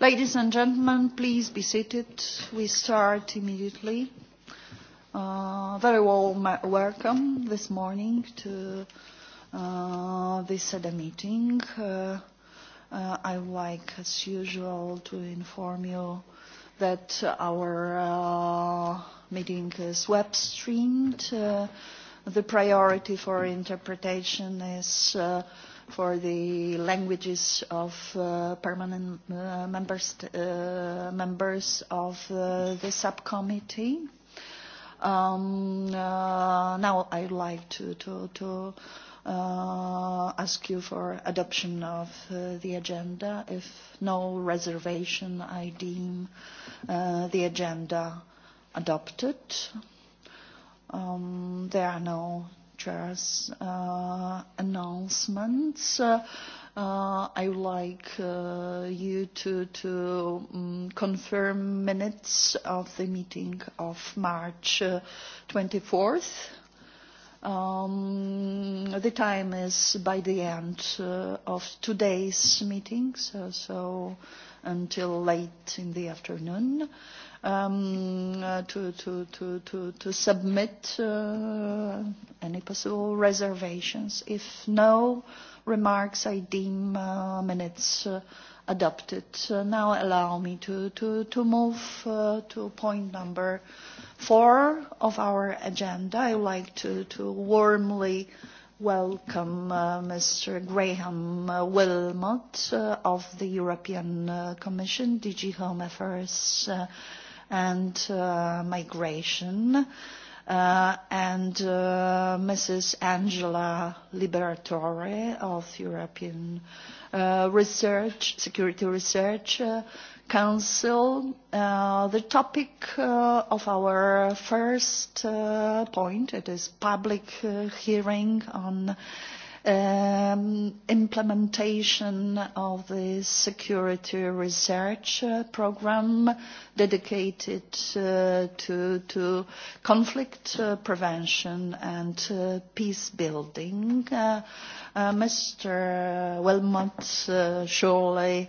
Ladies and gentlemen, please be seated. We start immediately. Uh, very warm welcome this morning to uh, this SEDA uh, meeting. Uh, uh, I would like, as usual, to inform you that our uh, meeting is web-streamed. The priority for interpretation is for the languages of uh, permanent uh, members, uh, members of uh, the subcommittee. Um, uh, now I'd like to, to, to uh, ask you for adoption of uh, the agenda. If no reservation, I deem uh, the agenda adopted. Um, there are no Chair's uh, announcements. Uh, I would like uh, you to, to um, confirm minutes of the meeting of March uh, 24th. Um, the time is by the end uh, of today's meeting, so, so until late in the afternoon um, uh, to, to, to, to, to submit uh, any possible reservations. If no remarks, I deem uh, minutes uh, adopted. Uh, now allow me to, to, to move uh, to point number four of our agenda. I would like to, to warmly welcome uh, Mr. Graham Wilmot uh, of the European uh, Commission, DG Home Affairs uh, and uh, migration. Uh, and uh, Mrs. Angela Liberatore of European uh, Research, Security Research uh, Council. Uh, the topic uh, of our first point, it is public hearing on Um, implementation of the security research programme uh, program dedicated uh, to, conflict uh, prevention and peace building. Mr. Wilmot surely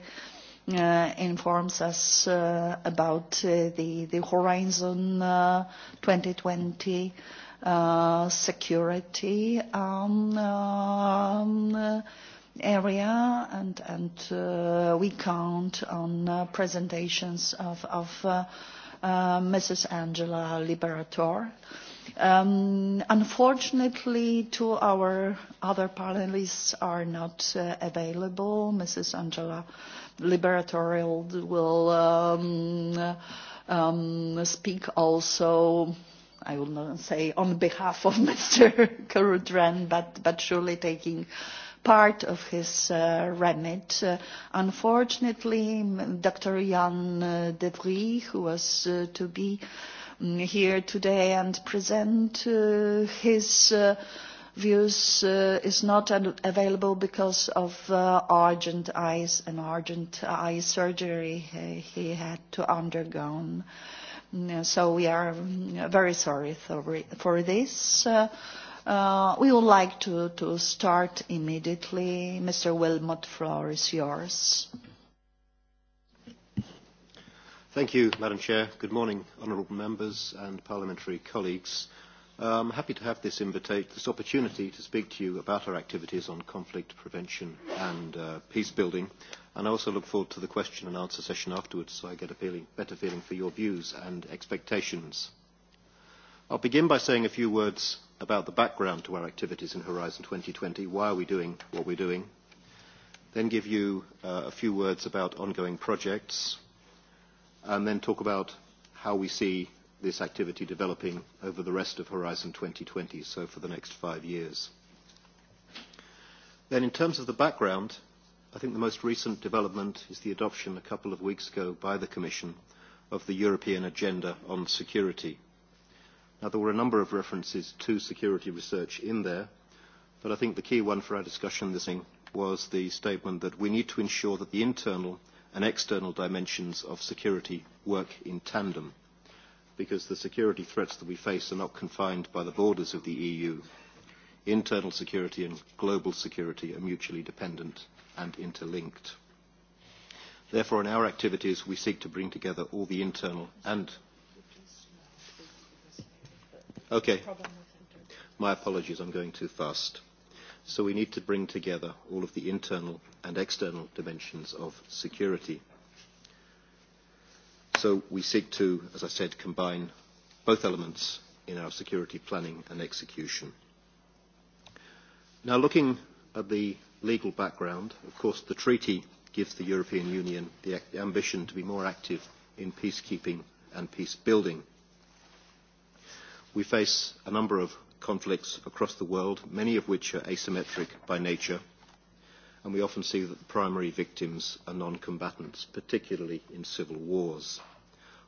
informs us uh, about the the Horizon 2020 Uh, security um, um, area and, and uh, we count on uh, presentations of, of uh, uh, Mrs. Angela Liberator. Um, unfortunately, two our other panelists are not uh, available. Mrs. Angela Liberator will um, um, speak also i will not say on behalf of Mr. Karudran, but, but surely taking part of his uh, remit. Uh, unfortunately, Dr. Jan uh, de Vries, who was uh, to be mm, here today and present uh, his uh, views uh, is not available because of uh, urgent eyes and urgent eye surgery he had to undergo. So we are very sorry for this. Uh, uh, we would like to, start immediately. Mr. Wilmot, floor is yours. Thank you, Madam Chair. Good morning, honourable members and parliamentary colleagues. I'm um, happy to have this, this opportunity to speak to you about our activities on conflict prevention and uh, peace building. And I also look forward to the question and answer session afterwards so I get a feeling, better feeling for your views and expectations. I'll begin by saying a few words about the background to our activities in Horizon 2020, why are we doing what we're doing, then give you uh, a few words about ongoing projects, and then talk about how we see this activity developing over the rest of Horizon 2020, so for the next five years. Then in terms of the background, I think the most recent development is the adoption a couple of weeks ago by the Commission of the European Agenda on Security. Now there were a number of references to security research in there, but I think the key one for our discussion this evening was the statement that we need to ensure that the internal and external dimensions of security work in tandem because the security threats that we face are not confined by the borders of the EU. Internal security and global security are mutually dependent and interlinked. Therefore, in our activities, we seek to bring together all the internal and... Okay. My apologies, I'm going too fast. So we need to bring together all of the internal and external dimensions of security So we seek to, as I said, combine both elements in our security planning and execution. Now looking at the legal background, of course the treaty gives the European Union the ambition to be more active in peacekeeping and peace building. We face a number of conflicts across the world, many of which are asymmetric by nature, and we often see that the primary victims are non-combatants, particularly in civil wars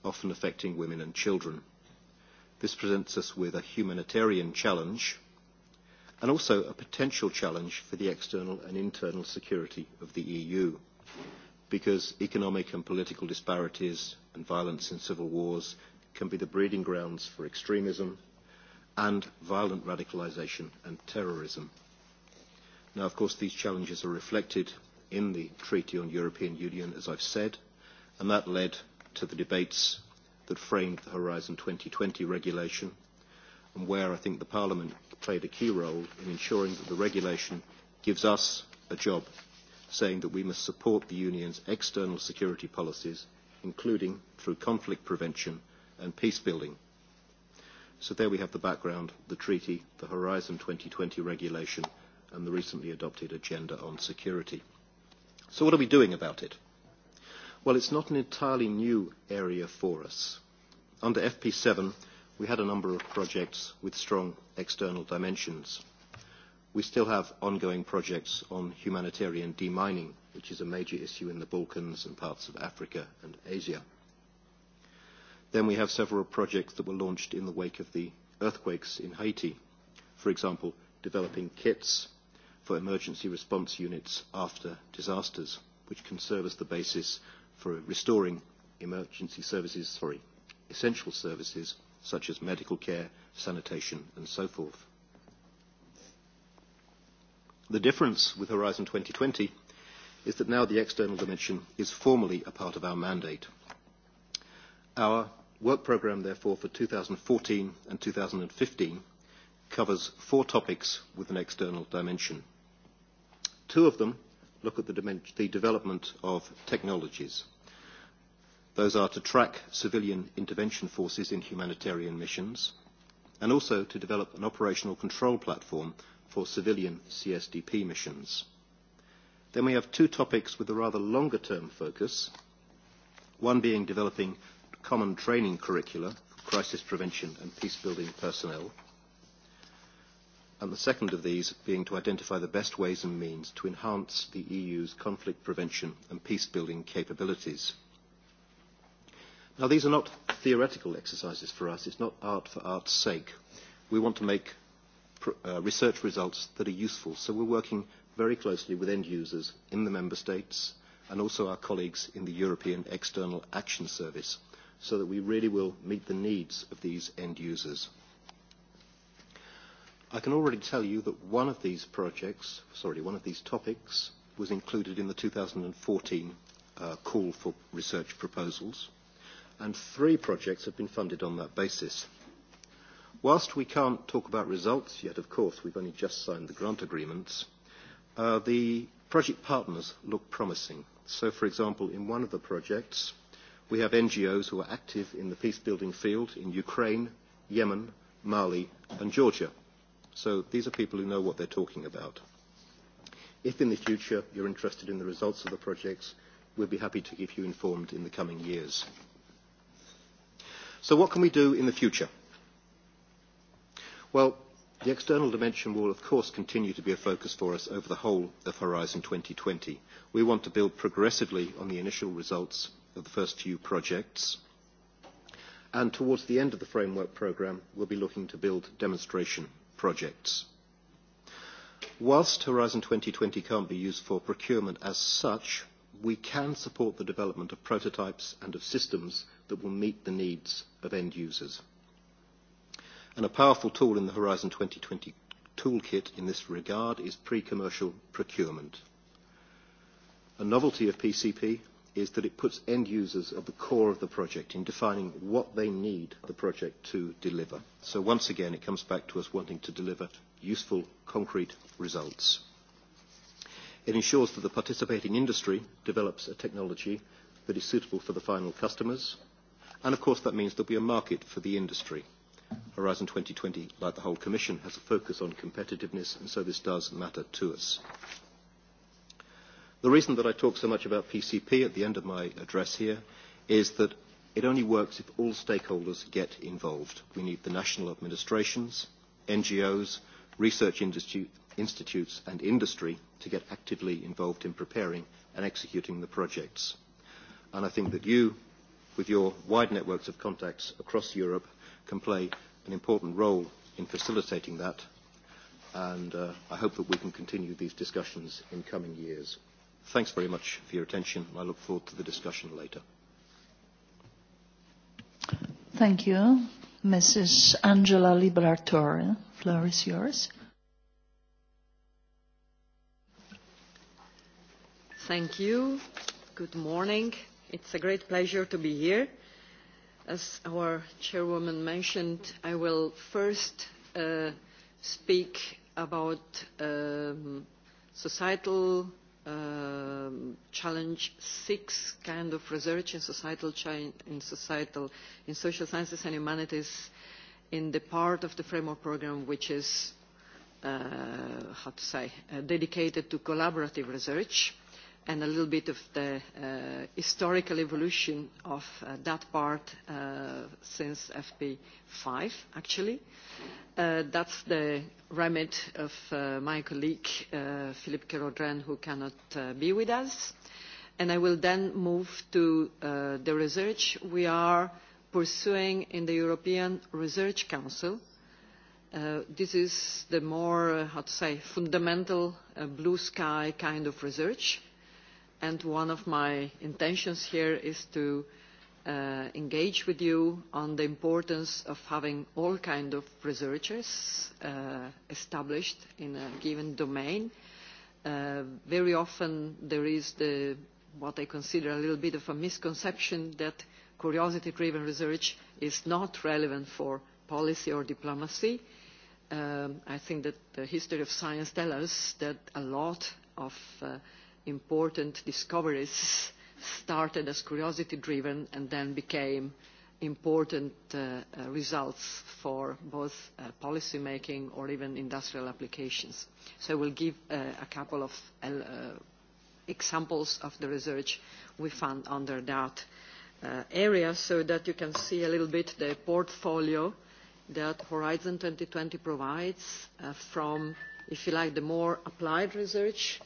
often affecting women and children. This presents us with a humanitarian challenge and also a potential challenge for the external and internal security of the EU because economic and political disparities and violence in civil wars can be the breeding grounds for extremism and violent radicalisation and terrorism. Now, of course, these challenges are reflected in the Treaty on European Union, as I've said, and that led to the debates that framed the Horizon 2020 regulation and where I think the Parliament played a key role in ensuring that the regulation gives us a job saying that we must support the Union's external security policies, including through conflict prevention and peace building. So there we have the background, the treaty, the Horizon 2020 regulation and the recently adopted agenda on security. So what are we doing about it? Well, it's not an entirely new area for us. Under FP7, we had a number of projects with strong external dimensions. We still have ongoing projects on humanitarian demining, which is a major issue in the Balkans and parts of Africa and Asia. Then we have several projects that were launched in the wake of the earthquakes in Haiti. For example, developing kits for emergency response units after disasters, which can serve as the basis for restoring emergency services, sorry, essential services such as medical care, sanitation and so forth. The difference with Horizon 2020 is that now the external dimension is formally a part of our mandate. Our work programme, therefore, for 2014 and 2015 covers four topics with an external dimension. Two of them look at the, the development of technologies. Those are to track civilian intervention forces in humanitarian missions and also to develop an operational control platform for civilian CSDP missions. Then we have two topics with a rather longer term focus, one being developing common training curricula for crisis prevention and peace building personnel, and the second of these being to identify the best ways and means to enhance the EU's conflict prevention and peace building capabilities. Now, these are not theoretical exercises for us. It's not art for art's sake. We want to make pr uh, research results that are useful. So we're working very closely with end users in the member states and also our colleagues in the European External Action Service so that we really will meet the needs of these end users. I can already tell you that one of these projects, sorry, one of these topics was included in the 2014 uh, call for research proposals and three projects have been funded on that basis. Whilst we can't talk about results yet, of course, we've only just signed the grant agreements, uh, the project partners look promising. So, for example, in one of the projects, we have NGOs who are active in the peace-building field in Ukraine, Yemen, Mali, and Georgia. So these are people who know what they're talking about. If in the future you're interested in the results of the projects, we'll be happy to keep you informed in the coming years. So what can we do in the future? Well, the external dimension will of course continue to be a focus for us over the whole of Horizon 2020. We want to build progressively on the initial results of the first few projects and towards the end of the framework programme we'll be looking to build demonstration projects. Whilst Horizon 2020 can't be used for procurement as such, we can support the development of prototypes and of systems that will meet the needs of end users. And a powerful tool in the Horizon 2020 toolkit in this regard is pre-commercial procurement. A novelty of PCP is that it puts end users at the core of the project in defining what they need the project to deliver. So once again, it comes back to us wanting to deliver useful, concrete results. It ensures that the participating industry develops a technology that is suitable for the final customers – And of course that means there will be a market for the industry. Horizon 2020, like the whole Commission, has a focus on competitiveness, and so this does matter to us. The reason that I talk so much about PCP at the end of my address here is that it only works if all stakeholders get involved. We need the national administrations, NGOs, research institutes and industry to get actively involved in preparing and executing the projects. And I think that you, with your wide networks of contacts across Europe can play an important role in facilitating that and uh, I hope that we can continue these discussions in coming years. Thanks very much for your attention and I look forward to the discussion later. Thank you. Mrs. Angela floor is yours. Thank you. Good morning. It's a great pleasure to be here. As our chairwoman mentioned, I will first uh, speak about um, societal um, challenge six kind of research in societal in societal in social sciences and humanities in the part of the framework program which is uh, how to say uh, dedicated to collaborative research and a little bit of the uh, historical evolution of uh, that part uh, since FP5, actually. Uh, that's the remit of uh, my colleague, uh, Philippe Kerodren, who cannot uh, be with us. And I will then move to uh, the research we are pursuing in the European Research Council. Uh, this is the more, uh, how to say, fundamental uh, blue sky kind of research and one of my intentions here is to uh, engage with you on the importance of having all kinds of researchers uh, established in a given domain. Uh, very often there is what I consider a little bit of a misconception that curiosity-driven research is not relevant for policy or diplomacy. Um, I think that the history of science tells us that a lot of important discoveries started as curiosity driven and then became important uh, uh, results for both uh, policy making or even industrial applications. So I will give a couple of examples of the research we found under that area so that you can see a little bit the portfolio that Horizon 2020 provides from, if you like, the more applied research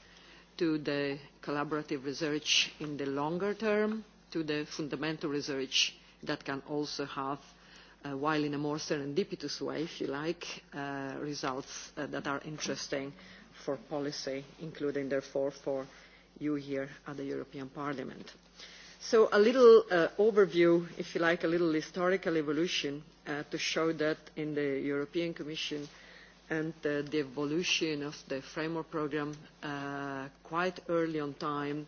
to the collaborative research in the longer term, to the fundamental research that can also have, uh, while in a more serendipitous way, if you like, uh, results uh, that are interesting for policy, including, therefore, for you here at the European Parliament. So a little uh, overview, if you like, a little historical evolution uh, to show that in the European Commission and uh, the evolution of the framework program uh, quite early on time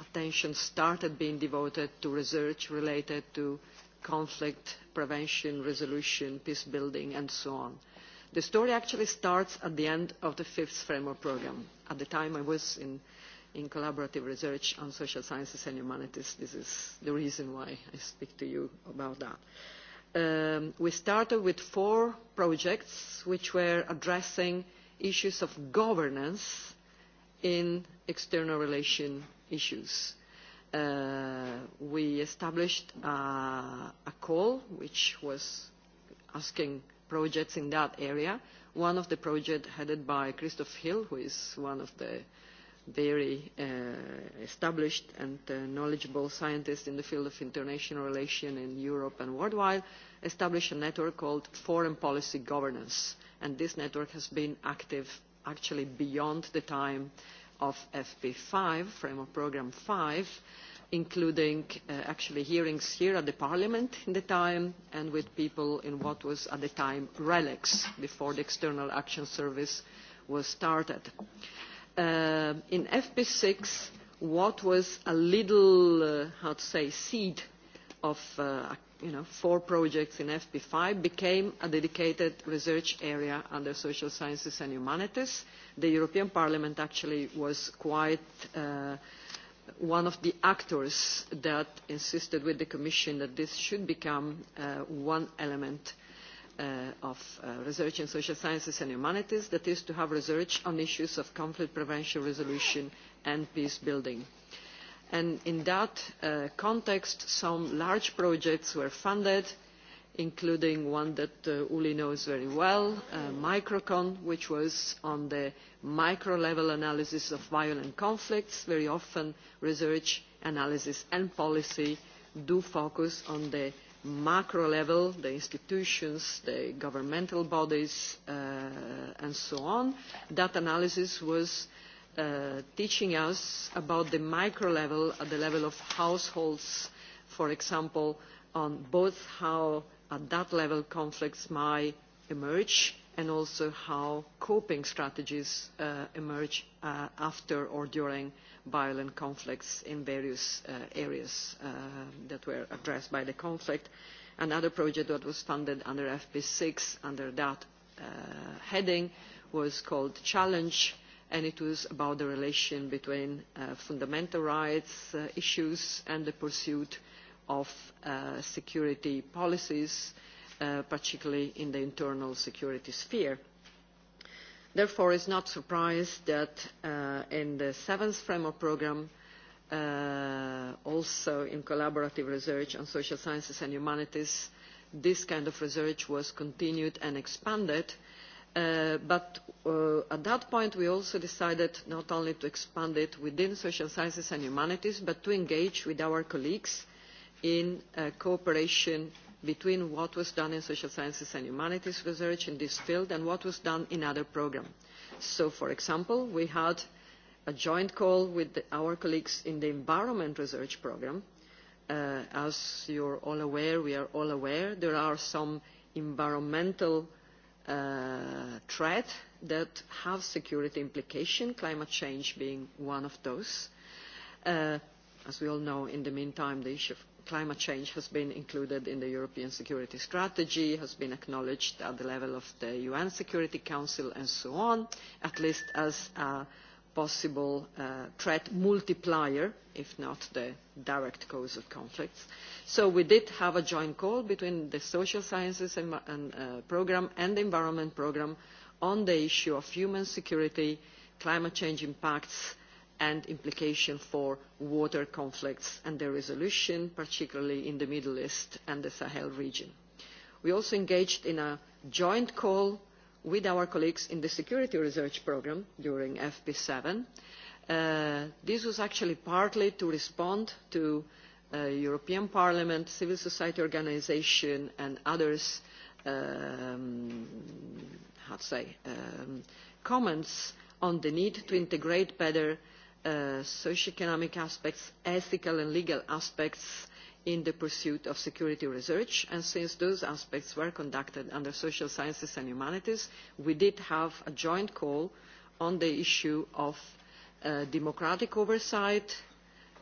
attention started being devoted to research related to conflict prevention resolution peace building and so on the story actually starts at the end of the fifth framework program at the time i was in in collaborative research on social sciences and humanities this is the reason why i speak to you about that Um, we started with four projects which were addressing issues of governance in external relation issues. Uh, we established a call which was asking projects in that area. One of the projects headed by Christoph Hill, who is one of the very uh, established and uh, knowledgeable scientist in the field of international relations in Europe and worldwide established a network called Foreign Policy Governance. And this network has been active actually beyond the time of FP5, Framework Programme 5, including uh, actually hearings here at the Parliament in the time and with people in what was at the time RELEX, before the External Action Service was started uh, in FP6 what was a little, uh, how to say, seed of uh, you know, four projects in FP5 became a dedicated research area under social sciences and humanities. The European Parliament actually was quite uh, one of the actors that insisted with the Commission that this should become uh, one element Uh, of uh, research in social sciences and humanities, that is to have research on issues of conflict prevention, resolution and peace building. And in that uh, context, some large projects were funded, including one that uh, Uli knows very well, Microcon, which was on the micro-level analysis of violent conflicts. Very often, research, analysis and policy do focus on the macro level, the institutions, the governmental bodies, uh, and so on. That analysis was uh, teaching us about the micro level at uh, the level of households, for example, on both how at uh, that level conflicts might emerge and also how coping strategies uh, emerge uh, after or during violent conflicts in various uh, areas uh, that were addressed by the conflict. Another project that was funded under FP6 under that uh, heading was called Challenge and it was about the relation between fundamental rights issues and the pursuit of security policies, particularly in the internal security sphere therefore is not surprised that uh, in the seventh framework programme uh, also in collaborative research on social sciences and humanities. This kind of research was continued and expanded, uh, but at that point we also decided not only to expand it within social sciences and humanities, but to engage with our colleagues in cooperation between what was done in social sciences and humanities research in this field and what was done in other programmes. So, for example, we had a joint call with our colleagues in the environment research programme. Uh, as you are all aware, we are all aware, there are some environmental uh, threats that have security implications, climate change being one of those. Uh, as we all know, in the meantime, the issue of climate change has been included in the European security strategy, has been acknowledged at the level of the UN Security Council and so on, at least as a possible uh, threat multiplier, if not the direct cause of conflicts. So we did have a joint call between the social sciences and, and, uh, program and the environment program on the issue of human security, climate change impacts, and implications for water conflicts and their resolution, particularly in the Middle East and the Sahel region. We also engaged in a joint call with our colleagues in the Security Research Programme during FP7. Uh, this was actually partly to respond to uh, European Parliament, civil society organisation and others um, how to say um, comments on the need to integrate better Uh, socioeconomic aspects, ethical and legal aspects in the pursuit of security research. And since those aspects were conducted under social sciences and humanities, we did have a joint call on the issue of uh, democratic oversight,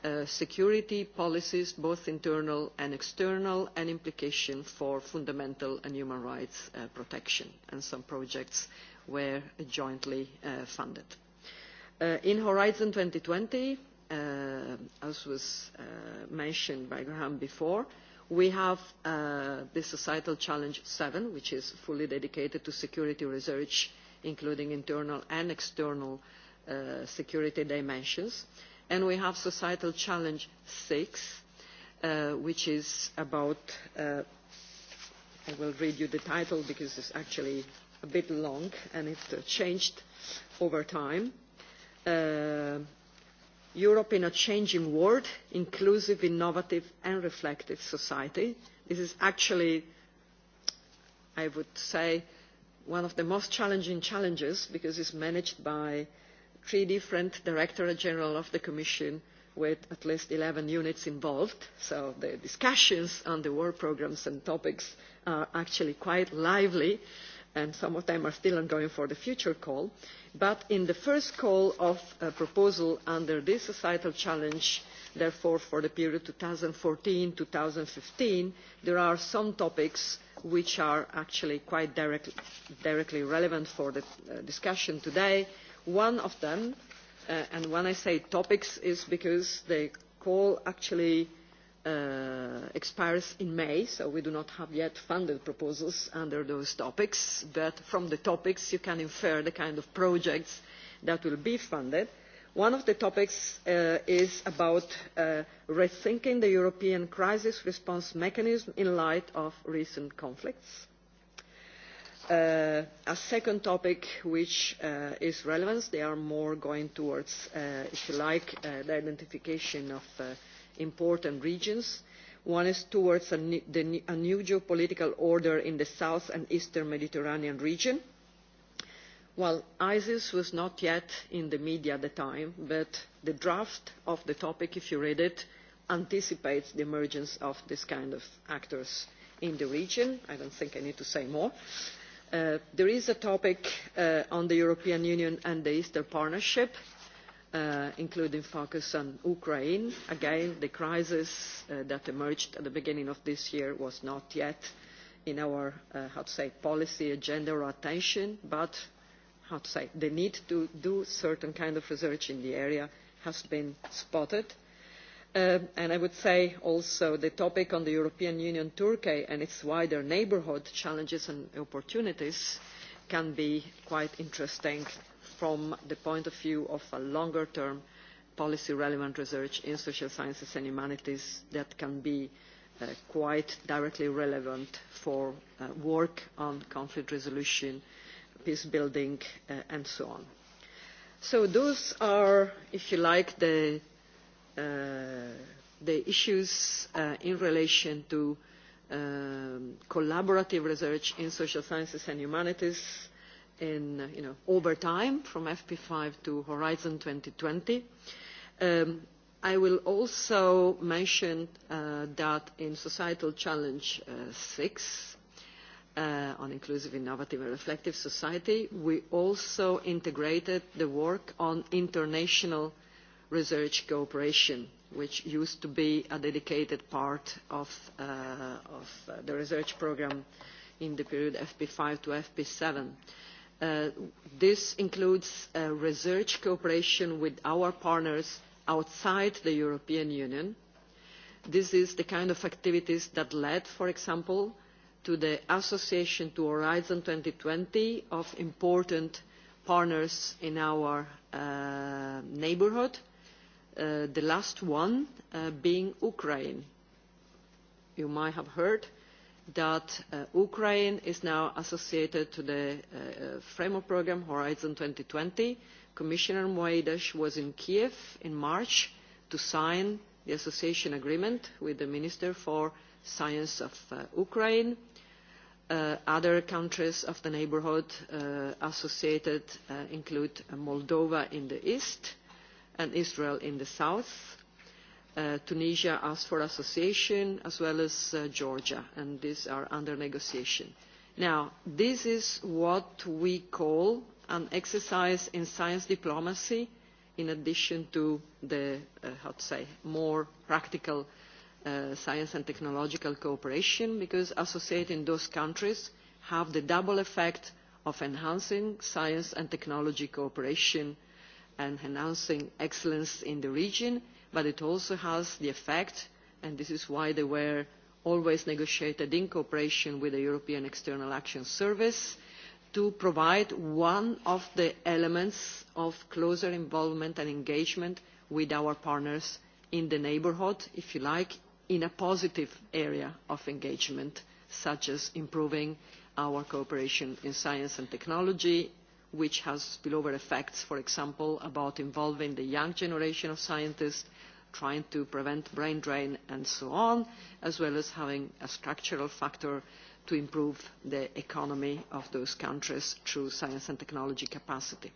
uh, security policies both internal and external and implication for fundamental and human rights protection and some projects were jointly funded. Uh, in Horizon 2020, uh, as was uh, mentioned by Graham before, we have uh, the Societal Challenge 7, which is fully dedicated to security research, including internal and external security dimensions. And we have Societal Challenge 6, which is about, I will read you the title because it's actually a bit long and it changed over time Uh, Europe in a changing world, inclusive, innovative and reflective society. This is actually, I would say, one of the most challenging challenges because it's managed by three different Directorate General of the Commission with at least 11 units involved. So the discussions on the work programmes and topics are actually quite lively and some of them are still ongoing for the future call but in the first call of a proposal under this societal challenge therefore for the period two thousand fourteen two thousand fifteen there are some topics which are actually quite directly relevant for the uh, discussion today. one of them uh, and when i say topics is because the call actually Uh, expires in May, so we do not have yet funded proposals under those topics, but from the topics you can infer the kind of projects that will be funded. One of the topics uh, is about uh, rethinking the European crisis response mechanism in light of recent conflicts. a second topic which is relevant they are more going towards if you like the identification of important regions one is towards a new, geopolitical order in the south and eastern mediterranean region While isis was not yet in the media at the time but the draft of the topic if you read it anticipates the emergence of this kind of actors in the region i don't think i need to say more uh, there is a topic uh, on the european union and the eastern partnership Uh, including focus on Ukraine. Again, the crisis uh, that emerged at the beginning of this year was not yet in our, uh, how to say, policy agenda or attention, but how to say, the need to do certain kind of research in the area has been spotted. Uh, and I would say also the topic on the European Union-Turkey and its wider neighbourhood challenges and opportunities can be quite interesting from the point of view of a longer term policy relevant research in social sciences and humanities that can be uh, quite directly relevant for uh, work on conflict resolution, peace building uh, and so on. So those are, if you like, the, uh, the issues uh, in relation to um, collaborative research in social sciences and humanities in, you know, over time from FP5 to Horizon 2020. Um, I will also mention uh, that in Societal Challenge 6, uh, uh, on inclusive, innovative and reflective society, we also integrated the work on international research cooperation, which used to be a dedicated part of, of the research program in the period FP5 to FP7. Uh, this includes uh, research cooperation with our partners outside the European Union. This is the kind of activities that led, for example, to the association to Horizon 2020 of important partners in our uh, neighbourhood, the last one being Ukraine. You might have heard that uh, Ukraine is now associated to the uh, uh, framework program Horizon 2020. Commissioner Moedas was in Kiev in March to sign the association agreement with the Minister for Science of Ukraine. other countries of the neighbourhood associated include Moldova in the east and Israel in the south Uh, Tunisia asked for association as well as uh, Georgia, and these are under negotiation. Now, this is what we call an exercise in science diplomacy in addition to the, uh, how to say, more practical uh, science and technological cooperation because associating those countries have the double effect of enhancing science and technology cooperation and enhancing excellence in the region but it also has the effect and this is why they were always negotiated in cooperation with the European External Action Service to provide one of the elements of closer involvement and engagement with our partners in the neighbourhood, if you like, in a positive area of engagement, such as improving our cooperation in science and technology, which has spillover effects, for example, about involving the young generation of scientists trying to prevent brain drain and so on, as well as having a structural factor to improve the economy of those countries through science and technology capacity.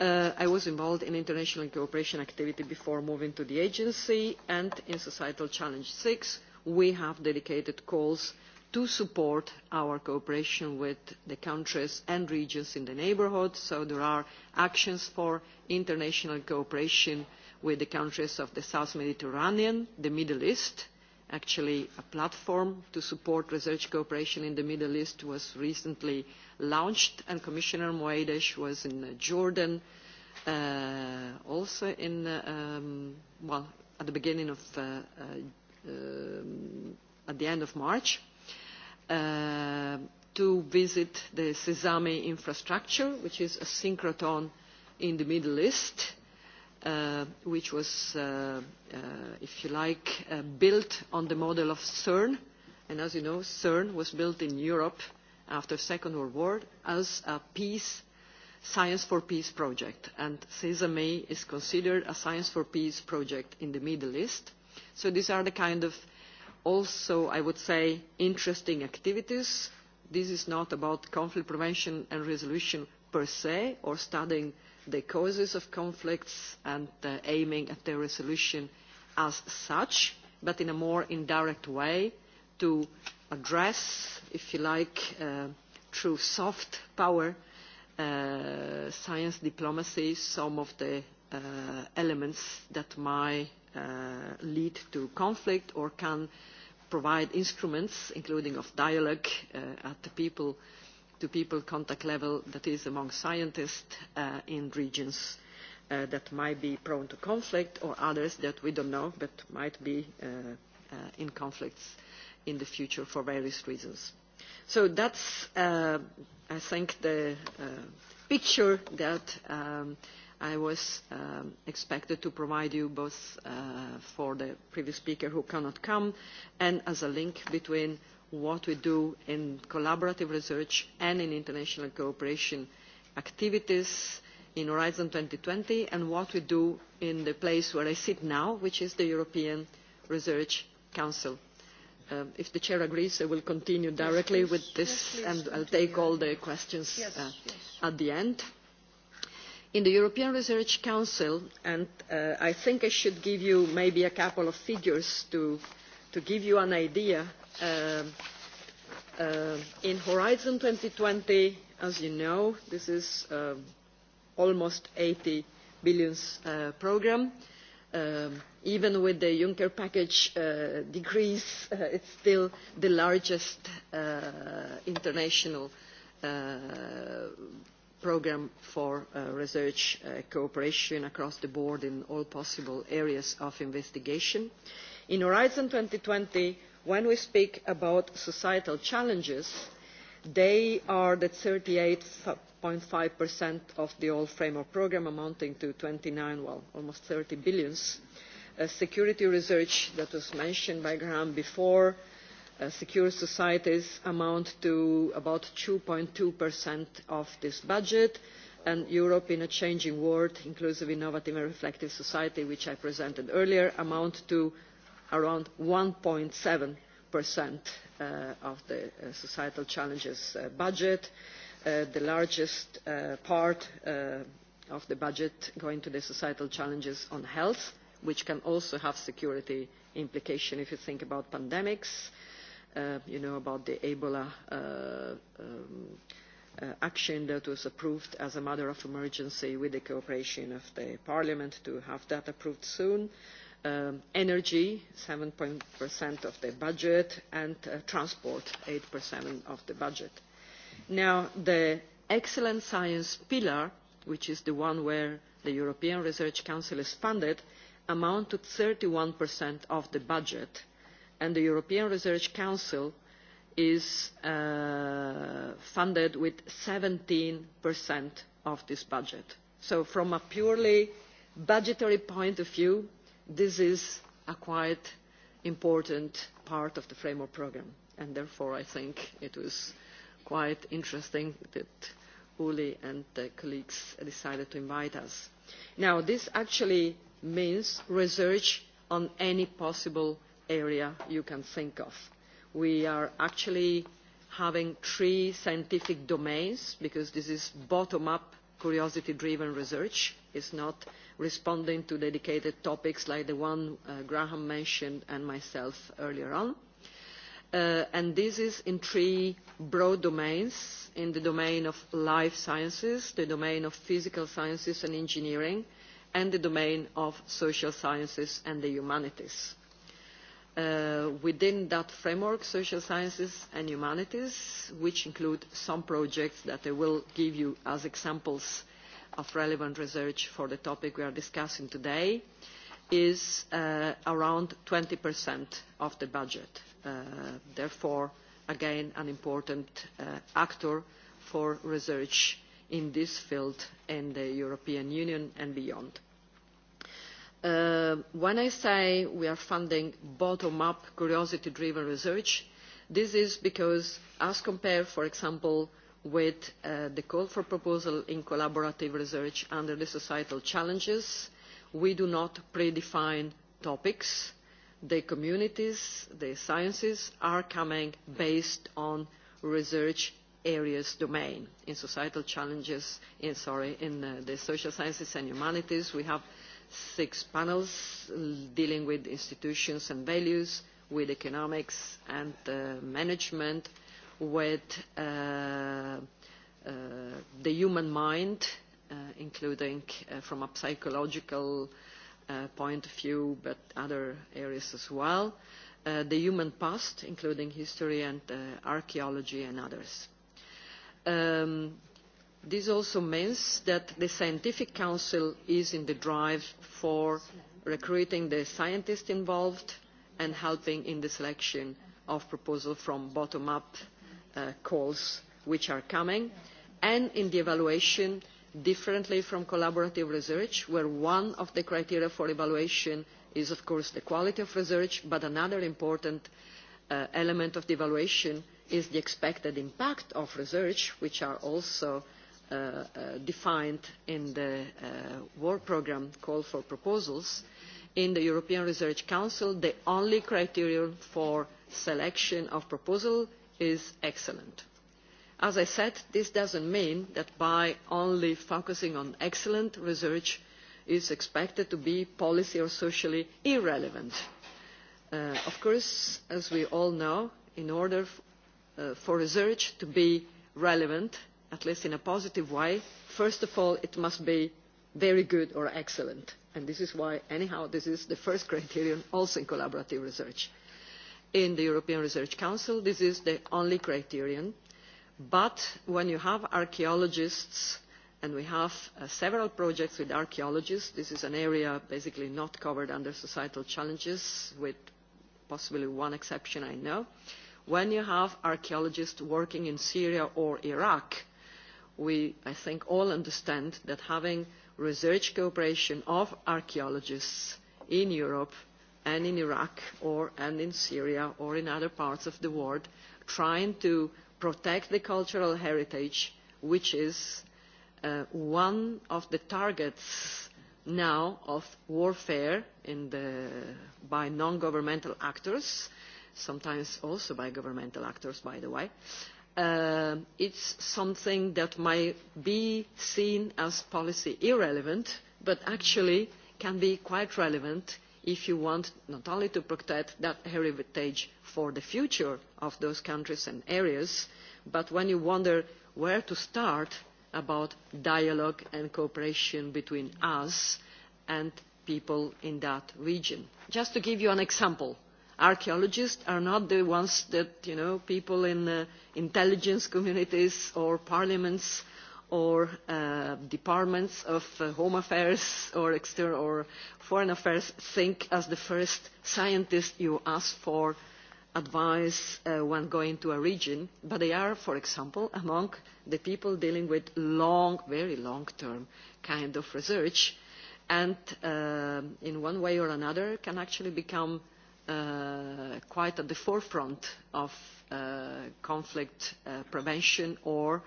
Uh, I was involved in international cooperation activity before moving to the agency and in Societal Challenge 6 we have dedicated calls to support our cooperation with the countries and regions in the neighbourhood. So there are actions for international cooperation with the countries of the South Mediterranean, the Middle East. Actually, a platform to support research cooperation in the Middle East was recently launched, and Commissioner Moedes was in uh, Jordan, uh, also in, uh, um, well, at the beginning of, uh, uh, um, at the end of March. Uh, to visit the Sesame infrastructure, which is a synchrotron in the Middle East, Uh, which was, uh, uh if you like, uh, built on the model of CERN. And as you know, CERN was built in Europe after the Second World War as a peace, science for peace project. And Sesame is considered a science for peace project in the Middle East. So these are the kind of also, I would say, interesting activities. This is not about conflict prevention and resolution per se or studying the causes of conflicts and uh, aiming at their resolution as such, but in a more indirect way to address, if you like, uh, through soft power, uh, science diplomacy, some of the uh, elements that might lead to conflict or can provide instruments, including of dialogue at the people to people contact level that is among scientists uh, in regions uh, that might be prone to conflict or others that we don't know but might be uh, in conflicts in the future for various reasons. So that's, I think, the picture that um, I was um, expected to provide you both for the previous speaker who cannot come and as a link between what we do in collaborative research and in international cooperation activities in Horizon 2020 and what we do in the place where I sit now, which is the European Research Council. Um, if the chair agrees, I will continue directly yes, with this yes, and I'll take all the questions yes, uh, at the end. In the European Research Council, and uh, I think I should give you maybe a couple of figures to to give you an idea uh, uh in horizon 2020 as you know this is uh, almost 80 billion uh, program um, even with the juncker package uh, decrease it's still the largest international program for uh, research uh, cooperation across the board in all possible areas of investigation in horizon two thousand and twenty when we speak about societal challenges they are the thirty eight five of the old framework programme amounting to twenty nine well almost thirty billion security research that was mentioned by graham before uh, secure societies amount to about. two two of this budget and europe in a changing world inclusive innovative and reflective society which i presented earlier amount to around 1.7% uh, of the uh, societal challenges uh, budget the largest part of the budget going to the societal challenges on health which can also have security implications if you think about pandemics you know about the ebola um, action that was approved as a matter of emergency with the cooperation of the parliament to have that approved soon Um, energy, 7% of the budget, and uh, transport, eight of the budget. Now, the excellent science pillar, which is the one where the European Research Council is funded, amount to thirty 31% of the budget, and the European Research Council is uh, funded with 17% of this budget. So from a purely budgetary point of view, this is a quite important part of the framework programme and therefore i think it was quite interesting that Uli and the colleagues decided to invite us. Now, this actually means research on any possible area you can think of. We are actually having three scientific domains because this is bottom-up, curiosity-driven research is not responding to dedicated topics like the one uh, graham mentioned and myself earlier on uh, and this is in three broad domains in the domain of life sciences the domain of physical sciences and engineering and the domain of social sciences and the humanities. Uh, within that framework social sciences and humanities which include some projects that i will give you as examples of relevant research for the topic we are discussing today is uh, around 20% of the budget. Uh, therefore, again, an important uh, actor for research in this field in the European Union and beyond. Uh, when I say we are funding bottom-up, curiosity-driven research, this is because as compared, for example, with uh, the call for proposal in collaborative research under the societal challenges. We do not predefine topics. The communities, the sciences are coming based on research areas domain. In societal challenges, in, sorry, in uh, the social sciences and humanities, we have six panels dealing with institutions and values, with economics and uh, management, with uh, uh, the human mind, uh, including from a psychological point of view, but other areas as well, the human past, including history and archaeology and others. Um, this also means that the scientific council is in the drive for recruiting the scientists involved and helping in the selection of proposals from bottom up Uh, calls which are coming and in the evaluation differently from collaborative research where one of the criteria for evaluation is of course the quality of research but another important uh, element of the evaluation is the expected impact of research which are also uh, uh, defined in the uh, work program call for proposals. in the european research council the only criterion for selection of proposal is excellent. As I said, this doesn't mean that by only focusing on excellent, research is expected to be policy or socially irrelevant. Uh, of course, as we all know, in order uh, for research to be relevant, at least in a positive way, first of all, it must be very good or excellent. And this is why, anyhow, this is the first criterion also in collaborative research in the European Research Council. This is the only criterion. But when you have archaeologists and we have uh, several projects with archaeologists, this is an area basically not covered under societal challenges, with possibly one exception I know. When you have archaeologists working in Syria or Iraq, we I think all understand that having research cooperation of archaeologists in Europe and in Iraq or and in Syria or in other parts of the world trying to protect the cultural heritage which is uh, one of the targets now of warfare in by non-governmental actors, sometimes also by governmental actors, by the way. Uh, it's something that might be seen as policy irrelevant, but actually can be quite relevant if you want not only to protect that heritage for the future of those countries and areas, but when you wonder where to start about dialogue and cooperation between us and people in that region. Just to give you an example, archaeologists are not the ones that you know, people in uh, intelligence communities or parliaments or uh, departments of uh, home affairs or external or foreign affairs think as the first scientists you ask for advice uh, when going to a region but they are for example among the people dealing with long very long term kind of research and in one way or another can actually become quite at the forefront of conflict prevention or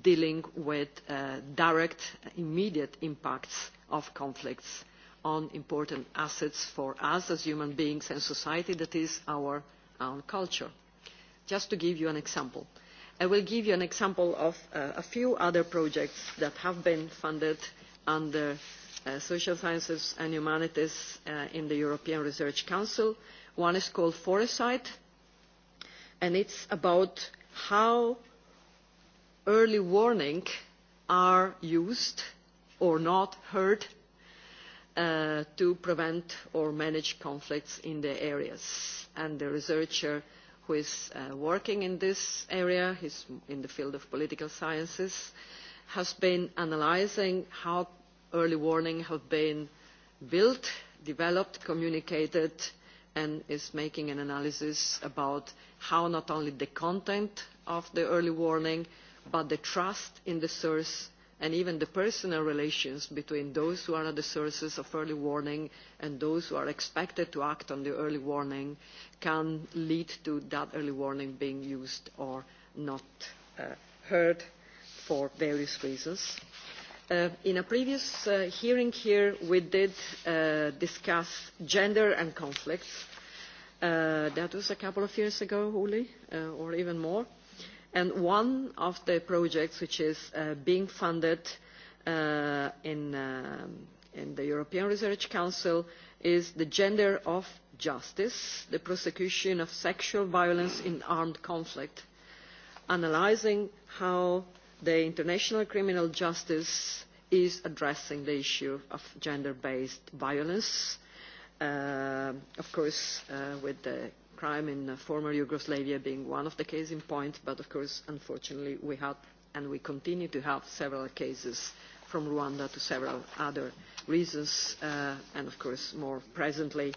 dealing with uh, direct uh, immediate impacts of conflicts on important assets for us as human beings and society that is our own culture. just to give you an example i will give you an example of uh, a few other projects that have been funded under social sciences and humanities in the european research council. one is called foresight and it is about how early warning are used or not heard uh, to prevent or manage conflicts in the areas. And the researcher who is uh, working in this area, is in the field of political sciences, has been analyzing how early warning have been built, developed, communicated, and is making an analysis about how not only the content of the early warning but the trust in the source and even the personal relations between those who are the sources of early warning and those who are expected to act on the early warning can lead to that early warning being used or not uh, heard for various reasons. Uh, in a previous uh, hearing here, we did uh, discuss gender and conflicts. Uh, that was a couple of years ago, Uli, uh, or even more and one of the projects which is uh, being funded uh, um, in, the European Research Council is the Gender of Justice, the prosecution of sexual violence in armed conflict, analyzing how the international criminal justice is addressing the issue of gender-based violence, uh, of course with the crime in uh, former Yugoslavia being one of the cases in point, but of course, unfortunately, we had and we continue to have several cases from Rwanda to several other reasons, uh, and of course, more presently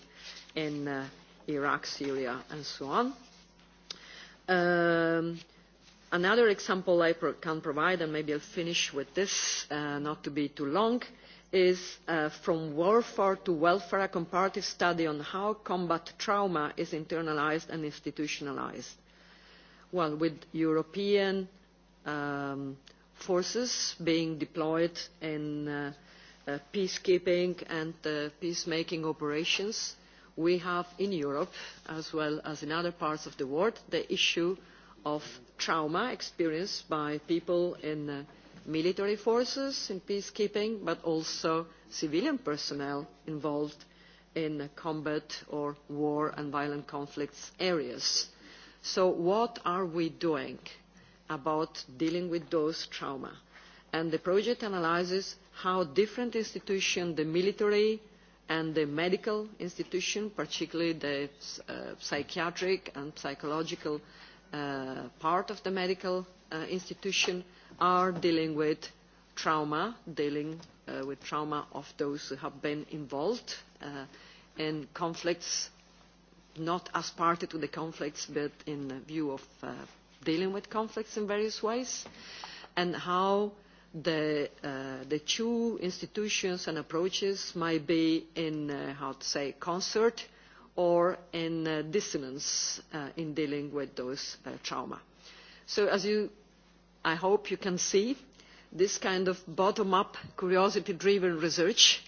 in uh, Iraq, Syria, and so on. Um, another example I can provide, and maybe I'll finish with this, not to be too long, is uh, from warfare to welfare a comparative study on how combat trauma is internalised and institutionalised well with european um, forces being deployed in uh, uh, peacekeeping and peacemaking operations we have in europe as well as in other parts of the world the issue of trauma experienced by people in military forces in peacekeeping but also civilian personnel involved in combat or war and violent conflicts areas. So what are we doing about dealing with those trauma? And the project analyses how different institutions, the military and the medical institution, particularly the uh, psychiatric and psychological uh, part of the medical Uh, institutions are dealing with trauma, dealing uh, with trauma of those who have been involved uh, in conflicts, not as part to the conflicts, but in view of dealing with conflicts in various ways, and how the, the two institutions and approaches might be in, how to say, concert or in dissonance in dealing with those trauma so as you i hope you can see this kind of bottom up curiosity driven research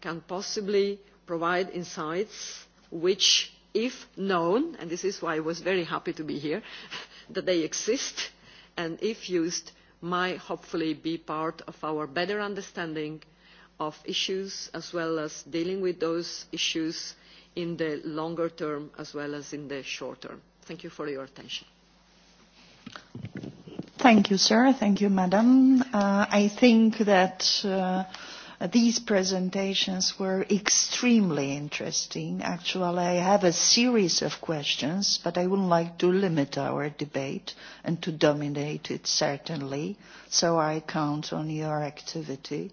can possibly provide insights which if known and this is why i was very happy to be here that they exist and if used might hopefully be part of our better understanding of issues as well as dealing with those issues in the longer term as well as in the short term. Thank you for your attention. Thank you, sir. Thank you, madam. Uh, I think that uh, these presentations were extremely interesting. Actually, I have a series of questions, but I wouldn't like to limit our debate and to dominate it, certainly. So I count on your activity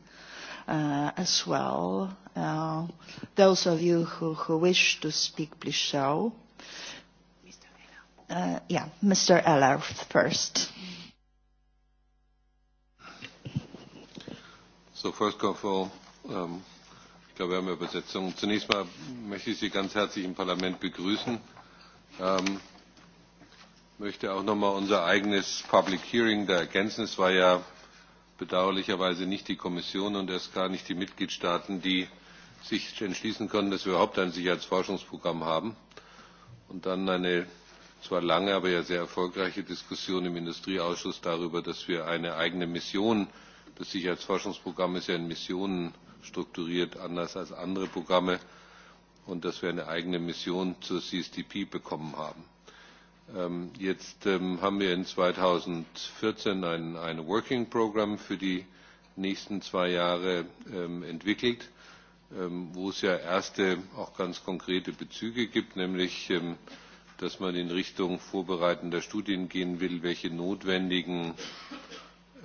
uh, as well. Uh, those of you who, who wish to speak, please show. Uh, yeah, Mr. Eller first. So, first of all, ähm, ich glaube, wir haben Übersetzung. Zunächst mal möchte ich Sie ganz herzlich im Parlament begrüßen. Ähm, möchte auch noch mal unser eigenes Public Hearing da ergänzen. Es war ja bedauerlicherweise nicht die Kommission und erst gar nicht die Mitgliedstaaten, die sich entschließen konnten, dass wir überhaupt ein Sicherheitsforschungsprogramm haben. Und dann eine zwar lange, aber ja sehr erfolgreiche Diskussion im Industrieausschuss darüber, dass wir eine eigene Mission das sicherheitsforschungsprogramm ist ja in missionen strukturiert anders als andere programme und dass wir eine eigene mission zur CSDP bekommen haben. Ähm, jetzt ähm, haben wir in 2014 ein, ein Working Program für die nächsten zwei Jahre ähm, entwickelt, wo es ja erste auch ganz konkrete Bezüge gibt, nämlich dass man in Richtung vorbereitender Studien gehen will, welche notwendigen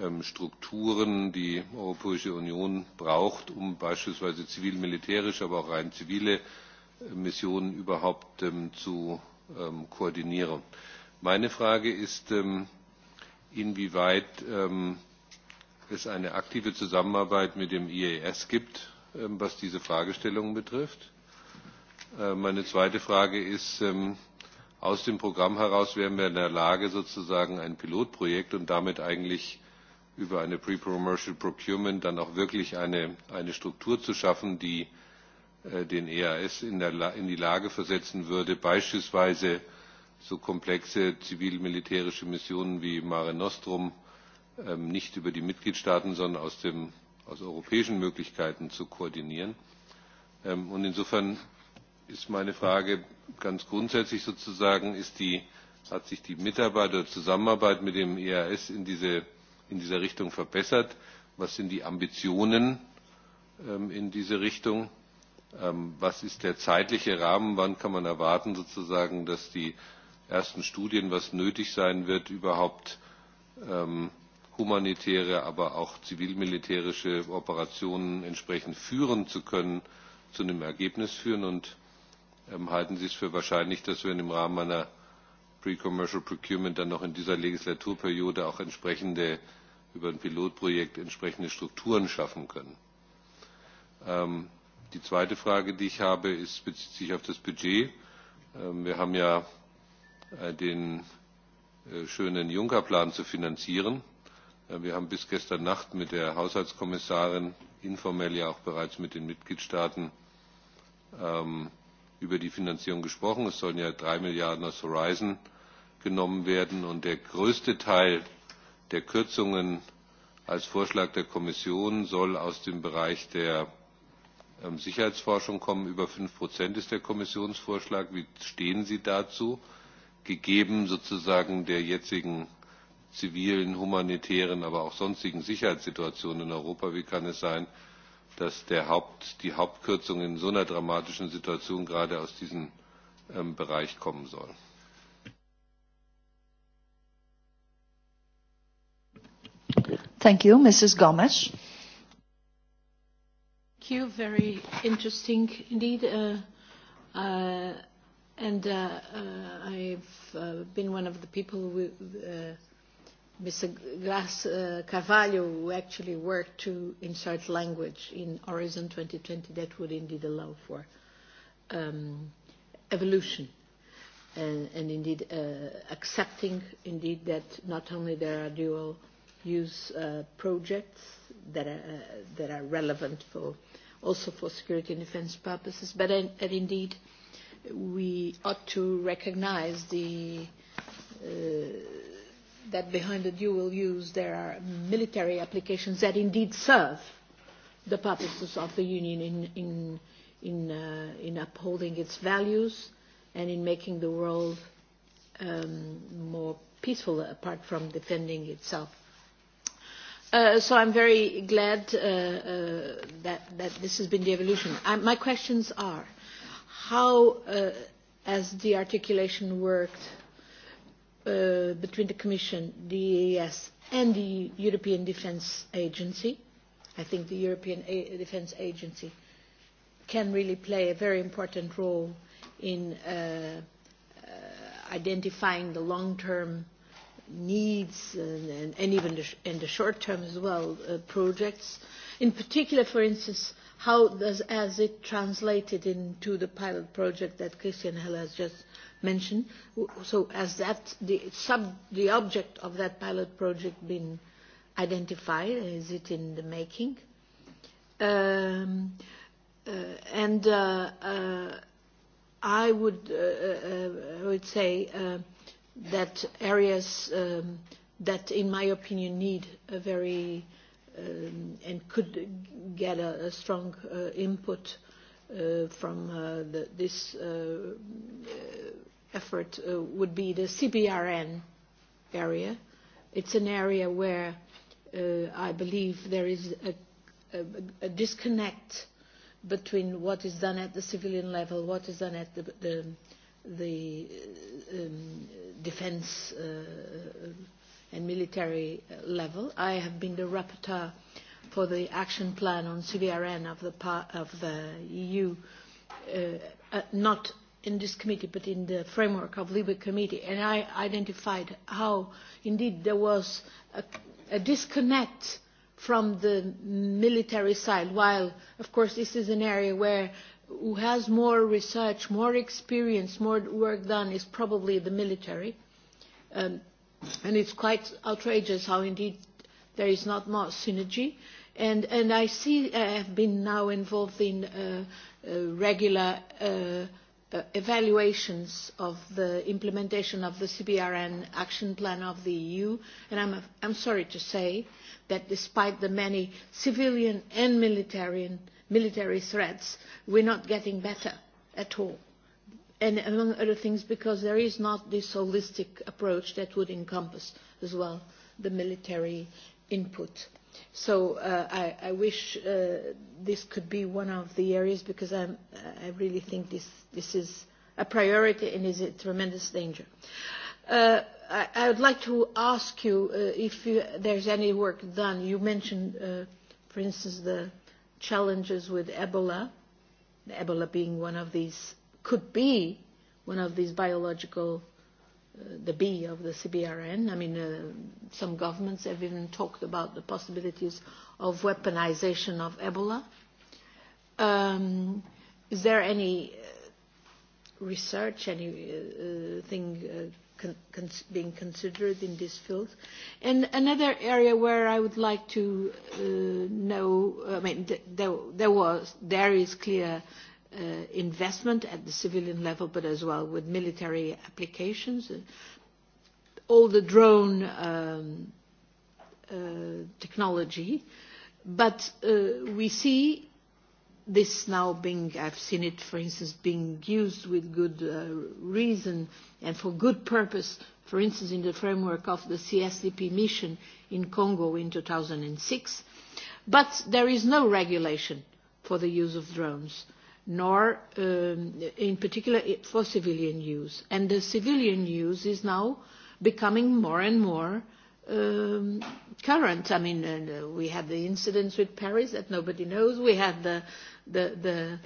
Ähm, Strukturen die Europäische Union braucht, um beispielsweise zivil militärisch, aber auch rein zivile äh, Missionen überhaupt ähm, zu ähm, koordinieren. Meine Frage ist, inwieweit es eine aktive Zusammenarbeit mit dem IAS gibt, was diese Fragestellung betrifft. Äh, meine zweite Frage ist Aus dem Programm heraus wären wir in der Lage, sozusagen ein Pilotprojekt und damit eigentlich über eine pre commercial procurement dann auch wirklich eine, eine struktur zu schaffen die äh, den eas in, der, in die lage versetzen würde beispielsweise so komplexe zivil militärische missionen wie mare nostrum ähm, nicht über die mitgliedstaaten sondern aus, dem, aus europäischen möglichkeiten zu koordinieren. Ähm, und insofern ist meine frage ganz grundsätzlich sozusagen ist die, hat sich die mitarbeit oder zusammenarbeit mit dem eas in diese in dieser richtung verbessert was sind die ambitionen ähm, in diese richtung ähm, was ist der zeitliche rahmen wann kann man erwarten sozusagen dass die ersten studien was nötig sein wird überhaupt ähm, humanitäre aber auch zivilmilitärische operationen entsprechend führen zu können zu einem ergebnis führen und halten sie es für wahrscheinlich dass wir im rahmen einer pre commercial procurement dann noch in dieser legislaturperiode auch entsprechende über ein Pilotprojekt entsprechende Strukturen schaffen können. Ähm, die zweite Frage, die ich habe, ist, bezieht sich auf das Budget. Ähm, wir haben ja äh, den äh, schönen Juncker-Plan zu finanzieren. Äh, wir haben bis gestern Nacht mit der Haushaltskommissarin informell ja auch bereits mit den Mitgliedstaaten ähm, über die Finanzierung gesprochen. Es sollen ja drei Milliarden aus Horizon genommen werden und der größte Teil der kürzungen als vorschlag der kommission soll aus dem bereich der ähm, sicherheitsforschung kommen über fünf ist der kommissionsvorschlag. wie stehen sie dazu gegeben sozusagen der jetzigen zivilen humanitären aber auch sonstigen sicherheitssituation in europa? wie kann es sein dass der Haupt, die hauptkürzung in so einer dramatischen situation gerade aus diesem ähm, bereich kommen soll? Thank you. Mrs. Gomes. Thank you. Very interesting indeed. Uh, uh, and uh, uh, I've uh, been one of the people with uh, Mr. Glass uh, Carvalho who actually worked to insert language in Horizon 2020 that would indeed allow for um, evolution. And, and indeed uh, accepting indeed that not only there are dual use uh, projects that are, uh, that are relevant for also for security and defense purposes. But and, and indeed, we ought to recognize the, uh, that behind the dual use there are military applications that indeed serve the purposes of the Union in, in, in, uh, in upholding its values and in making the world um, more peaceful apart from defending itself Uh, so I'm very glad uh, uh, that, this has been the evolution. my questions are, how uh, has the articulation worked between the Commission, the EES, and the European Defence Agency? I think the European Defence Agency can really play a very important role in identifying the long-term needs and, and, even the sh in the short term as well uh, projects in particular for instance how does as it translated into the pilot project that Christian Hell has just mentioned so has that the sub the object of that pilot project been identified is it in the making um, uh, and uh, uh, I would uh, uh, uh I would say uh, that areas um, that in my opinion need a very um, and could get a, a strong uh, input uh, from uh, the, this uh, uh, effort uh, would be the CBRN area. It's an area where I believe there is a, a, a disconnect between what is done at the civilian level, what is done at the, the the um, defense uh, and military level. I have been the rapporteur for the action plan on CVRN of the, pa, of the EU, uh, uh, not in this committee, but in the framework of Libre Committee. And I identified how, indeed, there was a, a disconnect from the military side, while, of course, this is an area where who has more research, more experience, more work done is probably the military. Um, and it's quite outrageous how indeed there is not more synergy. And, and I see I have been now involved in uh, uh, regular uh, uh, evaluations of the implementation of the CBRN action plan of the EU. And I'm, I'm sorry to say that despite the many civilian and military military threats, we're not getting better at all. And among other things, because there is not this holistic approach that would encompass as well the military input. So uh, I, I wish uh, this could be one of the areas because uh, I really think this, this is a priority and is a tremendous danger. I, I would like to ask you if you, there's any work done. You mentioned, uh, for instance, the challenges with Ebola, Ebola being one of these, could be one of these biological, uh, the B of the CBRN. I mean, uh, some governments have even talked about the possibilities of weaponization of Ebola. Um, is there any uh, research, anything uh, uh con being considered in this field. And another area where I would like to uh, know, I mean, th there, was, there is clear uh, investment at the civilian level, but as well with military applications. All the drone um, uh, technology, but uh, we see this now being, I've seen it, for instance, being used with good uh, reason and for good purpose, for instance, in the framework of the CSDP mission in Congo in 2006. But there is no regulation for the use of drones, nor um, in particular for civilian use. And the civilian use is now becoming more and more um, current. I mean, uh, we had the incidents with Paris that nobody knows. We had the, the, the,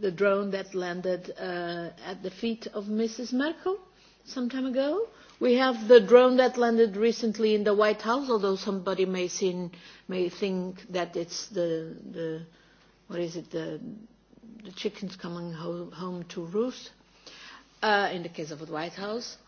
the drone that landed uh, at the feet of Mrs. Merkel some time ago. We have the drone that landed recently in the White House, although somebody may, seen, may think that it's the, the what is it, the, the chickens coming home to roost, uh, in the case of the White House.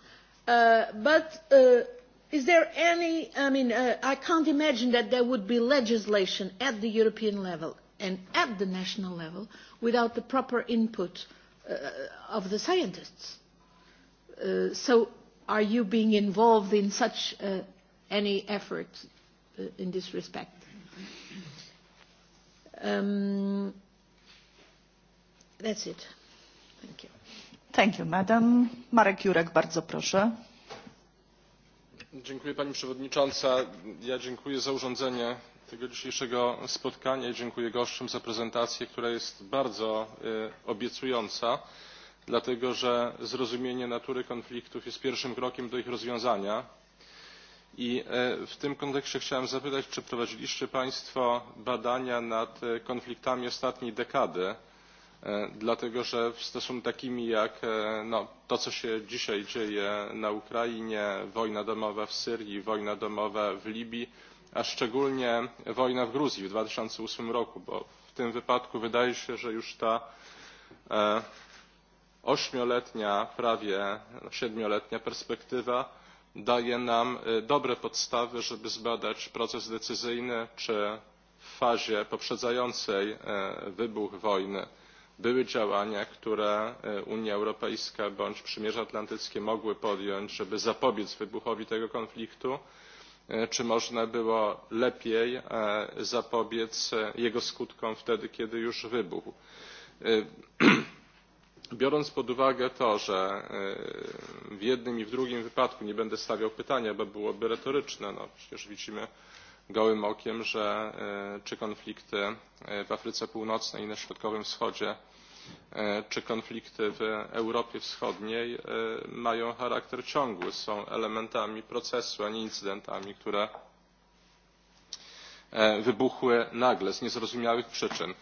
Uh, but uh, is there any, I mean, uh, I can't imagine that there would be legislation at the European level and at the national level without the proper input uh, of the scientists. Uh, so are you being involved in such uh, any effort uh, in this respect? Um, that's it. Thank you. Thank you, madam. Marek Jurek, bardzo proszę. Dziękuję, pani przewodnicząca. Ja dziękuję za urządzenie tego dzisiejszego spotkania i dziękuję gościom za prezentację która jest bardzo e, obiecująca dlatego że zrozumienie natury konfliktów jest pierwszym krokiem do ich rozwiązania i e, w tym kontekście chciałem zapytać czy prowadziliście państwo badania nad e, konfliktami ostatniej dekady dlatego że stosunku takimi jak no, to co się dzisiaj dzieje na ukrainie wojna domowa w syrii wojna domowa w libii a szczególnie wojna w gruzji w dwa tysiące osiem roku bo w tym wypadku wydaje się że już ta e, ośmioletnia prawie siedmioletnia perspektywa daje nam e, dobre podstawy żeby zbadać proces decyzyjny czy w fazie poprzedzającej e, wybuch wojny były działania które unia europejska bądź przymierze atlantyckie mogły podjąć żeby zapobiec wybuchowi tego konfliktu E, czy można było lepiej e, zapobiec e, jego skutkom wtedy kiedy już wybuchł. biorąc pod uwagę to że w jednym i w drugim wypadku nie będę stawiał pytania bo byłoby retoryczne no przecież widzimy gołym okiem że czy konflikty w afryce północnej i na środkowym wschodzie E, czy konflikty w Europie Wschodniej e, mają charakter ciągły, są elementami procesu, a nie incydentami, które e, wybuchły nagle z niezrozumiałych przyczyn.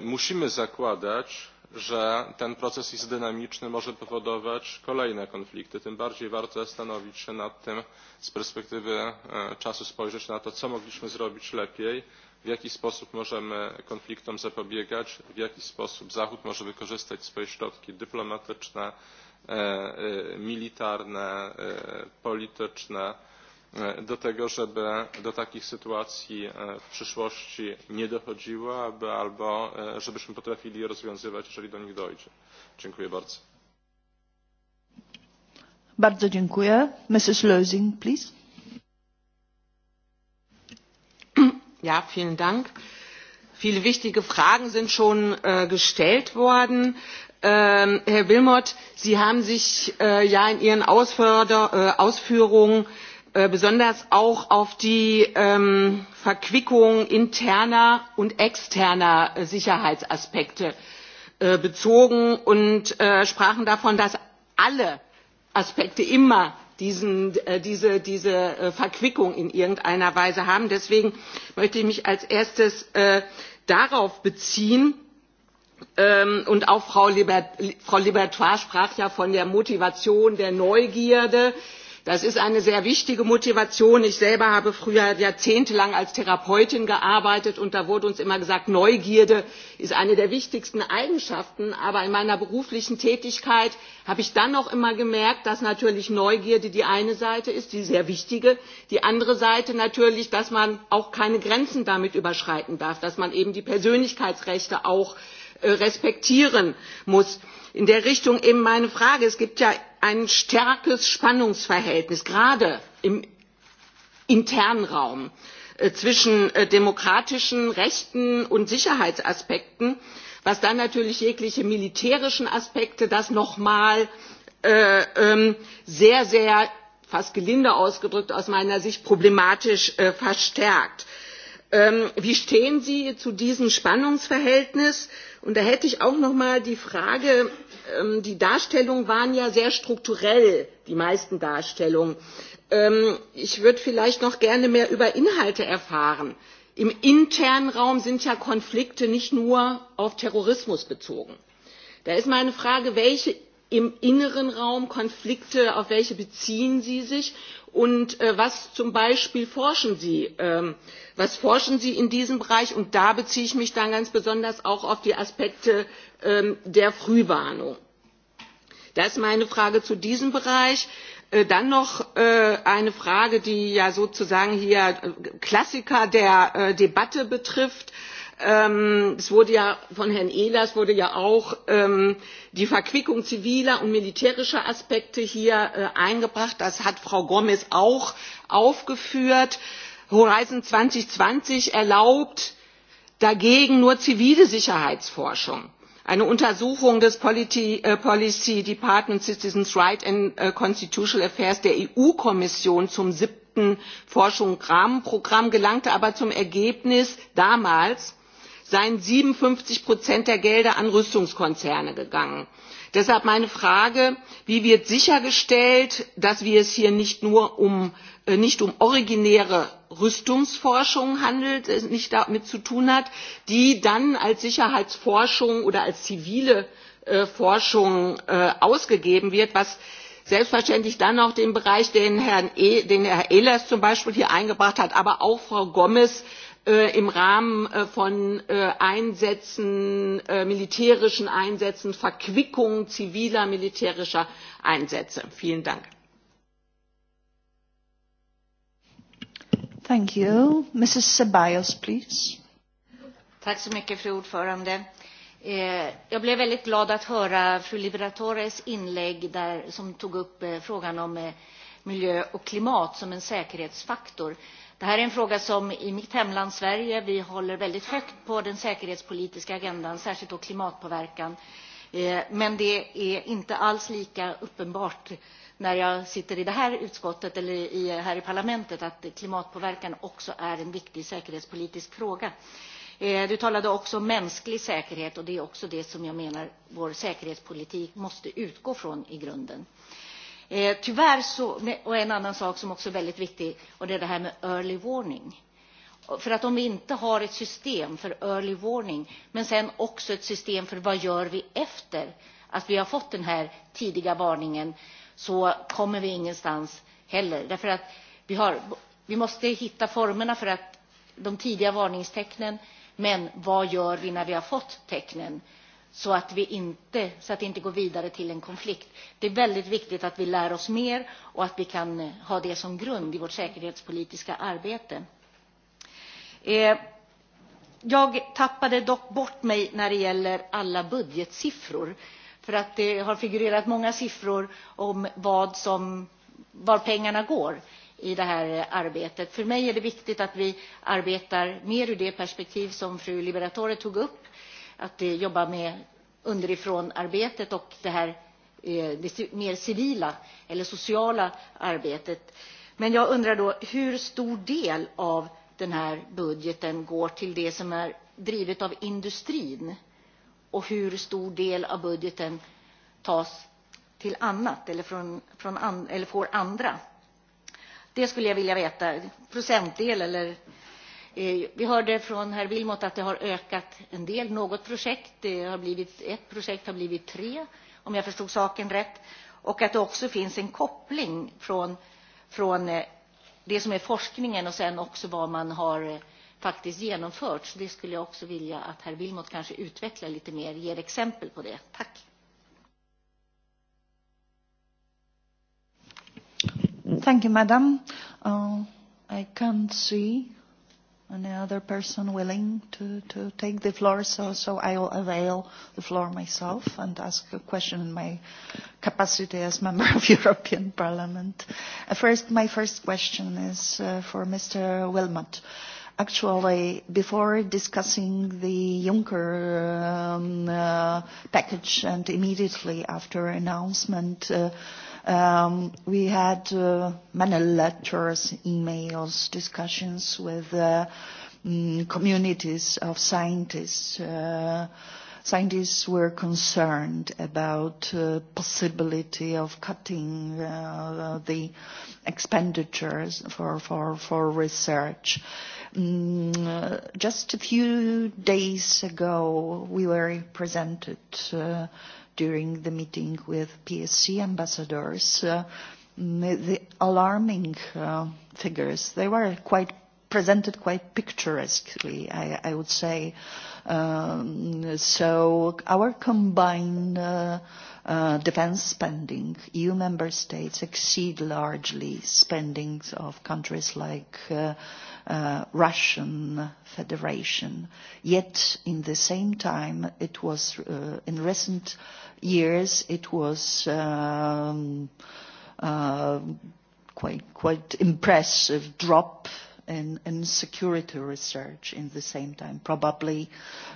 Musimy zakładać, że ten proces jest dynamiczny, może powodować kolejne konflikty. Tym bardziej warto zastanowić się nad tym, z perspektywy czasu spojrzeć na to, co mogliśmy zrobić lepiej, w jaki sposób możemy konfliktom zapobiegać w jaki sposób zachód może wykorzystać swoje środki dyplomatyczne e, e, militarne e, polityczne do tego żeby do takich sytuacji w przyszłości nie dochodziło albo żebyśmy potrafili je rozwiązywać jeżeli do nich dojdzie. dziękuję bardzo. bardzo dziękuję. Mrs. Lösing, please. vielen Dank. Viele wichtige Fragen sind schon äh, gestellt worden. Ähm, Herr Wilmott, Sie haben sich äh, ja in Ihren äh, Ausführungen besonders auch auf die ähm, Verquickung interner und externer Sicherheitsaspekte bezogen und sprachen davon, dass alle Aspekte immer Äh, diese, äh, verquickung in irgendeiner weise haben. deswegen möchte ich mich als erstes äh, darauf beziehen ähm, und auch frau, Libert, sprach ja von der motivation der neugierde das ist eine sehr wichtige motivation. ich selber habe früher jahrzehntelang als therapeutin gearbeitet und da wurde uns immer gesagt neugierde ist eine der wichtigsten eigenschaften aber in meiner beruflichen tätigkeit habe ich dann noch immer gemerkt dass natürlich neugierde die eine seite ist die sehr wichtige die andere seite natürlich dass man auch keine grenzen damit überschreiten darf dass man eben die persönlichkeitsrechte auch äh, respektieren muss. in der richtung eben meine frage es gibt ja ein starkes spannungsverhältnis gerade im internen raum äh, zwischen äh, demokratischen rechten und sicherheitsaspekten was dann natürlich jegliche militärischen aspekte das noch mal äh, ähm, sehr sehr fast gelinde ausgedrückt aus meiner sicht problematisch verstärkt. Ähm, wie stehen sie zu diesem spannungsverhältnis? und da hätte ich auch noch mal die frage Ähm, die darstellungen waren ja sehr strukturell die meisten darstellungen. Ähm, ich würde vielleicht noch gerne mehr über inhalte erfahren. im internen raum sind ja konflikte nicht nur auf terrorismus bezogen. da ist meine frage welche im inneren Raum Konflikte, auf welche beziehen Sie sich und äh, was zum Beispiel forschen Sie, ähm, was forschen Sie in diesem Bereich und da beziehe ich mich dann ganz besonders auch auf die Aspekte ähm, der Frühwarnung. Das ist meine Frage zu diesem Bereich. Äh, dann noch äh, eine Frage, die ja sozusagen hier Klassiker der Debatte betrifft Ähm, es wurde ja von herrn ehlers wurde ja auch ähm, die verquickung ziviler und militärischer aspekte hier äh, eingebracht das hat frau gomes auch aufgeführt. horizont zweitausendzwanzig erlaubt dagegen nur zivile sicherheitsforschung eine untersuchung des äh, policy department citizens rights and äh, constitutional affairs der eu kommission zum siebten forschungsrahmenprogramm gelangte aber zum ergebnis damals seien siebenundfünfzig der gelder an rüstungskonzerne gegangen. deshalb meine frage wie wird sichergestellt dass wir es hier nicht nur um, äh, nicht um originäre rüstungsforschung handelt äh, nicht damit zu tun hat die dann als sicherheitsforschung oder als zivile äh, forschung ausgegeben wird was selbstverständlich dann auch den bereich e, den herr ehlers zum beispiel hier eingebracht hat aber auch frau gomes Äh, im rahmen äh, von äh, einsätzen militärischen einsätzen verquickung ziviler militärischer einsätze. vielen dank. Thank you. Mrs. Ceballos, please. Tack så mycket, fru ordförande. Eh, jag blev väldigt glad att höra fru Liberatores inlägg där, som tog upp eh, frågan om eh, miljö och klimat som en säkerhetsfaktor. Det här är en fråga som i mitt hemland Sverige vi håller väldigt högt på den säkerhetspolitiska agendan, särskilt då klimatpåverkan. Eh, men det är inte alls lika uppenbart när jag sitter i det här utskottet eller i, här i parlamentet att klimatpåverkan också är en viktig säkerhetspolitisk fråga. Eh, du talade också om mänsklig säkerhet och det är också det som jag menar vår säkerhetspolitik måste utgå från i grunden. Eh, tyvärr så, och en annan sak som också är väldigt viktig, och det är det här med early warning. För att om vi inte har ett system för early warning, men sen också ett system för vad gör vi efter att vi har fått den här tidiga varningen, så kommer vi ingenstans heller. Därför att vi, har, vi måste hitta formerna för att de tidiga varningstecknen, men vad gör vi när vi har fått tecknen? så att, vi inte, så att det inte går vidare till en konflikt. Det är väldigt viktigt att vi lär oss mer och att vi kan eh, ha det som grund i vårt säkerhetspolitiska arbete. Eh, jag tappade dock bort mig när det gäller alla budgetsiffror. För att det har figurerat många siffror om vad som, var pengarna går i det här arbetet. För mig är det viktigt att vi arbetar mer ur det perspektiv som fru Liberatore tog upp att eh, jobba med underifrånarbetet och det här eh, det mer civila eller sociala arbetet. Men jag undrar då hur stor del av den här budgeten går till det som är drivet av industrin och hur stor del av budgeten tas till annat eller, från, från an, eller får andra. Det skulle jag vilja veta, procentdel eller Eh, vi hörde från herr Wilmot att det har ökat en del. Något projekt, det har blivit, ett projekt har blivit tre, om jag förstod saken rätt. Och att det också finns en koppling från, från eh, det som är forskningen och sen också vad man har eh, faktiskt genomfört. Så det skulle jag också vilja att herr Wilmot kanske utvecklar lite mer, ger exempel på det. Tack. Thank you, madam. Uh, I can't see Any other person willing to, to take the floor? So, so I will avail the floor myself and ask a question in my capacity as member of European Parliament. Uh, first, my first question is uh, for Mr. Wilmot. Actually, before discussing the Juncker um, uh, package and immediately after announcement, uh, Um, we had uh, many letters, emails, discussions with uh, mm, communities of scientists. Uh, scientists were concerned about uh, possibility of cutting uh, the expenditures for, for, for research. Um, just a few days ago, we were presented uh, during the meeting with PSC ambassadors, uh, the alarming uh, figures. They were quite presented quite picturesquely, I, I would say. Um, so our combined uh, uh, defense spending, EU member states exceed largely spendings of countries like uh, uh, Russian Federation. Yet, in the same time, it was uh, in recent years, it was um, uh, quite, quite impressive drop in, in security research in the same time, probably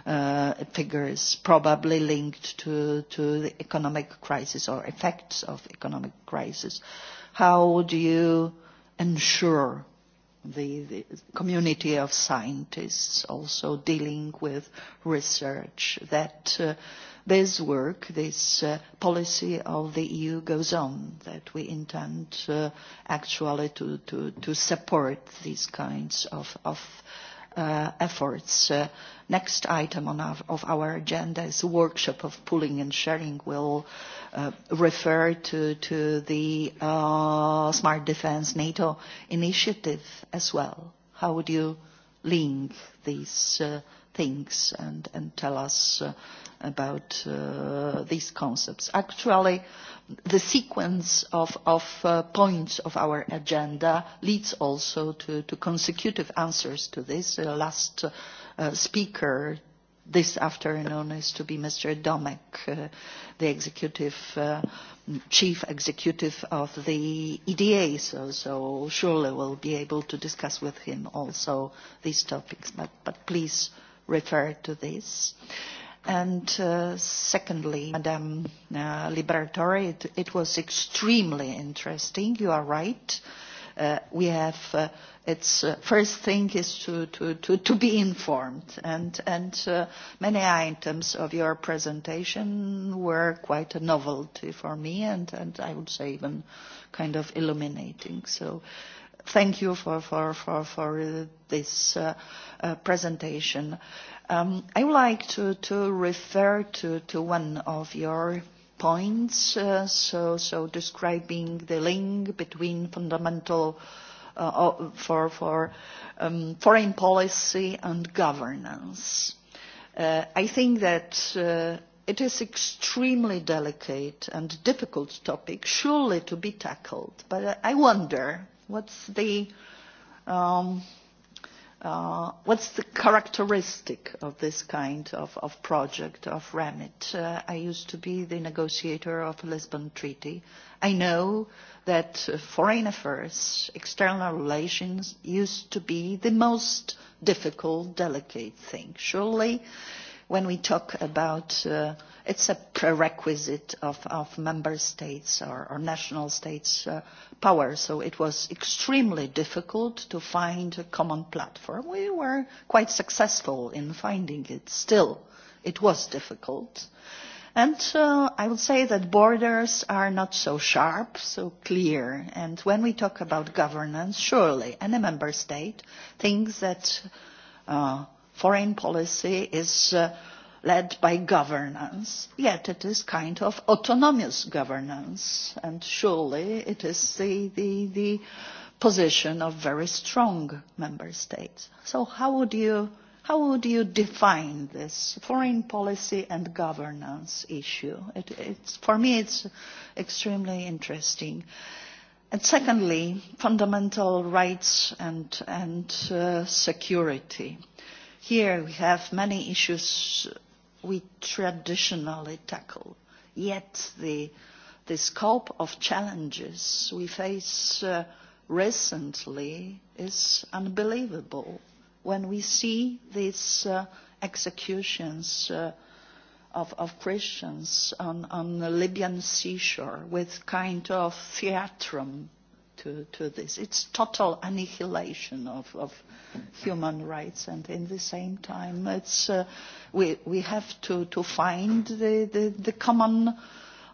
uh, figures, probably linked to, to the economic crisis or effects of economic crisis. How do you ensure the, the community of scientists also dealing with research that uh, this work, this uh, policy of the EU goes on, that we intend uh, actually to, to, support these kinds of, uh, efforts. next item on our, of our agenda is a workshop of pooling and sharing will refer to, to the Smart Defense NATO initiative as well. How would you link these things and, tell us uh, about uh, these concepts. Actually, the sequence of, of uh, points of our agenda leads also to, to consecutive answers to this. The last uh, speaker this afternoon is to be Mr. Domek, uh, the executive, uh, chief executive of the EDA, so, so surely we'll be able to discuss with him also these topics, but, but please refer to this. Uh, And uh, secondly, Madame uh, Liberatore, it, it was extremely interesting. You are right. Uh, we have uh, its uh, first thing is to, to, to, to be informed and, and uh, many items of your presentation were quite a novelty for me and, and I would say even kind of illuminating. So thank you for, for, for, for uh, this uh, uh, presentation. Um, I would like to, to refer to, to one of your points, uh, so, so describing the link between fundamental uh, for, for um, foreign policy and governance. Uh, I think that uh, it is extremely delicate and difficult topic, surely to be tackled, but I wonder what's the um, Uh, what's the characteristic of this kind of, of project of REMIT? Uh, I used to be the negotiator of the Lisbon Treaty. I know that uh, foreign affairs, external relations used to be the most difficult, delicate thing. Surely when we talk about uh, it's a prerequisite of, of member states or, or national states uh, power. So it was extremely difficult to find a common platform. We were quite successful in finding it. Still, it was difficult. And uh, I would say that borders are not so sharp, so clear. And when we talk about governance, surely any member state thinks that uh, foreign policy is uh, led by governance, yet it is kind of autonomous governance, and surely it is the, the, the position of very strong member states. So how would you, how would you define this foreign policy and governance issue? It, it's, for me, it's extremely interesting. And secondly, fundamental rights and, and uh, security. Here we have many issues we traditionally tackle, yet the, the scope of challenges we face uh, recently is unbelievable when we see these uh, executions uh, of, of Christians on, on the Libyan seashore with kind of theatrum to, to this. It's total annihilation of, of human rights and in the same time it's, uh, we, we have to, to find the, the, the common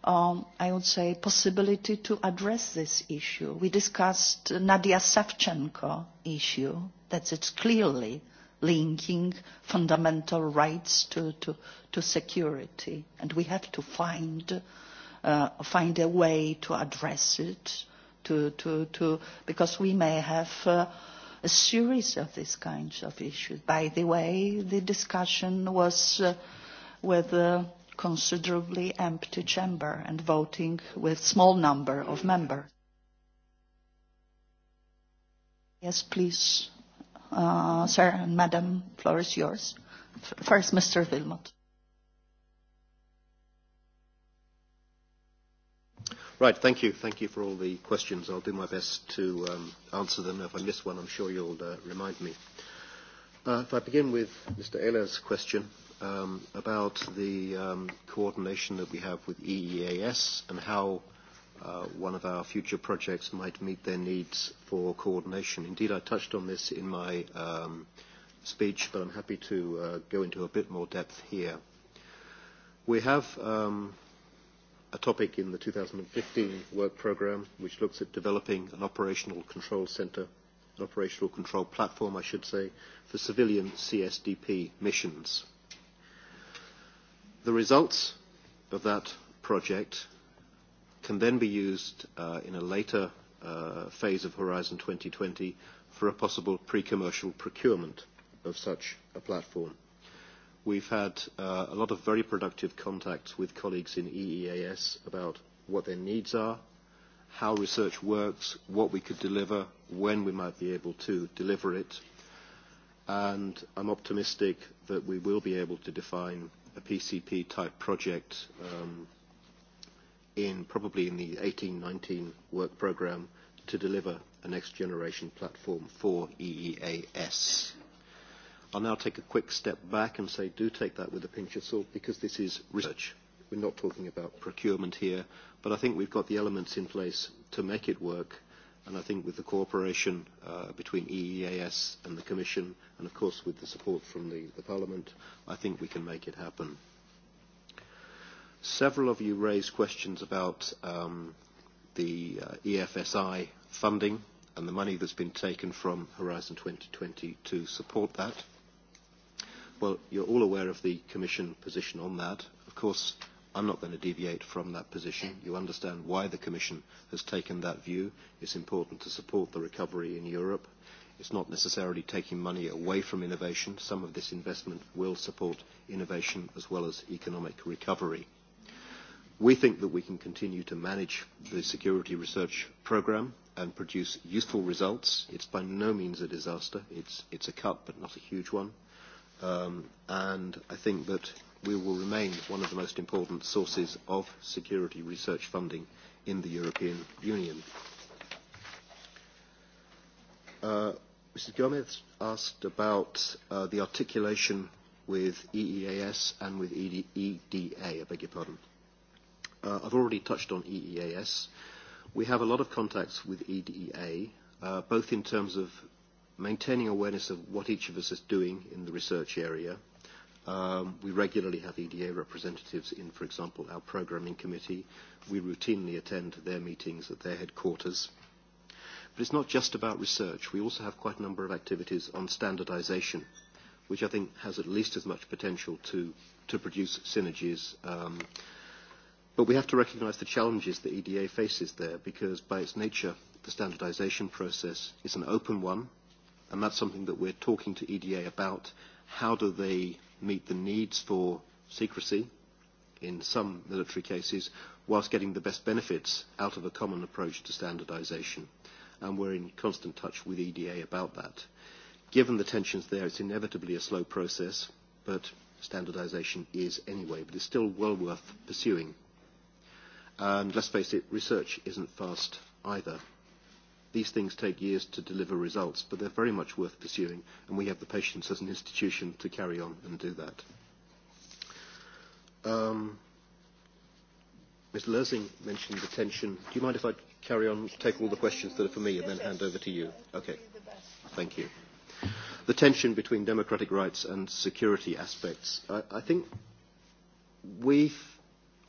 um, I would say, possibility to address this issue. We discussed Nadia Savchenko issue, that it's clearly linking fundamental rights to, to, to security. And we have to find, uh, find a way to address it to, to, to, because we may have uh, a series of these kinds of issues. By the way, the discussion was uh, with a considerably empty chamber and voting with small number of members. Yes, please, uh, sir and madam, floor is yours. F first, Mr. Wilmot. Right, thank you. Thank you for all the questions. I'll do my best to um, answer them. If I miss one, I'm sure you'll uh, remind me. Uh, if I begin with Mr. Ehler's question um, about the um, coordination that we have with EEAS and how uh, one of our future projects might meet their needs for coordination. Indeed, I touched on this in my um, speech, but I'm happy to uh, go into a bit more depth here. We have... Um, a topic in the 2015 work programme which looks at developing an operational control centre, an operational control platform, I should say, for civilian CSDP missions. The results of that project can then be used uh, in a later uh, phase of Horizon 2020 for a possible pre-commercial procurement of such a platform. We've had uh, a lot of very productive contacts with colleagues in EEAS about what their needs are, how research works, what we could deliver, when we might be able to deliver it. And I'm optimistic that we will be able to define a PCP type project um, in probably in the 1819 work program to deliver a next generation platform for EEAS. I'll now take a quick step back and say do take that with a pinch of salt because this is research. We're not talking about procurement here, but I think we've got the elements in place to make it work. And I think with the cooperation uh, between EEAS and the Commission, and of course with the support from the, Parliament, I think we can make it happen. Several of you raised questions about um, the uh, EFSI funding and the money that's been taken from Horizon 2020 to support that. Well, you're all aware of the Commission position on that. Of course, I'm not going to deviate from that position. You understand why the Commission has taken that view. It's important to support the recovery in Europe. It's not necessarily taking money away from innovation. Some of this investment will support innovation as well as economic recovery. We think that we can continue to manage the security research program and produce useful results. It's by no means a disaster. It's, it's a cut, but not a huge one. Um, and I think that we will remain one of the most important sources of security research funding in the European Union. Uh, Mrs. Gomez asked about uh, the articulation with EEAS and with ED, EDA, I beg your pardon. Uh, I've already touched on EEAS. We have a lot of contacts with EDA, uh, both in terms of maintaining awareness of what each of us is doing in the research area. Um, we regularly have EDA representatives in, for example, our programming committee. We routinely attend their meetings at their headquarters. But it's not just about research. We also have quite a number of activities on standardization, which I think has at least as much potential to, to produce synergies. Um, but we have to recognize the challenges that EDA faces there, because by its nature, the standardization process is an open one and that's something that we're talking to EDA about. How do they meet the needs for secrecy in some military cases, whilst getting the best benefits out of a common approach to standardisation? And we're in constant touch with EDA about that. Given the tensions there, it's inevitably a slow process, but standardisation is anyway, but it's still well worth pursuing. And let's face it, research isn't fast either. These things take years to deliver results, but they're very much worth pursuing, and we have the patience as an institution to carry on and do that. Um, Ms. Lersing mentioned the tension. Do you mind if I carry on, take all the questions that are for me, and then hand over to you? Okay. Thank you. The tension between democratic rights and security aspects. I, I think we've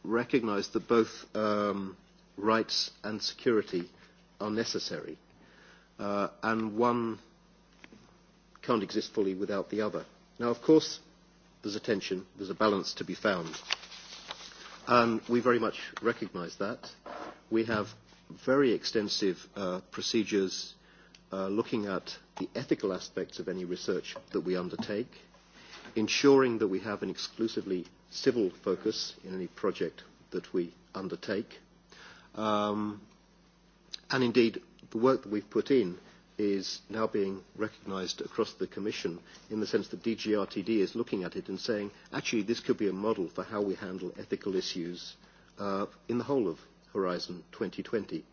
recognized that both um, rights and security – are necessary uh, and one can't exist fully without the other. Now, of course, there's a tension, there's a balance to be found. And we very much recognise that. We have very extensive uh, procedures uh, looking at the ethical aspects of any research that we undertake, ensuring that we have an exclusively civil focus in any project that we undertake, um, And indeed, the work that we've put in is now being recognised across the Commission in the sense that DGRTD is looking at it and saying, actually, this could be a model for how we handle ethical issues uh, in the whole of Horizon 2020.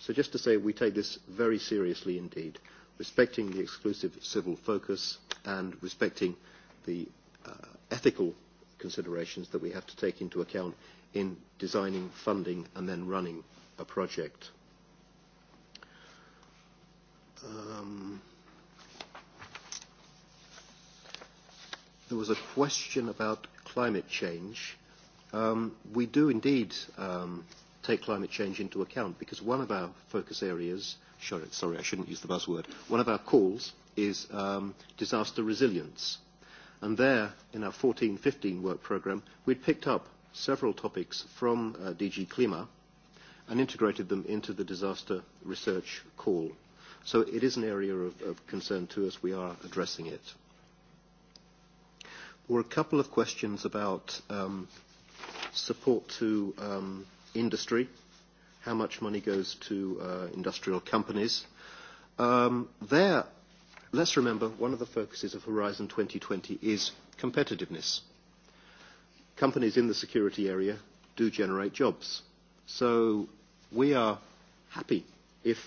So just to say, we take this very seriously indeed, respecting the exclusive civil focus and respecting the uh, ethical considerations that we have to take into account in designing, funding, and then running a project. Um, there was a question about climate change. Um, we do indeed um, take climate change into account because one of our focus areas, sorry, sorry I shouldn't use the buzzword, one of our calls is um, disaster resilience. And there, in our 14-15 work programme, we'd picked up several topics from uh, DG Klima and integrated them into the disaster research call. So it is an area of, of concern to us. We are addressing it. There were a couple of questions about um, support to um, industry, how much money goes to uh, industrial companies. Um, there, let's remember, one of the focuses of Horizon 2020 is competitiveness. Companies in the security area do generate jobs. So we are happy if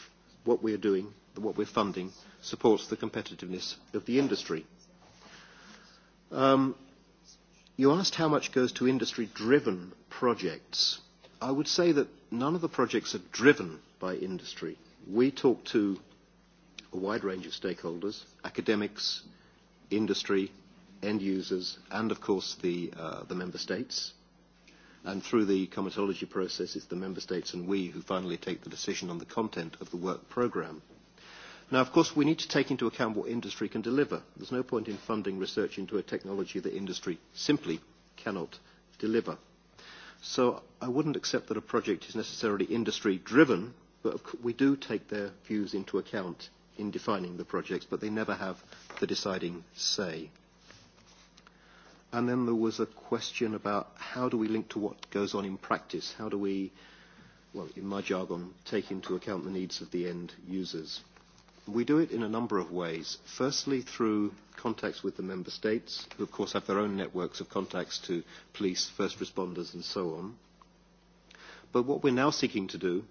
what we are doing that what we're funding supports the competitiveness of the industry. Um, you asked how much goes to industry-driven projects. I would say that none of the projects are driven by industry. We talk to a wide range of stakeholders, academics, industry, end users, and of course the, uh, the member states. And through the comitology process, it's the member states and we who finally take the decision on the content of the work programme. Now, of course, we need to take into account what industry can deliver. There's no point in funding research into a technology that industry simply cannot deliver. So I wouldn't accept that a project is necessarily industry-driven, but we do take their views into account in defining the projects, but they never have the deciding say. And then there was a question about how do we link to what goes on in practice? How do we, well, in my jargon, take into account the needs of the end users? we do it in a number of ways. Firstly, through contacts with the member states, who of course have their own networks of contacts to police, first responders and so on. But what we're now seeking to do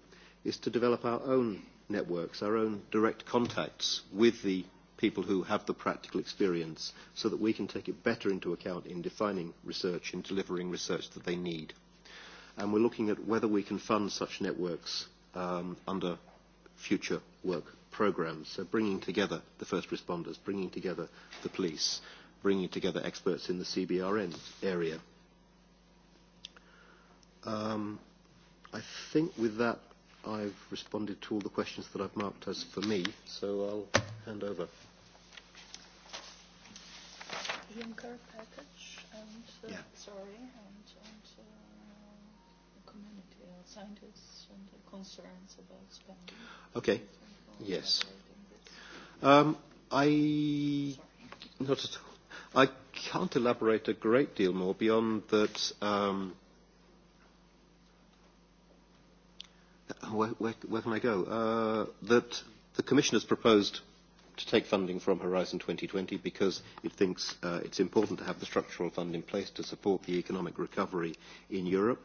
is to develop our own networks, our own direct contacts with the people who have the practical experience so that we can take it better into account in defining research and delivering research that they need. And we're looking at whether we can fund such networks um, under future work programs, so bringing together the first responders, bringing together the police, bringing together experts in the CBRN area. Um, I think with that, I've responded to all the questions that I've marked as for me, so I'll hand over. Juncker package and, uh, sorry, and, uh, community and uh, scientists and the concerns about spending. Okay. Yes. Um, I not at all. I can't elaborate a great deal more beyond that. Um, where, where, where can I go? Uh, that the Commission has proposed to take funding from Horizon 2020 because it thinks uh, it's important to have the structural fund in place to support the economic recovery in Europe.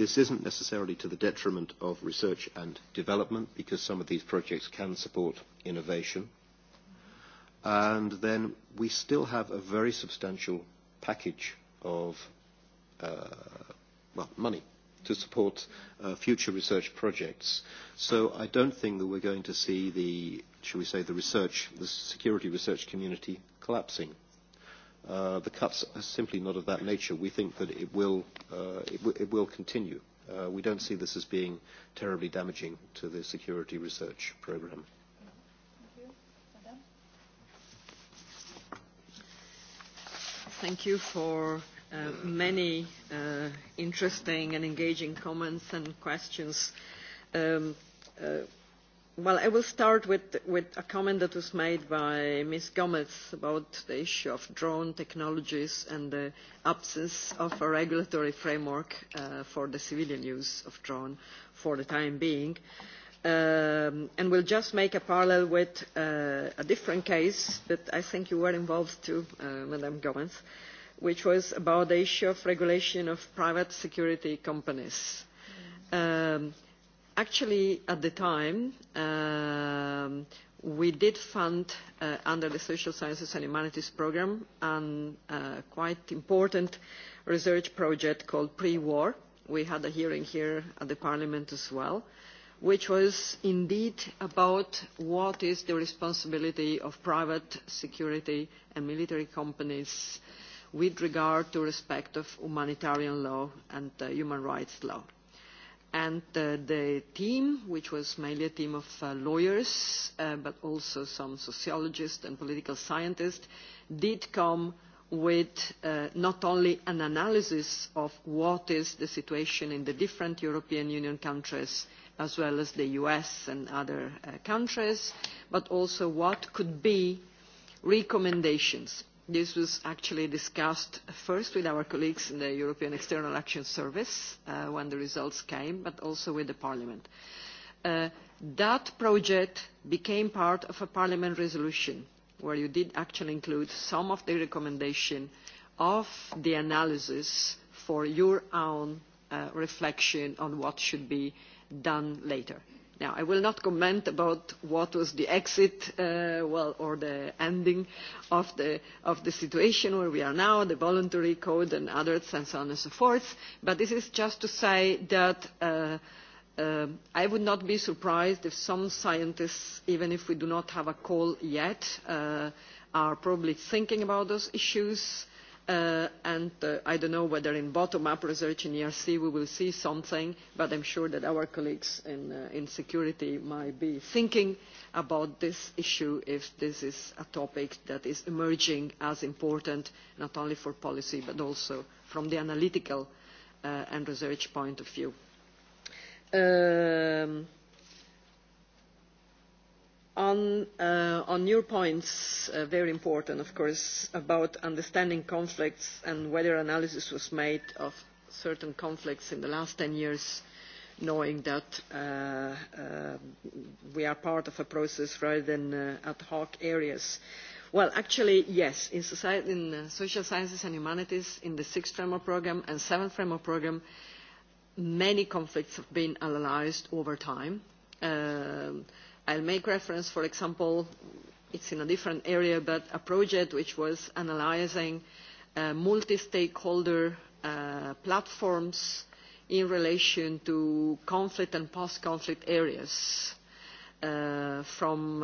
This isn't necessarily to the detriment of research and development because some of these projects can support innovation. And then we still have a very substantial package of uh, well, money to support uh, future research projects. So I don't think that we're going to see the, shall we say, the research, the security research community collapsing. Uh, the cuts are simply not of that nature. We think that it will, uh, it, it will continue. Uh, we don't see this as being terribly damaging to the security research program. Thank you for uh, many uh, interesting and engaging comments and questions. Um, uh, Well, I will start with, with a comment that was made by Ms. Gomez about the issue of drone technologies and the absence of a regulatory framework uh, for the civilian use of drone for the time being. Um, and we'll just make a parallel with uh, a different case that I think you were involved too, uh, Madam Gomez, which was about the issue of regulation of private security companies. Um, Actually, at the time, um, we did fund uh, under the Social Sciences and Humanities Programme a uh, quite important research project called Pre-War. We had a hearing here at the Parliament as well, which was indeed about what is the responsibility of private security and military companies with regard to respect of humanitarian law and uh, human rights law and uh, the team, which was mainly a team of uh, lawyers, uh, but also some sociologists and political scientists, did come with not only an analysis of what is the situation in the different European Union countries, as well as the US and other countries, but also what could be recommendations This was actually discussed first with our colleagues in the European External Action Service uh, when the results came, but also with the Parliament. Uh, that project became part of a Parliament resolution where you did actually include some of the recommendation of the analysis for your own uh, reflection on what should be done later. Now, I will not comment about what was the exit, uh, well, or the ending of the, of the situation where we are now, the voluntary code and others, and so on and so forth. But this is just to say that uh, uh, I would not be surprised if some scientists, even if we do not have a call yet, uh, are probably thinking about those issues Uh, and uh, I don't know whether in bottom-up research in ERC we will see something, but I'm sure that our colleagues uh, in, security might be thinking about this issue if this is a topic that is emerging as important, not only for policy, but also from the analytical and research point of view. Um, on, uh, on your points uh, very important of course about understanding conflicts and whether analysis was made of certain conflicts in the last ten years knowing that uh, uh we are part of a process rather than uh, ad hoc areas. well actually yes in, society, in uh, social sciences and humanities in the sixth framework programme and seventh framework programme many conflicts have been analysed over time. Um, I'll make reference, for example, it's in a different area, but a project which was analyzing uh, multi-stakeholder uh, platforms in relation to conflict and post-conflict areas, uh, from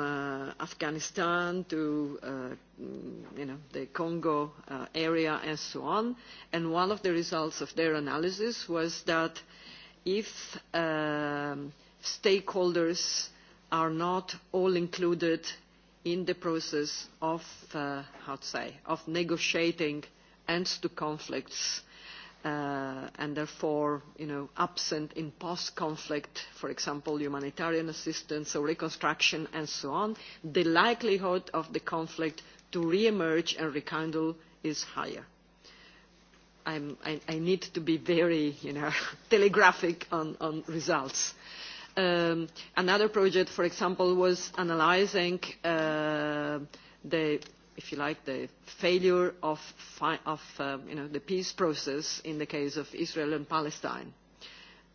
Afghanistan to the Congo area and so on. And one of the results of their analysis was that if um, stakeholders are not all included in the process of uh, how to say of negotiating ends to conflicts uh, and therefore you know absent in post conflict for example humanitarian assistance or reconstruction and so on the likelihood of the conflict to re-emerge and rekindle is higher I, I need to be very you know, telegraphic on, on results. Um, another project, for example, was analyzing uh, the if you like, the failure of, of um, you know, the peace process in the case of Israel and Palestine.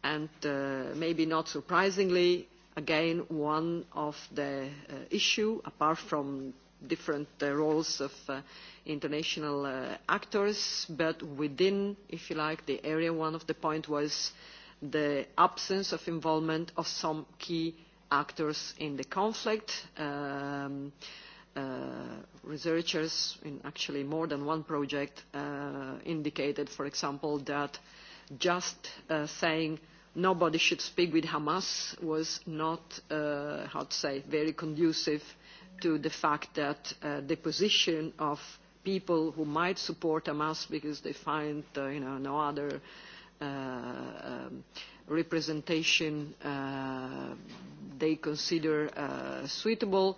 And uh, maybe not surprisingly, again, one of the issues, uh, issue, apart from different roles of international actors, but within, if you like, the area, one of the points was the absence of involvement of some key actors in the conflict. Um, uh, researchers in actually more than one project uh, indicated, for example, that just uh, saying nobody should speak with Hamas was not, uh, how to say, very conducive to the fact that the position of people who might support Hamas because they find you know, no other Uh, uh, representation uh, they consider uh, suitable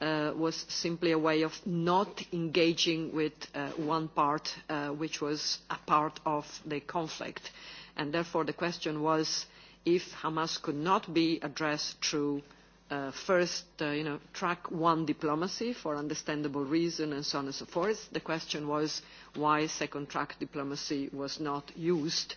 was simply a way of not engaging with one part which was a part of the conflict. And therefore the question was if Hamas could not be addressed through uh, first uh, you know, track one diplomacy for understandable reason and so on and so forth. The question was why second track diplomacy was not used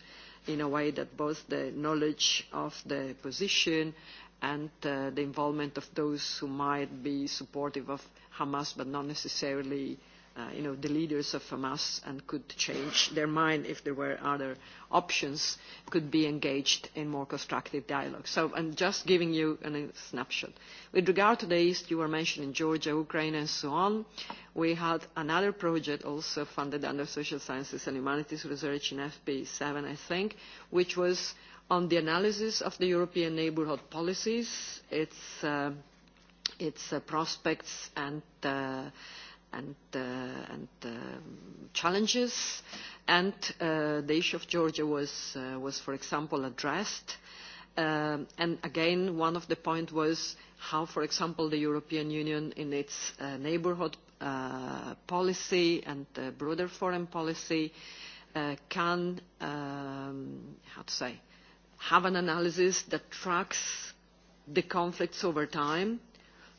in a way that both the knowledge of the position and uh, the involvement of those who might be supportive of Hamas but not necessarily Uh, you know, the leaders of Hamas and could change their mind if there were other options, could be engaged in more constructive dialogue. So I'm just giving you a snapshot. With regard to the East, you were mentioning Georgia, Ukraine, and so on. We had another project also funded under Social Sciences and Humanities Research in FP7, I think, which was on the analysis of the European neighbourhood policies, its, uh, its uh, prospects and and, uh, and um, challenges. And uh, the issue of Georgia was, uh, was for example, addressed. Um, and again, one of the points was how, for example, the European Union in its neighbourhood neighborhood policy and broader foreign policy can, um, how to say, have an analysis that tracks the conflicts over time,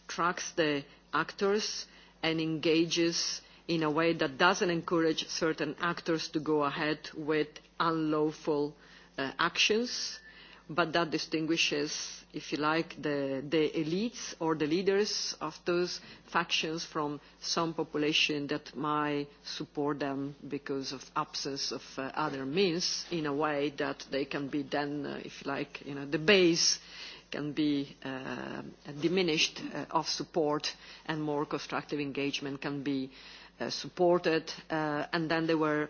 tracks the actors, and engages in a way that doesn't encourage certain actors to go ahead with unlawful uh, actions, but that distinguishes, if you like, the, the elites or the leaders of those factions from some population that might support them because of absence of uh, other means in a way that they can be then, uh, if you like, the base can be uh, diminished uh, of support and more constructive engagement can be uh, supported. Uh, and then they were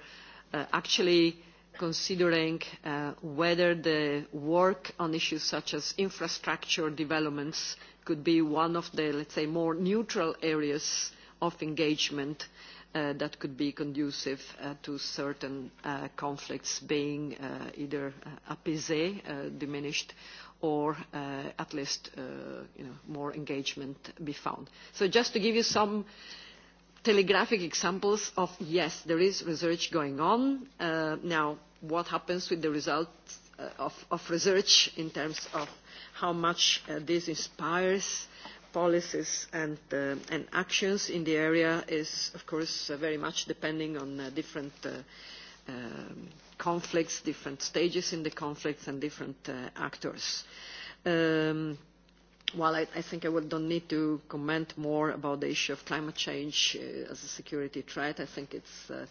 uh, actually considering uh, whether the work on issues such as infrastructure developments could be one of the, let's say, more neutral areas of engagement Uh, that could be conducive uh, to certain uh, conflicts being either apaisé, diminished, or uh, at least uh, you know, more engagement be found. So just to give you some telegraphic examples of, yes, there is research going on. Uh, now, what happens with the results of, research in terms of how much this inspires policies and, actions in the area is, of course, very much depending on different um, conflicts, different stages in the conflicts and different uh, actors. Um, while I, I think I will, don't need to comment more about the issue of climate change uh, as a security threat, I think it's uh,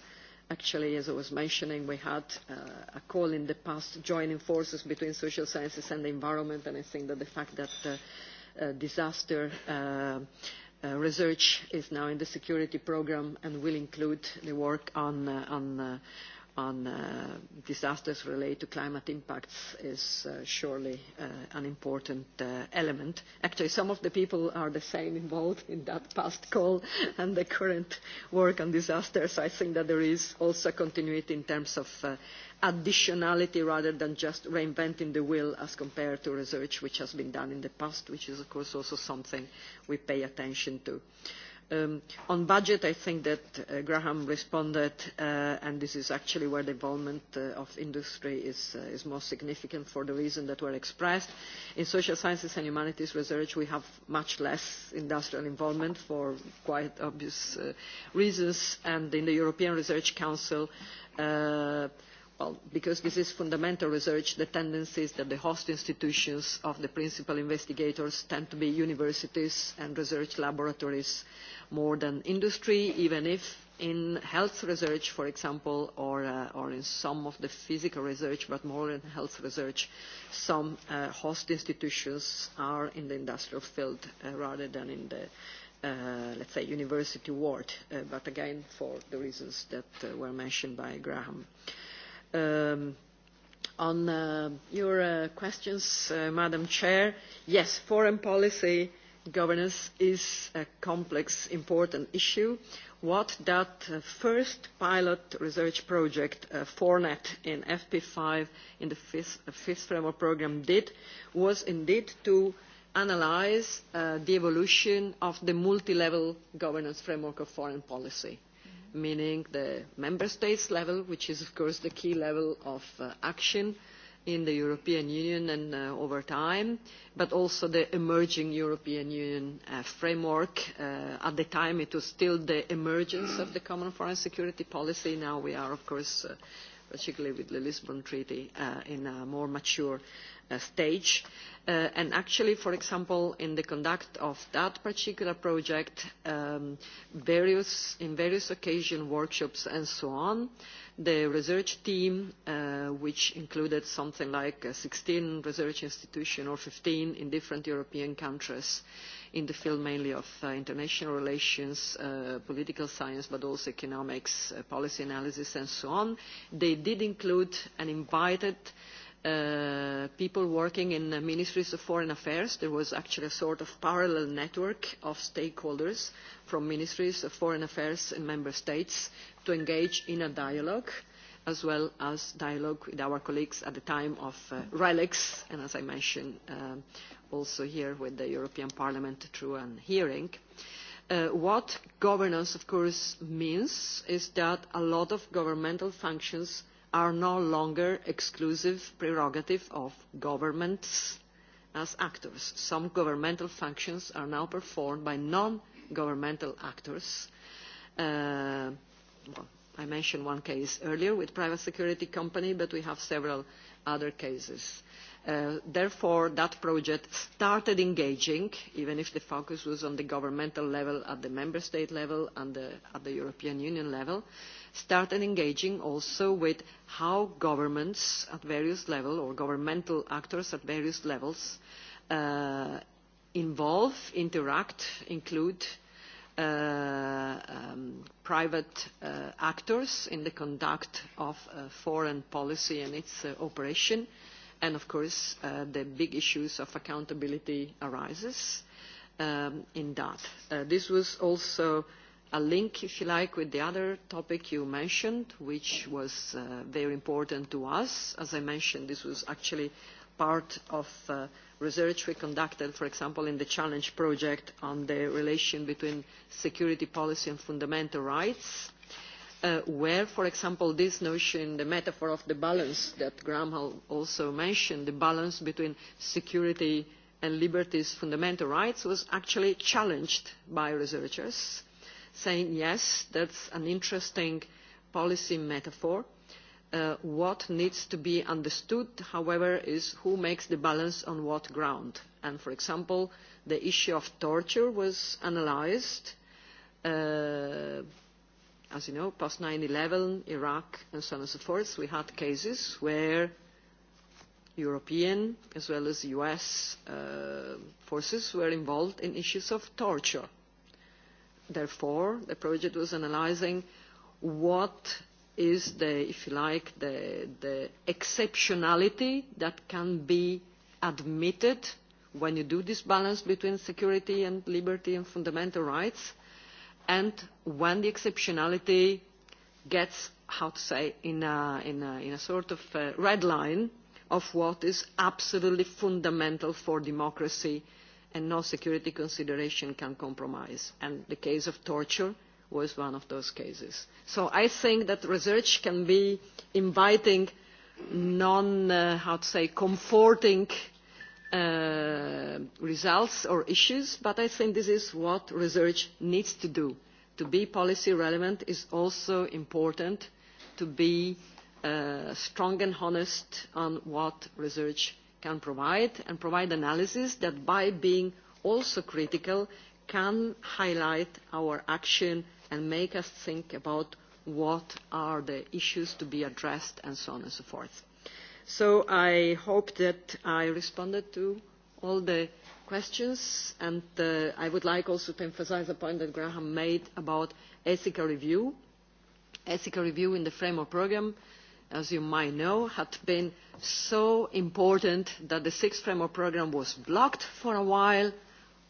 actually, as I was mentioning, we had uh, a call in the past joining forces between social sciences and the environment, and I think that the fact that uh, uh, disaster uh, Uh, research is now in the security program and will include the work on, uh, on uh, on uh, disasters related to climate impacts is uh, surely uh, an important uh, element. Actually, some of the people are the same involved in that past call and the current work on disasters. I think that there is also continuity in terms of uh, additionality rather than just reinventing the wheel as compared to research which has been done in the past, which is, of course, also something we pay attention to. Um, on budget, I think that uh, Graham responded, uh, and this is actually where the involvement uh, of industry is, is most significant for the reason that were expressed. In social sciences and humanities research, we have much less industrial involvement for quite obvious reasons, and in the European Research Council, Well, because this is fundamental research, the tendency is that the host institutions of the principal investigators tend to be universities and research laboratories more than industry, even if in health research, for example, or, uh, or in some of the physical research, but more in health research, some uh, host institutions are in the industrial field uh, rather than in the Uh, let's say, university ward, uh, but again for the reasons that uh, were mentioned by Graham. Uh, Um, on uh, your uh, questions, uh, Madam Chair, yes, foreign policy governance is a complex, important issue. What that uh, first pilot research project, uh, FORNET, in FP5, in the fifth, uh, fifth framework programme did was indeed to analyse the evolution of the multi-level governance framework of foreign policy meaning the member states level which is of course the key level of uh, action in the european union and uh, over time but also the emerging european union uh, framework at the time it was still the emergence of the common foreign security policy now we are of course particularly with the Lisbon Treaty uh, in a more mature uh, stage. Uh, and actually, for example, in the conduct of that particular project, um, various, in various occasions, workshops and so on, the research team, which included something like 16 research institutions or 15 in different European countries, in the field mainly of uh, international relations, uh, political science, but also economics, uh, policy analysis and so on. They did include and invited Uh, people working in the ministries of foreign affairs there was actually a sort of parallel network of stakeholders from ministries of foreign affairs in member states to engage in a dialogue as well as dialogue with our colleagues at the time of uh, relics and as i mentioned um, also here with the European Parliament through a hearing. Uh, what governance, of course, means is that a lot of governmental functions are no longer exclusive prerogative of governments as actors. Some governmental functions are now performed by non-governmental actors. Uh, well, I mentioned one case earlier with private security company, but we have several other cases. Uh, therefore that project started engaging even if the focus was on the governmental level at the member state level and at the european union level started engaging also with how governments at various levels or governmental actors at various levels uh, involve interact include uh, um, private actors in the conduct of foreign policy and its operation and of course uh, the big issues of accountability arises um, in that. Uh, this was also a link, if you like, with the other topic you mentioned, which was uh, very important to us. As I mentioned, this was actually part of uh, research we conducted, for example, in the Challenge project on the relation between security policy and fundamental rights Uh, where, for example, this notion, the metaphor of the balance that Graham also mentioned, the balance between security and liberties, fundamental rights, was actually challenged by researchers, saying, yes, that's an interesting policy metaphor. Uh, what needs to be understood, however, is who makes the balance on what ground. And, for example, the issue of torture was analyzed, uh, as you know, post 9-11, Iraq, and so on and so forth, we had cases where European as well as US uh, forces were involved in issues of torture. Therefore, the project was analyzing what is the, if you like, the, the exceptionality that can be admitted when you do this balance between security and liberty and fundamental rights and when the exceptionality gets, how to say, in a, in a, sort of uh, red line of what is absolutely fundamental for democracy and no security consideration can compromise. And the case of torture was one of those cases. So I think that research can be inviting, non, uh, how to say, comforting Uh, results or issues, but I think this is what research needs to do. To be policy relevant is also important to be uh, strong and honest on what research can provide and provide analysis that by being also critical can highlight our action and make us think about what are the issues to be addressed and so on and so forth. So I hope that I responded to all the questions and uh, I would like also to emphasize the point that Graham made about ethical review. Ethical review in the framework program, as you might know, had been so important that the sixth framework program was blocked for a while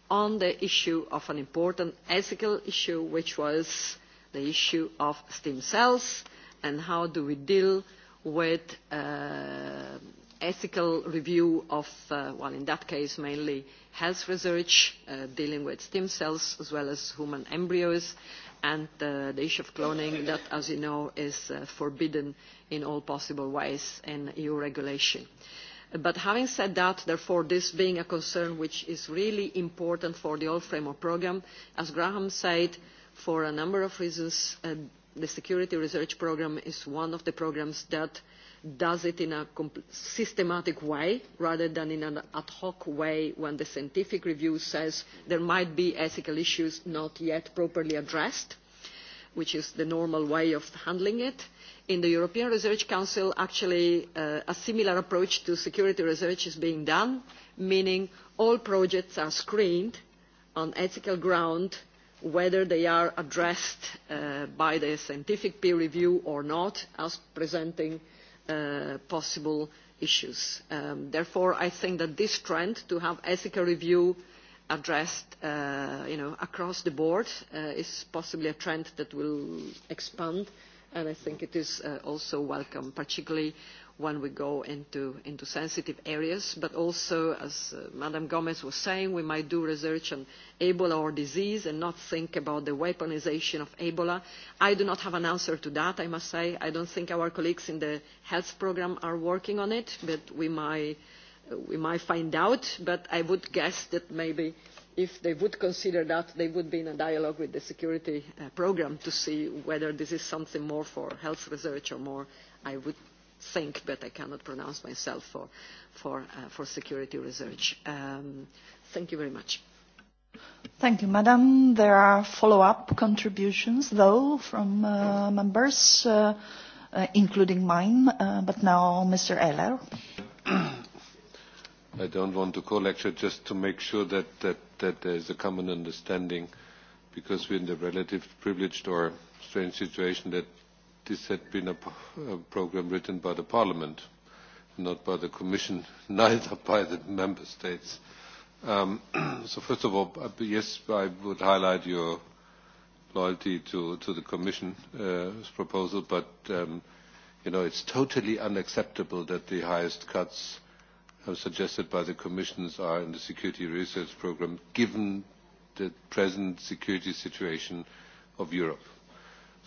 on the issue of an important ethical issue, which was the issue of stem cells and how do we deal with uh, ethical review of, uh, well, in that case, mainly health research, uh, dealing with stem cells as well as human embryos, and uh, the issue of cloning that, as you know, is uh, forbidden in all possible ways in EU regulation. But having said that, therefore, this being a concern which is really important for the whole framework programme, as Graham said, for a number of reasons, uh, the security research Program is one of the programs that does it in a systematic way rather than in an ad hoc way when the scientific review says there might be ethical issues not yet properly addressed which is the normal way of handling it. In the European Research Council, actually, uh, a similar approach to security research is being done, meaning all projects are screened on ethical ground whether they are addressed uh, by the scientific peer review or not as presenting uh, possible issues. Um, therefore i think that this trend to have ethical review addressed uh, you know, across the board is possibly a trend that will expand and i think it is also welcome particularly when we go into, into sensitive areas, but also, as uh, Madam Gomez was saying, we might do research on Ebola or disease and not think about the weaponization of Ebola. I do not have an answer to that, I must say. I don't think our colleagues in the health program are working on it, but we might, uh, we might find out. But I would guess that maybe if they would consider that, they would be in a dialogue with the security uh, program to see whether this is something more for health research or more, I would think, but I cannot pronounce myself for, for, uh, for security research. Um, thank you very much. Thank you, Madam. There are follow-up contributions, though, from uh, members, uh, uh, including mine, uh, but now Mr. Eller. I don't want to co-lecture, just to make sure that, that, that there is a common understanding, because we're in the relative privileged or strange situation that this had been a uh, programme written by the parliament not by the commission neither by the member states. Um, so first of all uh, yes i would highlight your loyalty to, to the commission's uh, proposal but um, you know it's totally unacceptable that the highest cuts suggested by the commission are in the security research programme given the present security situation of europe.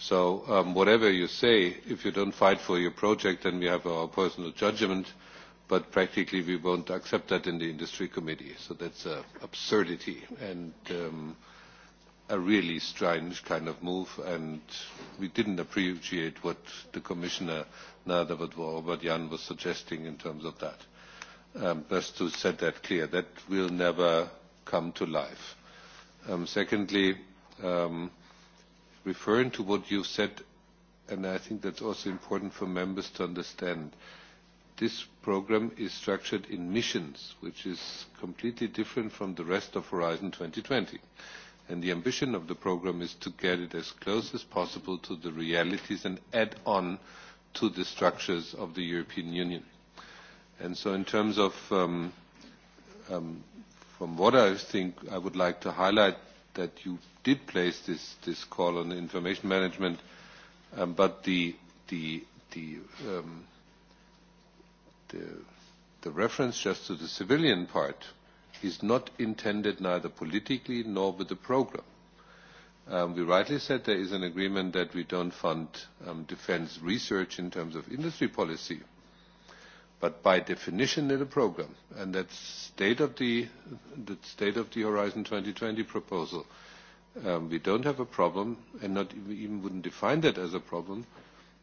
So um, whatever you say, if you don't fight for your project, then we have our personal judgment, but practically we won't accept that in the industry committee. So that's an absurdity and um, a really strange kind of move, and we didn't appreciate what the commissioner robert jan was suggesting in terms of that. Um, just to set that clear, that will never come to life. Um, secondly, um, referring to what you said, and I think that's also important for members to understand, this program is structured in missions, which is completely different from the rest of Horizon 2020. And the ambition of the program is to get it as close as possible to the realities and add on to the structures of the European Union. And so in terms of, um, um from what I think I would like to highlight that you did place this, this call on information management, um, but the, the, the, um, the, the reference just to the civilian part is not intended neither politically nor with the program. Um, we rightly said there is an agreement that we don't fund um, defense research in terms of industry policy but by definition in a programme and that state of the the state of the horizon 2020 proposal um, we don't have a problem and not we even wouldn't define that as a problem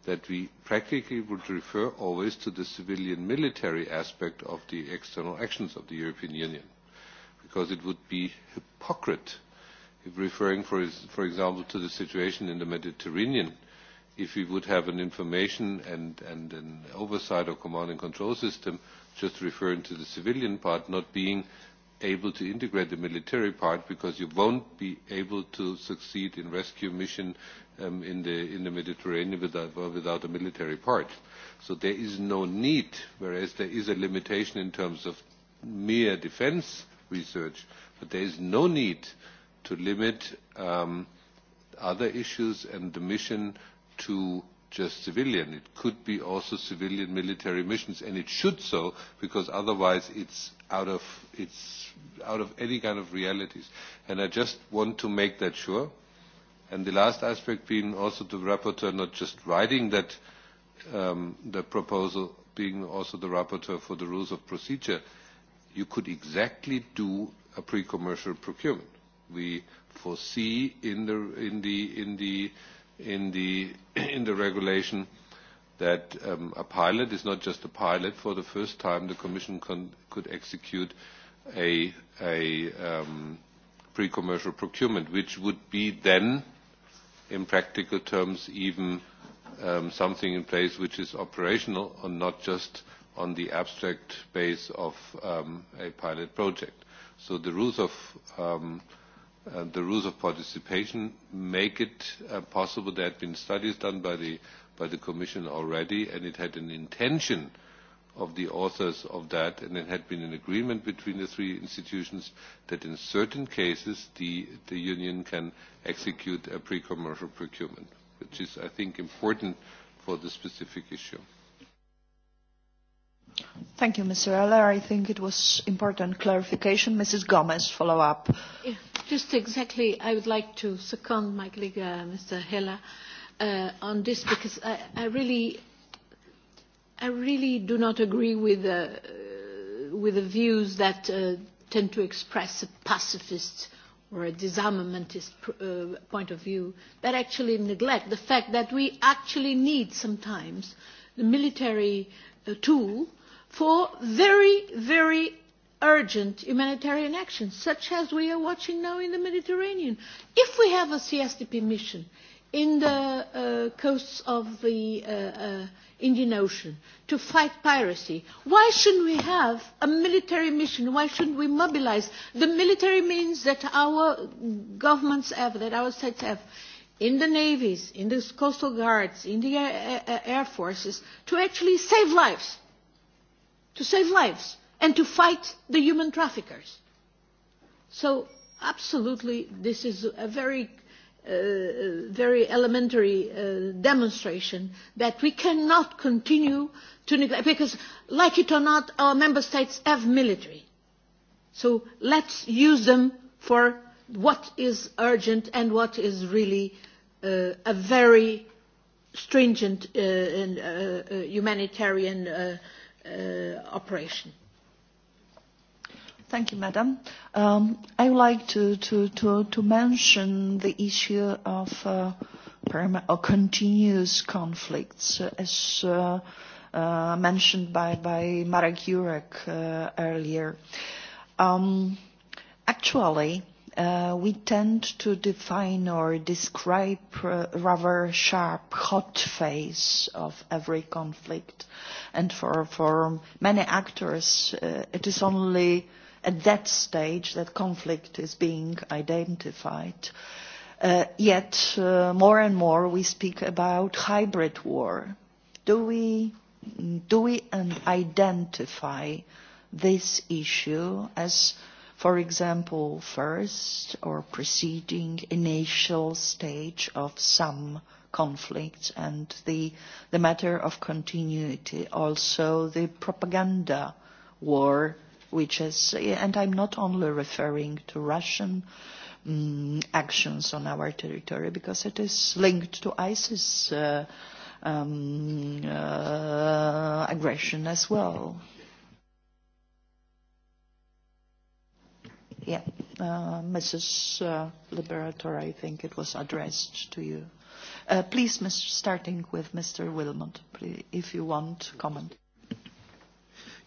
that we practically would refer always to the civilian military aspect of the external actions of the European Union because it would be hypocrite if referring for, for example to the situation in the Mediterranean if we would have an information and, and an oversight or command and control system, just referring to the civilian part, not being able to integrate the military part because you won't be able to succeed in rescue mission um, in, the, in the Mediterranean without, without a military part. So there is no need, whereas there is a limitation in terms of mere defense research, but there is no need to limit um, other issues and the mission to just civilian. It could be also civilian military missions, and it should so, because otherwise it's out of, it's out of any kind of realities. And I just want to make that sure. And the last aspect being also the rapporteur not just writing that um, the proposal, being also the rapporteur for the rules of procedure, you could exactly do a pre-commercial procurement. We foresee in the, in the, in the in the, in the regulation that um, a pilot is not just a pilot. For the first time, the Commission con could execute a, a um, pre-commercial procurement, which would be then, in practical terms, even um, something in place which is operational and not just on the abstract base of um, a pilot project. So the rules of um, Uh, the rules of participation make it uh, possible. There had been studies done by the, by the Commission already, and it had an intention of the authors of that, and it had been an agreement between the three institutions that in certain cases the, the Union can execute a pre-commercial procurement, which is, I think, important for the specific issue. Thank you, Mr. Eller. I think it was important clarification. Mrs. Gomez, follow up. Yeah just exactly, I would like to second my colleague, uh, Mr. Heller, uh, on this because I, really, I really do not agree with uh, with the views that tend to express a pacifist or a disarmamentist uh, point of view that actually neglect the fact that we actually need sometimes the military tool for very, very urgent humanitarian action, such as we are watching now in the Mediterranean. If we have a CSDP mission in the uh, coasts of the uh, uh, Indian Ocean to fight piracy, why shouldn't we have a military mission? Why shouldn't we mobilize the military means that our governments have, that our states have? in the navies, in the coastal guards, in the air forces, to actually save lives. To save lives and to fight the human traffickers. So absolutely this is a very uh, very elementary uh, demonstration that we cannot continue to neglect because like it or not our member states have military. So let's use them for what is urgent and what is really uh, a very stringent uh, uh, uh, humanitarian uh, uh, operation. Thank you, Madam. Um, I would like to, to, to, to mention the issue of uh, or continuous conflicts uh, as uh, uh, mentioned by, by Marek Jurek uh, earlier. Um, actually, uh, we tend to define or describe uh, rather sharp, hot phase of every conflict. And for, for many actors, uh, it is only at that stage that conflict is being identified. Uh, yet uh, more and more we speak about hybrid war. Do we, do we identify this issue as, for example, first or preceding initial stage of some conflicts and the, the matter of continuity, also the propaganda war which is, and I'm not only referring to Russian um, actions on our territory because it is linked to ISIS uh, um, uh, aggression as well. Yeah, uh, Mrs. Uh, Liberator, I think it was addressed to you. Uh, please, Mr. starting with Mr. Wilmot, if you want to comment.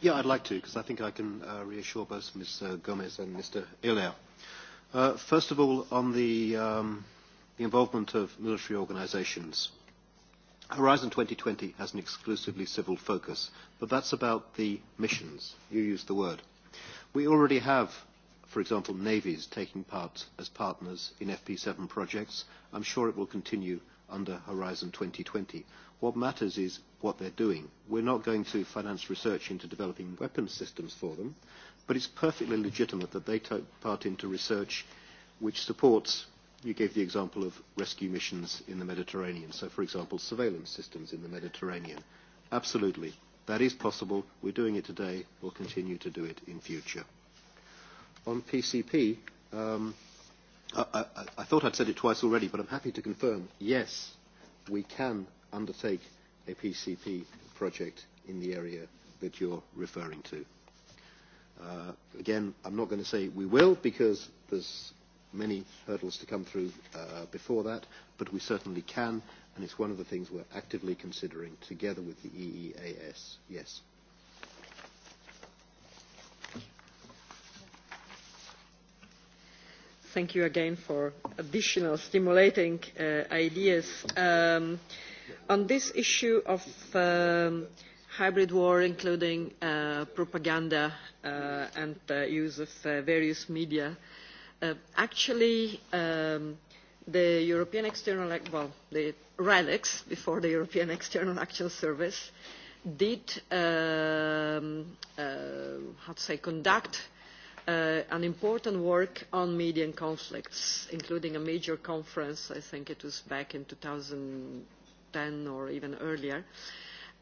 Yeah, I'd like to, because I think I can uh, reassure both Ms. Uh, Gomez and Mr. Ilair. Uh, first of all, on the, um, the involvement of military organizations. Horizon 2020 has an exclusively civil focus, but that's about the missions. You used the word. We already have, for example, navies taking part as partners in FP7 projects. I'm sure it will continue under Horizon 2020. What matters is what they're doing. We're not going to finance research into developing weapons systems for them, but it's perfectly legitimate that they take part into research which supports, you gave the example of rescue missions in the Mediterranean, so for example, surveillance systems in the Mediterranean. Absolutely. That is possible. We're doing it today. We'll continue to do it in future. On PCP, um, I, I, I thought I'd said it twice already, but I'm happy to confirm, yes, we can undertake a PCP project in the area that you're referring to. Uh, again, I'm not going to say we will because there's many hurdles to come through uh, before that, but we certainly can, and it's one of the things we're actively considering together with the EEAS. Yes. Thank you again for additional stimulating uh, ideas. Um, on this issue of um, hybrid war including uh, propaganda uh, and the use of uh, various media uh, actually um, the european external well the RELEX before the european external action service did um, uh, how to say conduct Uh, an important work on media and conflicts, including a major conference, I think it was back in 2000 ten or even earlier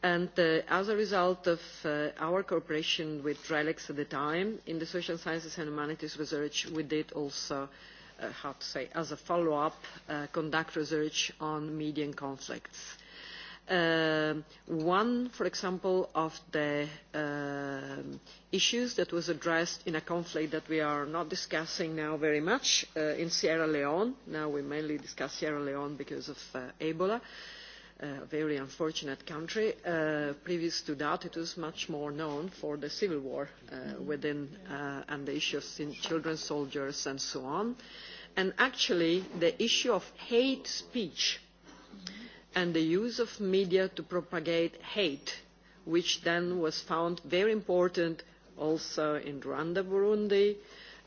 and uh, as a result of uh, our cooperation with relex at the time in the social sciences and humanities research we did also uh, how to say as a follow up conduct research on median conflicts. one for example of the issues that was addressed in a conflict that we are not discussing now very much in sierra leone now we mainly discuss sierra leone because of ebola a very unfortunate country. Uh, previous to that, it was much more known for the civil war uh, within uh, and the issue of children soldiers and so on. And actually, the issue of hate speech and the use of media to propagate hate, which then was found very important also in Rwanda, Burundi,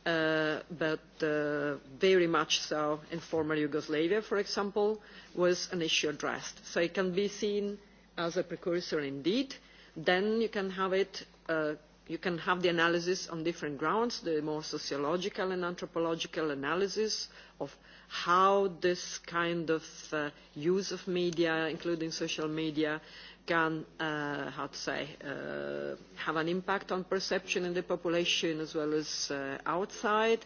uh, but uh, very much so in former Yugoslavia, for example, was an issue addressed. So it can be seen as a precursor indeed. Then you can have it, uh, you can have the analysis on different grounds, the more sociological and anthropological analysis of how this kind of uh, use of media, including social media, can uh, how to say uh, have an impact on perception in the population as well as uh, outside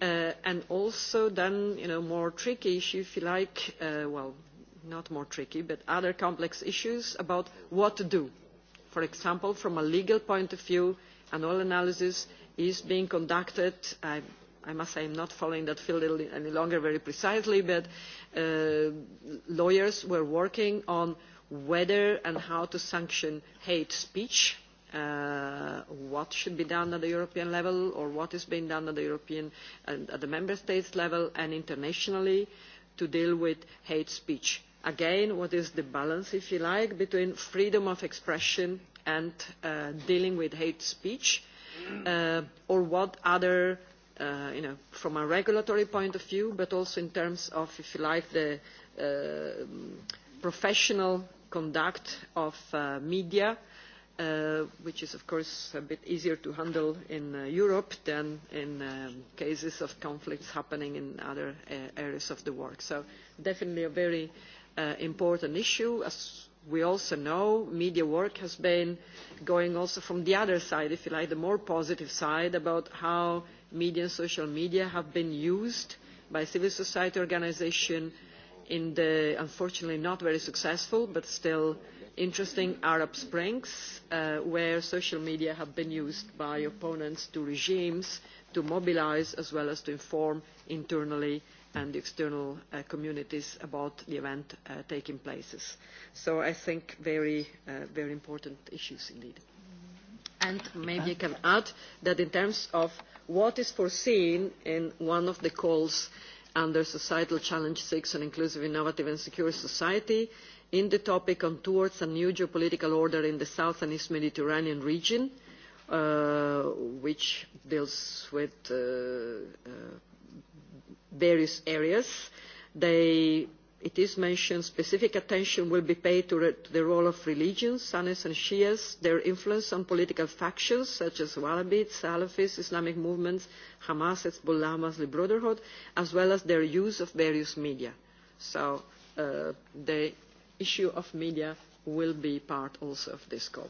uh, and also then you know more tricky issue if you like uh, well not more tricky but other complex issues about what to do for example from a legal point of view an oil analysis is being conducted i, I must say i'm not following that field any longer very precisely but uh, lawyers were working on whether and how to sanction hate speech, uh, what should be done at the European level or what is being done at the European and at the Member States level and internationally to deal with hate speech. Again, what is the balance, if you like, between freedom of expression and uh, dealing with hate speech uh, or what other you know, from a regulatory point of view, but also in terms of, if you like, the professional conduct of uh, media uh, which is of course a bit easier to handle in uh, Europe than in um, cases of conflicts happening in other areas of the work. So definitely a very important issue. As we also know, media work has been going also from the other side, if you like, the more positive side about how media and social media have been used by civil society organisations in the unfortunately not very successful but still interesting Arab Springs, uh, where social media have been used by opponents to regimes to mobilize as well as to inform internally and external uh, communities about the event uh, taking places. So I think very, uh, very important issues indeed. And maybe I can add that in terms of what is foreseen in one of the calls under societal challenge six an inclusive innovative and secure society in the topic on towards a new geopolitical order in the south and east mediterranean region uh, which deals with uh, uh, various areas. they it is mentioned specific attention will be paid to, the role of religions sunnis and shias their influence on political factions such as wahhabis salafis islamic movements hamas hezbollah muslim brotherhood as well as their use of various media so uh, the issue of media will be part also of this call.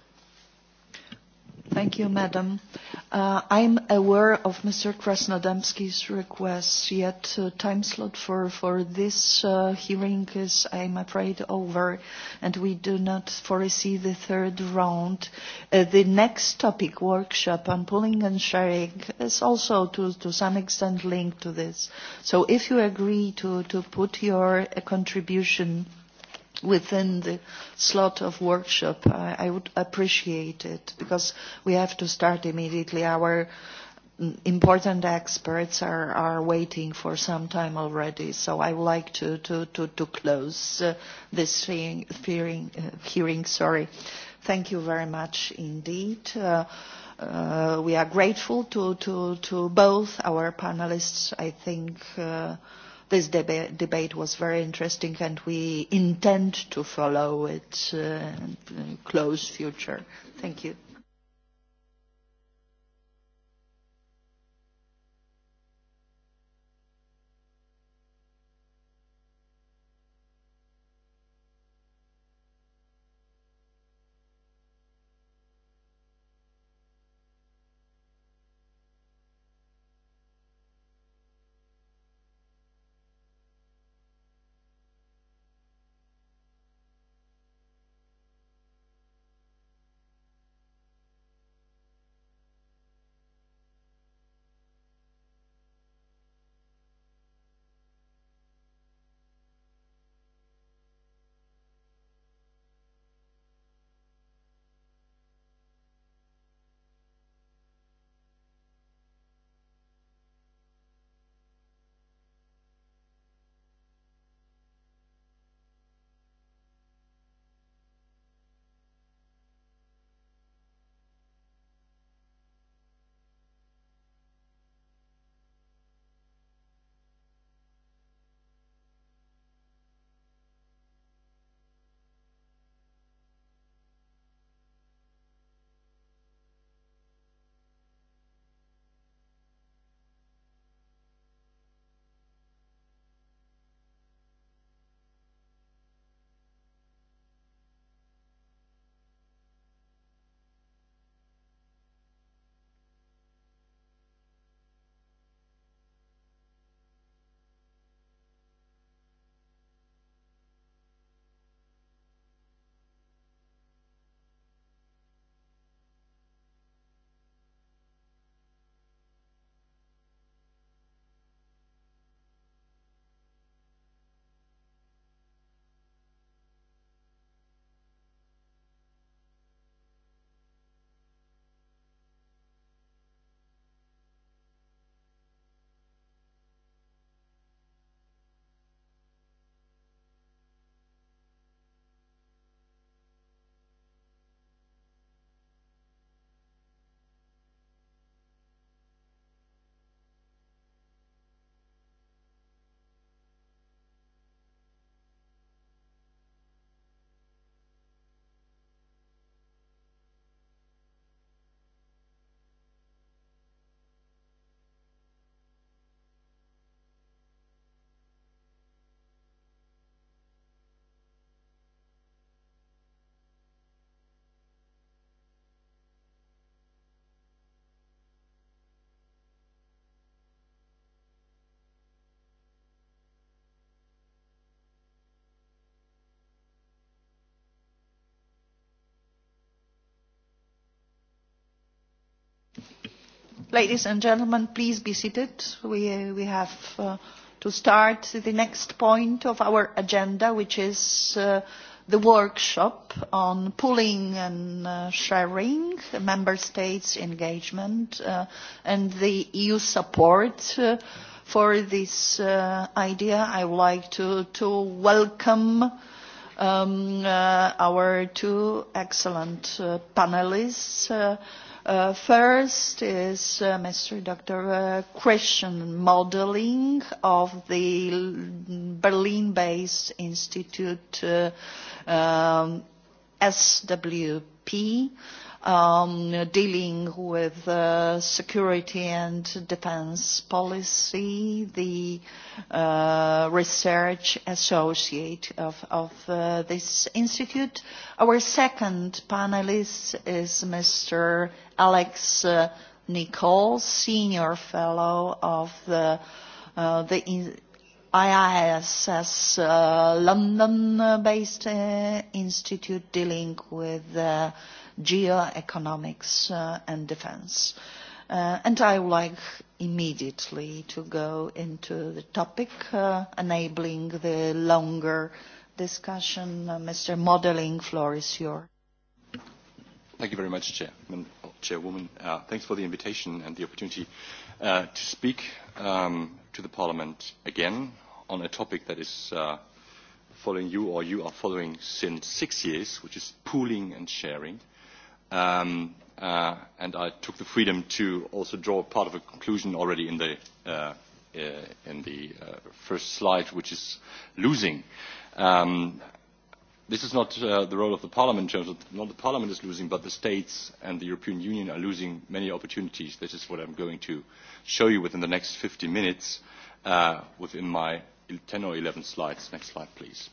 Thank you, Madam. Uh, I'm aware of Mr. Krasnodemsky's request, yet uh, time slot for, for this uh, hearing is, I'm afraid, over, and we do not foresee the third round. Uh, the next topic, workshop on pulling and sharing, is also to, to some extent linked to this. So if you agree to, to put your contribution within the slot of workshop, I, I would appreciate it because we have to start immediately. Our important experts are, are waiting for some time already, so I would like to, to, to, to close uh, this hearing, hearing, uh, hearing. Sorry. Thank you very much indeed. Uh, uh, we are grateful to, to, to both our panelists. I think uh, This debate was very interesting and we intend to follow it uh, in the close future. Thank you. Ladies and gentlemen, please be seated. We, we have uh, to start the next point of our agenda, which is uh, the workshop on pooling and uh, sharing, member states' engagement, and the EU support for this idea. I would like to, to welcome um, our two excellent panelists, Uh, first is Mr. Dr. Christian modeling of the Berlin-based institute uh, um, SWP um, dealing with uh, security and defense policy, the uh, research associate of, uh, this institute. Our second panelist is Mr. Alex Nicole, Senior Fellow of the, uh, IISS London-based uh, institute dealing with uh, geoeconomics uh, and defense. Uh, and I would like immediately to go into the topic, uh, enabling the longer discussion. Uh, Mr. Modeling, floor is yours. Thank you very much, Chairman, Chairwoman. Uh, thanks for the invitation and the opportunity uh, to speak um, to the Parliament again on a topic that is uh, following you or you are following since six years, which is pooling and sharing. Um, uh, and I took the freedom to also draw part of a conclusion already in the, uh, uh, in the uh, first slide, which is losing. Um, this is not uh, the role of the parliament in terms of not the parliament is losing but the states and the european union are losing many opportunities. this is what I'm going to show you within the next fifty minutes uh, within my 10 or eleven slides. next slide please.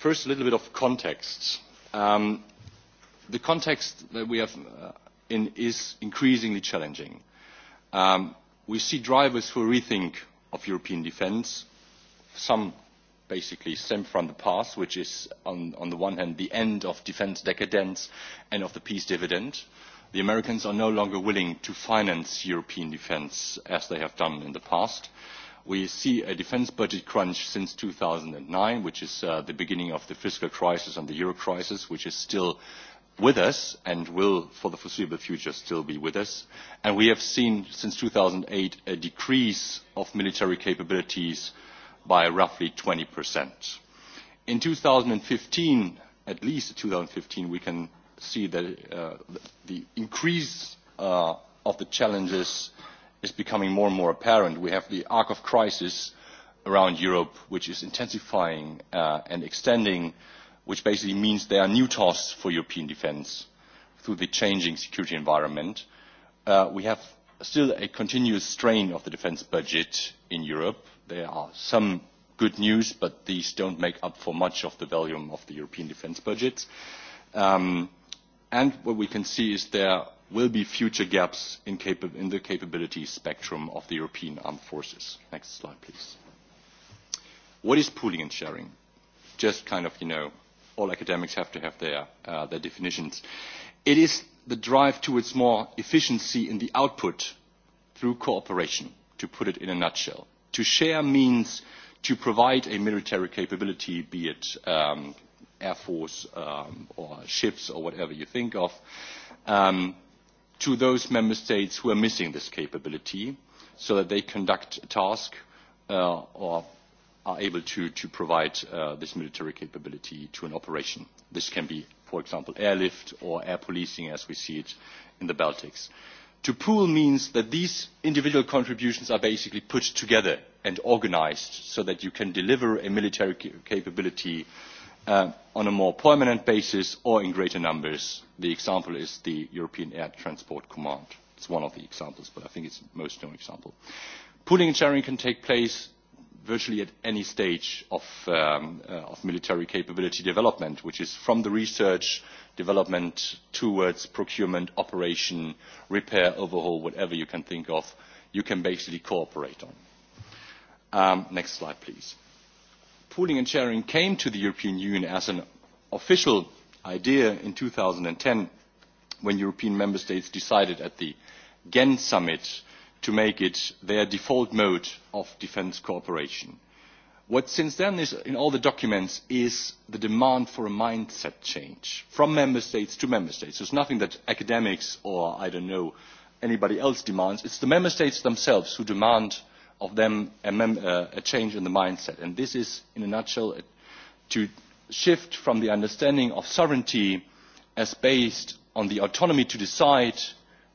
first a little bit of context. Um, the context that we have uh, in is increasingly challenging. Um, we see drivers for rethink of European defence. Some basically stem from the past, which is on, on the one hand the end of defence decadence and of the peace dividend. The Americans are no longer willing to finance European defence as they have done in the past. We see a defence budget crunch since 2009, which is uh, the beginning of the fiscal crisis and the euro crisis, which is still with us and will for the foreseeable future still be with us and we have seen since 2008 a decrease of military capabilities by roughly 20%. In 2015 at least 2015 we can see that uh, the increase uh, of the challenges is becoming more and more apparent we have the arc of crisis around Europe which is intensifying uh, and extending which basically means there are new tasks for European defence through the changing security environment. Uh, we have still a continuous strain of the defence budget in Europe. There are some good news, but these don't make up for much of the volume of the European defence budgets. Um, and what we can see is there will be future gaps in, capa in the capability spectrum of the European armed forces. Next slide, please. What is pooling and sharing? Just kind of, you know, all academics have to have their, uh, their definitions. It is the drive towards more efficiency in the output through cooperation, to put it in a nutshell. To share means to provide a military capability, be it um, air force um, or ships or whatever you think of, um, to those member states who are missing this capability so that they conduct a task uh, or are able to, to provide uh, this military capability to an operation. This can be, for example, airlift or air policing as we see it in the Baltics. To pool means that these individual contributions are basically put together and organized so that you can deliver a military capability uh, on a more permanent basis or in greater numbers. The example is the European Air Transport Command. It's one of the examples, but I think it's the most known example. Pooling and sharing can take place virtually at any stage of, um, uh, of military capability development, which is from the research development towards procurement, operation, repair, overhaul, whatever you can think of, you can basically cooperate on. Um, next slide, please. Pooling and sharing came to the European Union as an official idea in 2010 when European member states decided at the Ghent summit to make it their default mode of defence cooperation. What since then is in all the documents is the demand for a mindset change from Member States to Member States. It is nothing that academics or I don't know anybody else demands. It's the Member States themselves who demand of them a, uh, a change in the mindset. And this is, in a nutshell, to shift from the understanding of sovereignty as based on the autonomy to decide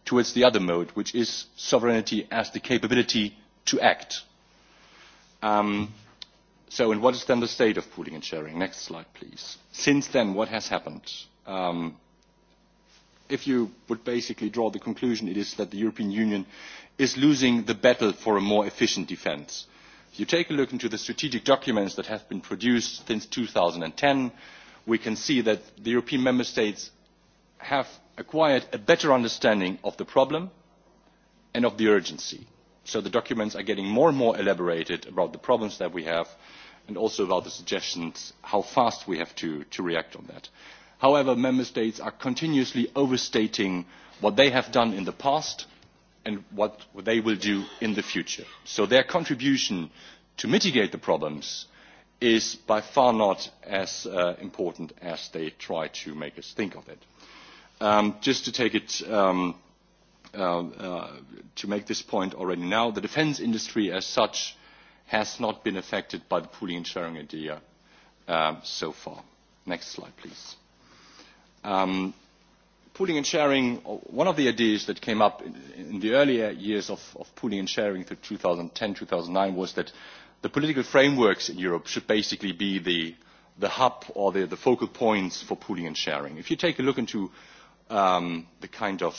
towards the other mode which is sovereignty as the capability to act. Um, so and what is then the state of pooling and sharing? next slide please. since then what has happened? Um, if you would basically draw the conclusion it is that the european union is losing the battle for a more efficient defence. if you take a look into the strategic documents that have been produced since 2010, we can see that the european member states have acquired a better understanding of the problem and of the urgency so the documents are getting more and more elaborated about the problems that we have and also about the suggestions how fast we have to, to react on that. however member states are continuously overstating what they have done in the past and what they will do in the future so their contribution to mitigate the problems is by far not as uh, important as they try to make us think of it. Um, just to take it um, uh, uh, to make this point already now, the defense industry as such has not been affected by the pooling and sharing idea um, so far. Next slide, please. Um, pooling and sharing, uh, one of the ideas that came up in, the earlier years of, pooling and sharing through 2010, 2009 was that the political frameworks in Europe should basically be the, the hub or the, the focal points for pooling and sharing. If you take a look into Um, the kind of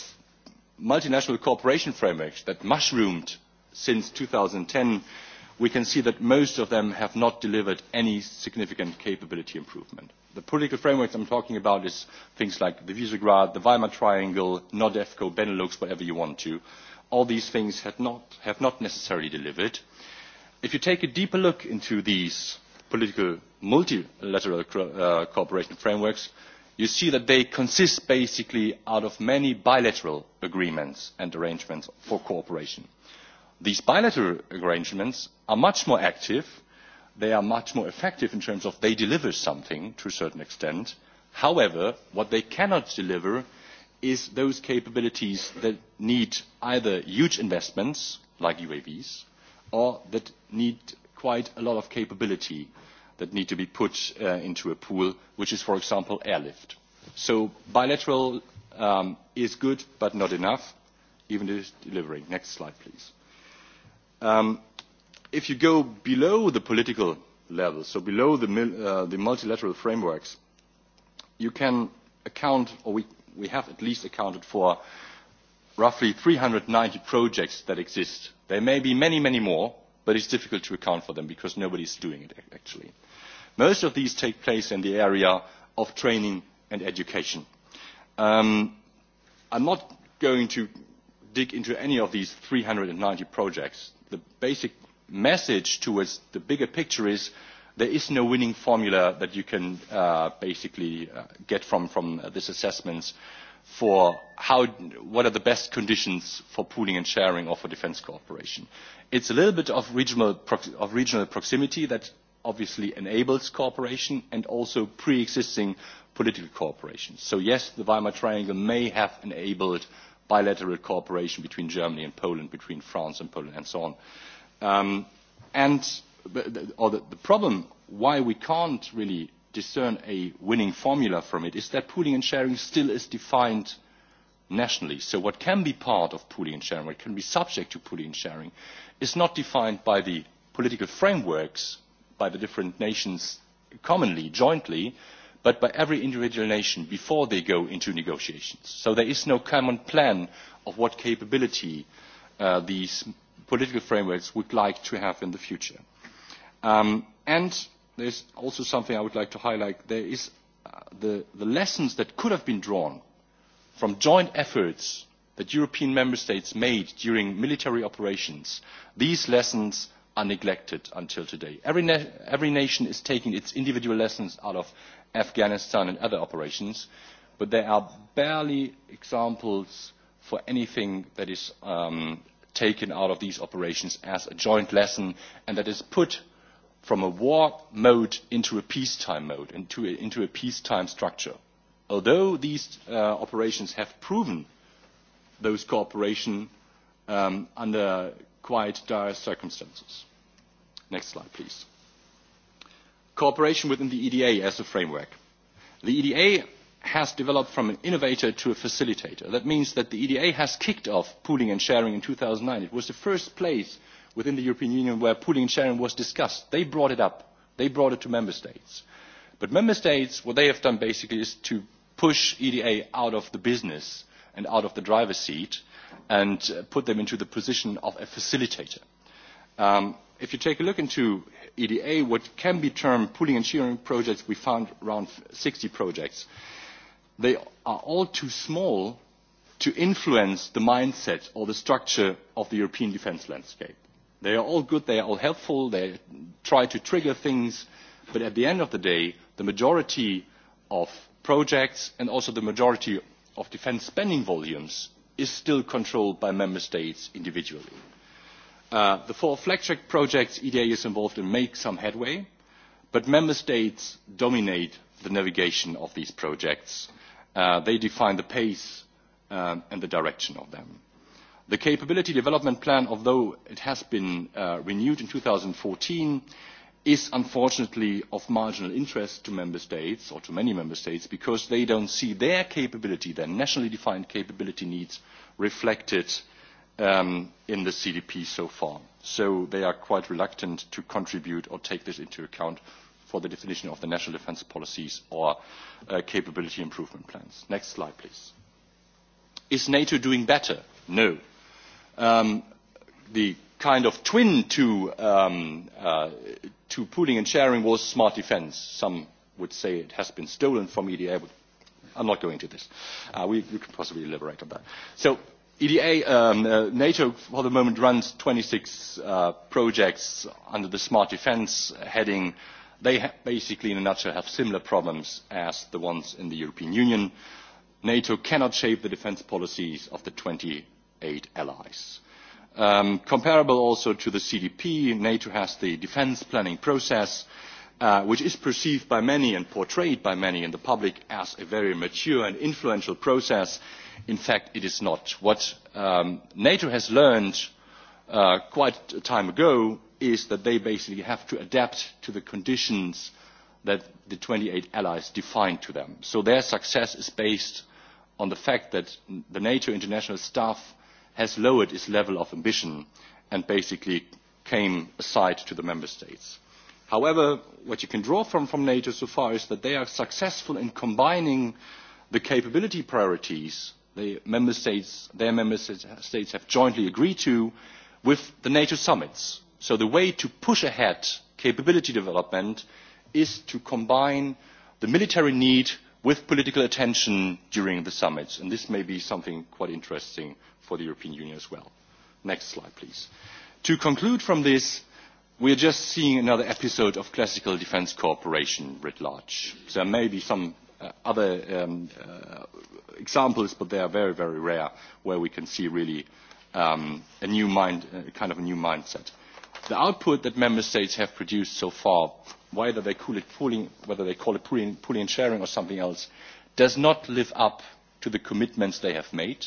multinational cooperation frameworks that mushroomed since 2010, we can see that most of them have not delivered any significant capability improvement. The political frameworks I'm talking about is things like the Visegrad, the Weimar Triangle, NODEFCO, Benelux, whatever you want to. All these things have not, necessarily delivered. If you take a deeper look into these political multilateral uh, cooperation frameworks, you see that they consist basically out of many bilateral agreements and arrangements for cooperation. these bilateral arrangements are much more active they are much more effective in terms of they deliver something to a certain extent. however what they cannot deliver is those capabilities that need either huge investments like uavs or that need quite a lot of capability that need to be put uh, into a pool which is for example airlift. so bilateral um, is good but not enough even if delivering. next slide please. Um, if you go below the political level so below the, uh, the multilateral frameworks you can account or we, we have at least accounted for roughly three hundred ninety projects that exist. there may be many many more but it is difficult to account for them because nobody is doing it actually most of these take place in the area of training and education. Um, I'm not going to dig into any of these 390 projects. The basic message towards the bigger picture is there is no winning formula that you can uh, basically uh, get from, from uh, this assessment for how, what are the best conditions for pooling and sharing or for defence cooperation. It's a little bit of regional, of regional proximity that obviously enables cooperation and also pre existing political cooperation. so yes the weimar triangle may have enabled bilateral cooperation between germany and poland between france and poland and so on. Um, and or the, the problem why we can't really discern a winning formula from it is that pooling and sharing still is defined nationally. so what can be part of pooling and sharing what can be subject to pooling and sharing is not defined by the political frameworks by the different nations commonly, jointly, but by every individual nation before they go into negotiations. So there is no common plan of what capability uh, these political frameworks would like to have in the future. Um, and there is also something I would like to highlight. There is uh, the lessons that could have been drawn from joint efforts that European member states made during military operations. These lessons are neglected until today. Every, nation is taking its individual lessons out of Afghanistan and other operations, but there are barely examples for anything that is um, taken out of these operations as a joint lesson and that is put from a war mode into a peacetime mode, into a, peacetime structure. Although these uh, operations have proven those cooperation um, under quite dire circumstances. Next slide, please. Cooperation within the EDA as a framework. The EDA has developed from an innovator to a facilitator. That means that the EDA has kicked off pooling and sharing in 2009. It was the first place within the European Union where pooling and sharing was discussed. They brought it up. They brought it to member states. But member states, what they have done basically is to push EDA out of the business and out of the driver's seat and uh, put them into the position of a facilitator. Um, if you take a look into EDA, what can be termed pooling and sharing projects, we found around 60 projects. They are all too small to influence the mindset or the structure of the European defence landscape. They are all good, they are all helpful, they try to trigger things, but at the end of the day, the majority of projects and also the majority of defence spending volumes is still controlled by member states individually. Uh, the four flagship projects EDA is involved in make some headway, but member states dominate the navigation of these projects. Uh, they define the pace uh, and the direction of them. The capability development plan, although it has been renewed in 2014, is unfortunately of marginal interest to member states or to many member states because they don't see their capability their nationally defined capability needs reflected um, in the cdp so far so they are quite reluctant to contribute or take this into account for the definition of the national defence policies or uh, capability improvement plans. next slide please. is nato doing better? no. Um, the kind of twin to um, uh, to pooling and sharing was smart defence. Some would say it has been stolen from EDA. But I'm not going to this. Uh, we, we could possibly elaborate on that. So EDA, um, uh, NATO for the moment runs 26 uh, projects under the smart defence heading. They basically, in a nutshell, have similar problems as the ones in the European Union. NATO cannot shape the defence policies of the 28 allies Um, comparable also to the CDP, NATO has the defence planning process, uh, which is perceived by many and portrayed by many in the public as a very mature and influential process. In fact, it is not. What um, NATO has learned uh, quite a time ago is that they basically have to adapt to the conditions that the twenty eight allies define to them. So their success is based on the fact that the NATO international staff has lowered its level of ambition and basically came aside to the member states. however what you can draw from, from nato so far is that they are successful in combining the capability priorities the member states, their member states have jointly agreed to with the nato summits. so the way to push ahead capability development is to combine the military need with political attention during the summits. and this may be something quite interesting for the european union as well. next slide please. to conclude from this we are just seeing another episode of classical defence cooperation writ large. there may be some uh, other um, uh, examples but they are very very rare where we can see really um, a new mind uh, kind of a new mindset the output that member states have produced so far whether they call it pooling whether they call it pooling, and sharing or something else does not live up to the commitments they have made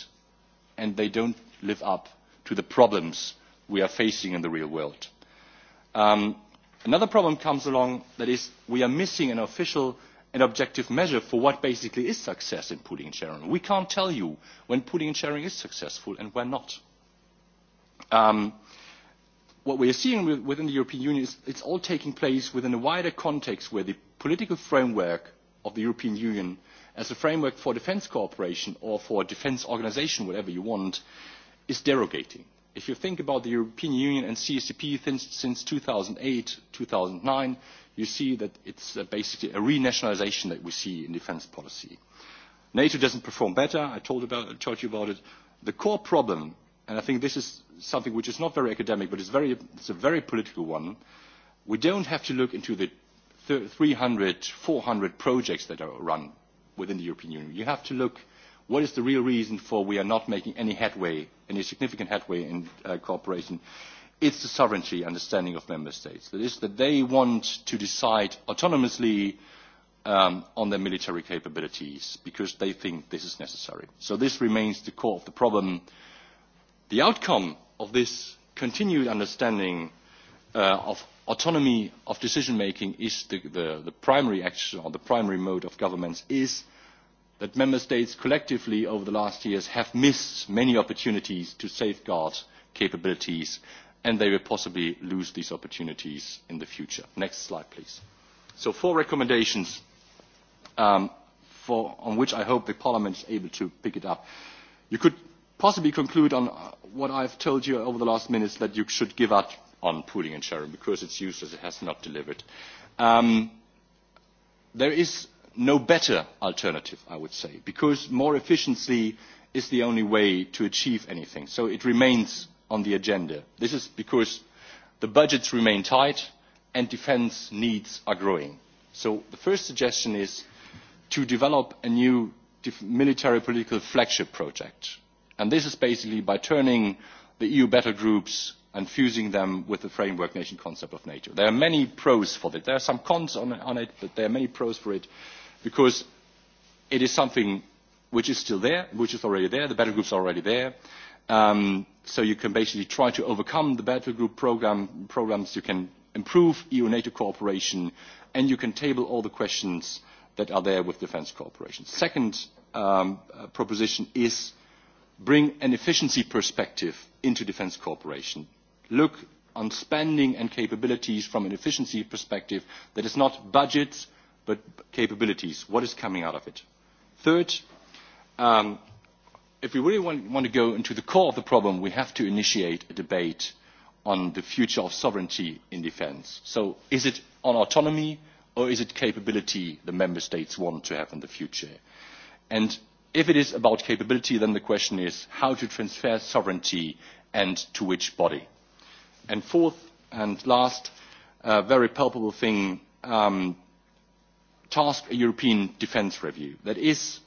and they don't live up to the problems we are facing in the real world. Um, another problem comes along that is we are missing an official and objective measure for what basically is success in pooling and sharing. We can't tell you when pooling and sharing is successful and when not. Um, what we are seeing within the European Union is it's all taking place within a wider context where the political framework of the European Union as a framework for defence cooperation or for defence organisation, whatever you want, is derogating. If you think about the European Union and CSCP since 2008, 2009, you see that it's uh, basically a renationalisation that we see in defence policy. NATO doesn't perform better. I told, about, I told you about it. The core problem and I think this is something which is not very academic, but it's, very, it's a very political one. We don't have to look into the 300, 400 projects that are run within the European Union. You have to look what is the real reason for we are not making any headway, any significant headway in uh, cooperation. It's the sovereignty understanding of member states. That is that they want to decide autonomously um, on their military capabilities because they think this is necessary. So this remains the core of the problem the outcome of this continued understanding uh, of autonomy of decision making is the, primary action or the primary mode of governments is that member states collectively over the last years have missed many opportunities to safeguard capabilities and they will possibly lose these opportunities in the future. Next slide, please. So four recommendations um, on which I hope the Parliament is able to pick it up. You could possibly conclude on uh, what I've told you over the last minutes that you should give up on pooling and sharing because it's useless, it has not delivered. Um, there is no better alternative, I would say, because more efficiency is the only way to achieve anything. So it remains on the agenda. This is because the budgets remain tight and defence needs are growing. So the first suggestion is to develop a new military political flagship project this is basically by turning the eu battle groups and fusing them with the framework nation concept of nato. there are many pros for it there are some cons on, it but there are many pros for it because it is something which is still there which is already there the battle groups are already there um, so you can basically try to overcome the battle group program, programs you can improve eu nato cooperation and you can table all the questions that are there with defence cooperation. second um, uh, proposition is bring an efficiency perspective into defence cooperation look on spending and capabilities from an efficiency perspective that is not budgets but capabilities what is coming out of it third um, if we really want, want to go into the core of the problem we have to initiate a debate on the future of sovereignty in defence so is it on autonomy or is it capability the member states want to have in the future and if it is about capability then the question is how to transfer sovereignty and to which body. and fourth and last a very palpable thing um, task a european defence review that is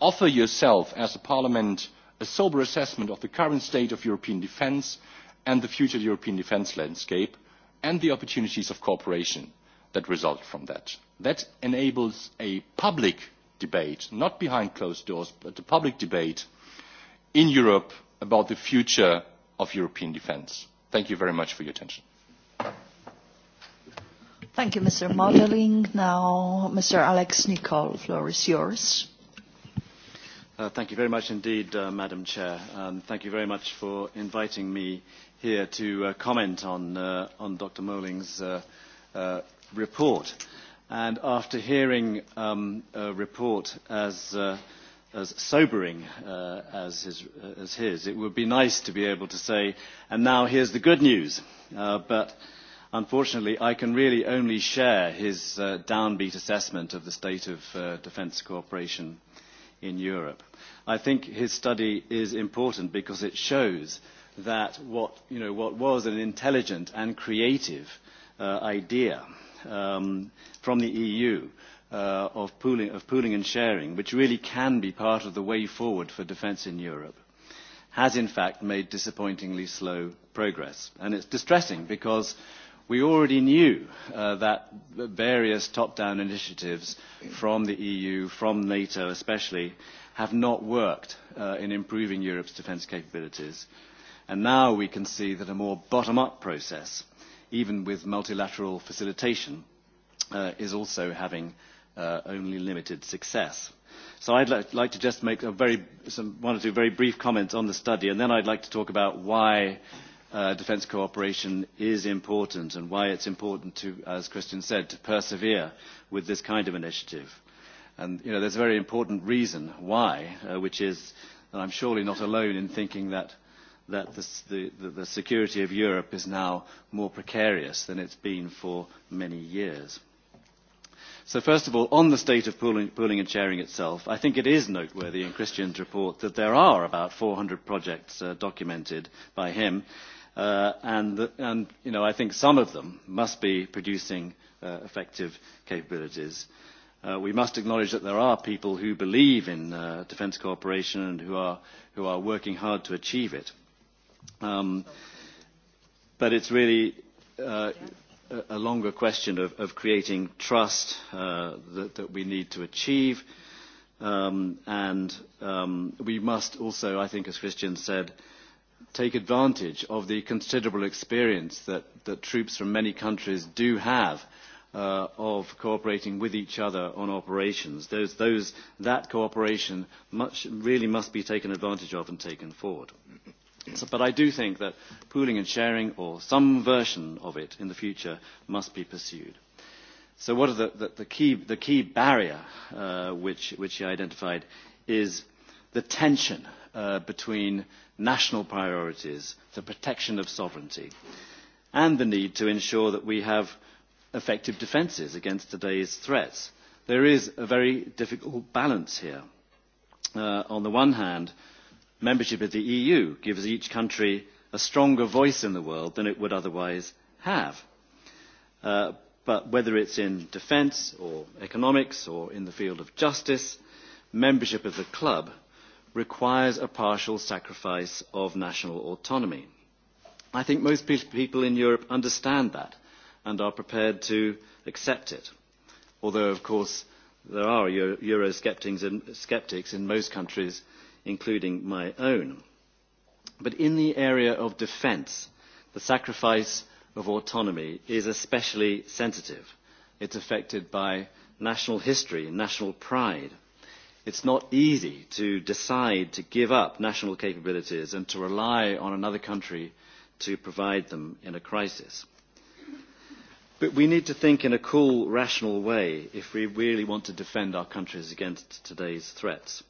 offer yourself as a parliament a sober assessment of the current state of european defence and the future european defence landscape and the opportunities of cooperation that result from that. that enables a public debate, not behind closed doors, but a public debate in Europe about the future of European defence. Thank you very much for your attention. Thank you, Mr. Modeling. Now, Mr. Alex Nicol, the floor is yours. Uh, thank you very much indeed, uh, Madam Chair. Um, thank you very much for inviting me here to uh, comment on, uh, on Dr. Moling's uh, uh, report and after hearing um, a report as, uh, as sobering uh, as, his, uh, as his, it would be nice to be able to say, and now here's the good news. Uh, but unfortunately, I can really only share his uh, downbeat assessment of the state of uh, defence cooperation in Europe. I think his study is important because it shows that what, you know, what was an intelligent and creative uh, idea um, from the EU uh, of, pooling, of pooling and sharing, which really can be part of the way forward for defence in Europe, has in fact made disappointingly slow progress. And it's distressing because we already knew uh, that various top-down initiatives from the EU, from NATO especially, have not worked uh, in improving Europe's defence capabilities. And now we can see that a more bottom-up process even with multilateral facilitation uh, is also having uh, only limited success. So I'd li like to just make a very, some, one or two very brief comments on the study, and then I'd like to talk about why uh, defence cooperation is important and why it's important to, as Christian said, to persevere with this kind of initiative. And you know, there's a very important reason why, uh, which is that I'm surely not alone in thinking that that the, the, the security of Europe is now more precarious than it's been for many years. So first of all, on the state of pooling, pooling and sharing itself, I think it is noteworthy in Christian's report that there are about 400 projects uh, documented by him, uh, and, and you know, I think some of them must be producing uh, effective capabilities. Uh, we must acknowledge that there are people who believe in uh, defence cooperation and who are, who are working hard to achieve it. Um, but it's really uh, a longer question of, of creating trust uh, that, that we need to achieve. Um, and um, we must also, I think, as Christian said, take advantage of the considerable experience that, that troops from many countries do have uh, of cooperating with each other on operations. Those, those, that cooperation much, really must be taken advantage of and taken forward but I do think that pooling and sharing or some version of it in the future must be pursued. So what are the, the, key, the key barrier uh, which, which he identified is the tension uh, between national priorities, the protection of sovereignty, and the need to ensure that we have effective defences against today's threats. There is a very difficult balance here. Uh, on the one hand, membership of the eu gives each country a stronger voice in the world than it would otherwise have uh, but whether it's in defence or economics or in the field of justice membership of the club requires a partial sacrifice of national autonomy i think most people in europe understand that and are prepared to accept it although of course there are eurosceptics in, in most countries including my own. But in the area of defence, the sacrifice of autonomy is especially sensitive. It's affected by national history and national pride. It's not easy to decide to give up national capabilities and to rely on another country to provide them in a crisis. But we need to think in a cool, rational way if we really want to defend our countries against today's threats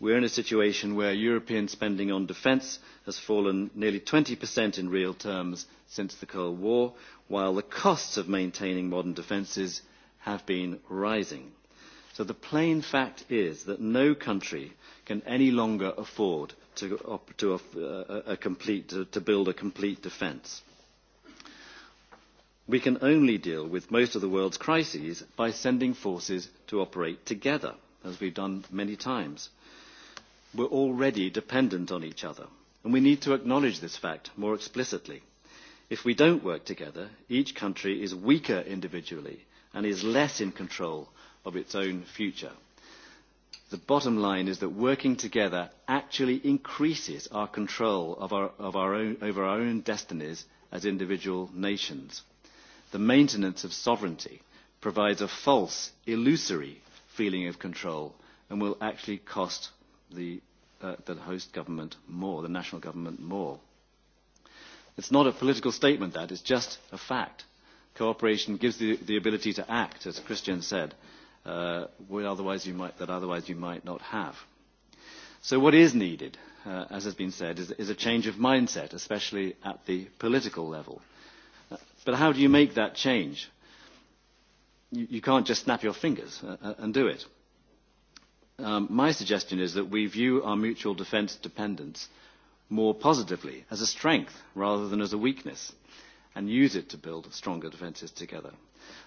we are in a situation where european spending on defence has fallen nearly 20% in real terms since the cold war while the costs of maintaining modern defences have been rising so the plain fact is that no country can any longer afford to to uh, a, complete to build a complete defence we can only deal with most of the world's crises by sending forces to operate together as we've done many times we're already dependent on each other and we need to acknowledge this fact more explicitly. If we don't work together, each country is weaker individually and is less in control of its own future. The bottom line is that working together actually increases our control of our, of our own, over our own destinies as individual nations. The maintenance of sovereignty provides a false, illusory feeling of control and will actually cost the, uh, the host government more, the national government more. It's not a political statement that, it's just a fact. Cooperation gives the, the ability to act, as Christian said, uh, otherwise you might, that otherwise you might not have. So what is needed, uh, as has been said, is, is a change of mindset, especially at the political level. Uh, but how do you make that change? You, you can't just snap your fingers uh, and do it. Um, my suggestion is that we view our mutual defence dependence more positively as a strength rather than as a weakness and use it to build stronger defences together.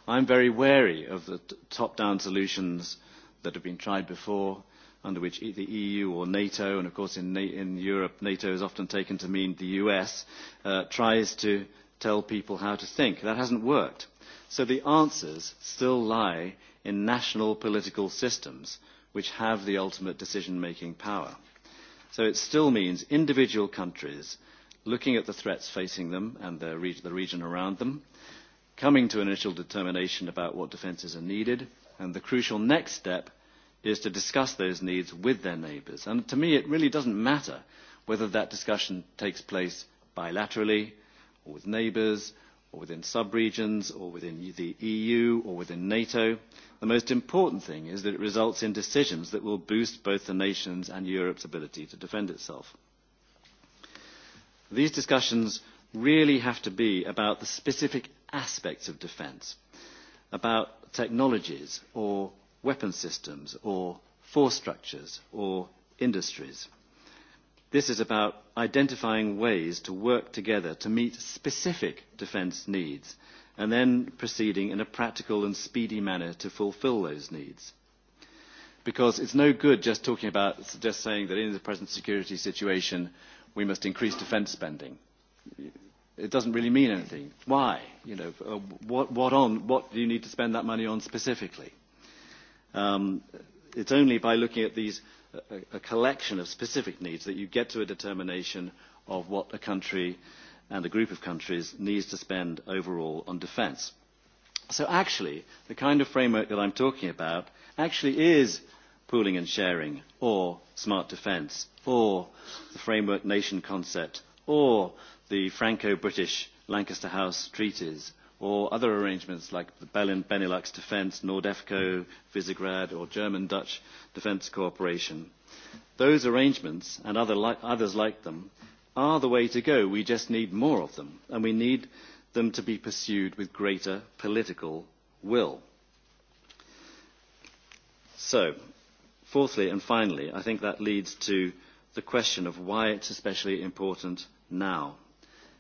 I'm very wary of the top-down solutions that have been tried before under which e-, the EU or NATO, and of course in, Europe NATO is often taken to mean the US, uh, tries to tell people how to think. That hasn't worked. So the answers still lie in national political systems which have the ultimate decision making power. So it still means individual countries looking at the threats facing them and the, the region around them, coming to initial determination about what defences are needed, and the crucial next step is to discuss those needs with their neighbours. And to me, it really doesn't matter whether that discussion takes place bilaterally or with neighbours or within sub-regions or within the EU or within NATO. The most important thing is that it results in decisions that will boost both the nations and Europe's ability to defend itself. These discussions really have to be about the specific aspects of defence, about technologies or weapon systems or force structures or industries This is about identifying ways to work together to meet specific defence needs and then proceeding in a practical and speedy manner to fulfil those needs. Because it's no good just talking about, just saying that in the present security situation we must increase defence spending. It doesn't really mean anything. Why? You know, uh, what, what, on, what do you need to spend that money on specifically? Um, it's only by looking at these a collection of specific needs that you get to a determination of what a country and a group of countries needs to spend overall on defence. So actually, the kind of framework that I'm talking about actually is pooling and sharing, or smart defence, or the framework nation concept, or the Franco-British Lancaster House treaties, or other arrangements like the Benelux Defence, Nordefco, Visegrad, or German-Dutch defence cooperation. Those arrangements, and other others like them, are the way to go. We just need more of them, and we need them to be pursued with greater political will. So, fourthly and finally, I think that leads to the question of why it's especially important now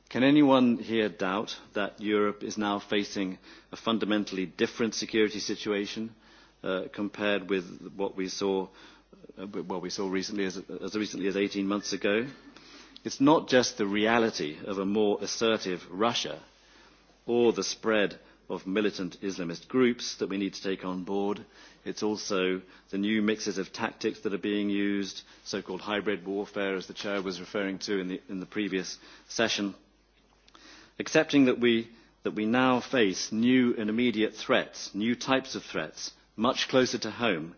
Can anyone here doubt that Europe is now facing a fundamentally different security situation uh, compared with what we saw uh, what we saw recently as, recently as 18 months ago? It's not just the reality of a more assertive Russia or the spread of militant Islamist groups that we need to take on board. It's also the new mixes of tactics that are being used, so-called hybrid warfare, as the chair was referring to in the previous session accepting that we, that we now face new and immediate threats new types of threats much closer to home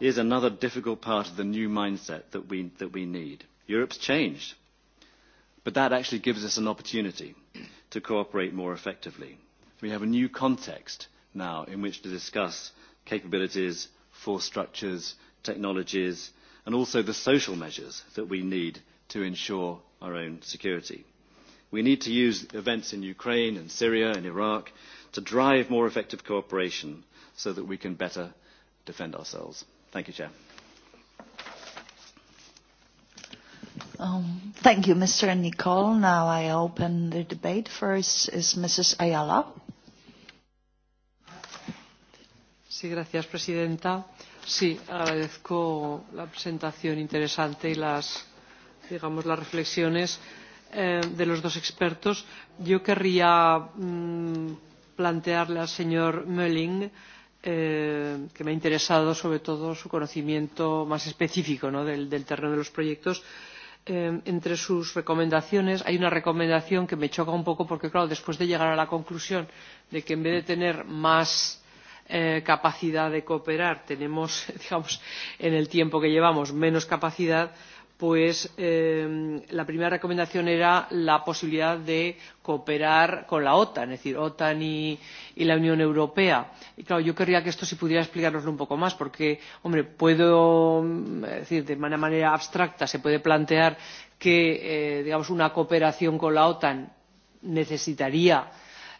is another difficult part of the new mindset that we, that we need. europe's changed but that actually gives us an opportunity to cooperate more effectively. we have a new context now in which to discuss capabilities force structures technologies and also the social measures that we need to ensure our own security we need to use events in ukraine and syria and iraq to drive more effective cooperation so that we can better defend ourselves thank you chair um, thank you mr nicole now i open the debate first is mrs ayala sí gracias presidenta sí agradezco la presentación interesante y las digamos las reflexiones Eh, de los dos expertos yo querría mm, plantearle al señor Mölling eh, que me ha interesado sobre todo su conocimiento más específico ¿no? del, del terreno de los proyectos eh, entre sus recomendaciones hay una recomendación que me choca un poco porque claro después de llegar a la conclusión de que en vez de tener más eh, capacidad de cooperar tenemos digamos en el tiempo que llevamos menos capacidad pues eh, la primera recomendación era la posibilidad de cooperar con la OTAN, es decir, OTAN y, la Unión Europea. Y claro, yo querría que esto si pudiera explicárnoslo un poco más, porque, hombre, puedo decir, de una manera abstracta se puede plantear que, eh, digamos, una cooperación con la OTAN necesitaría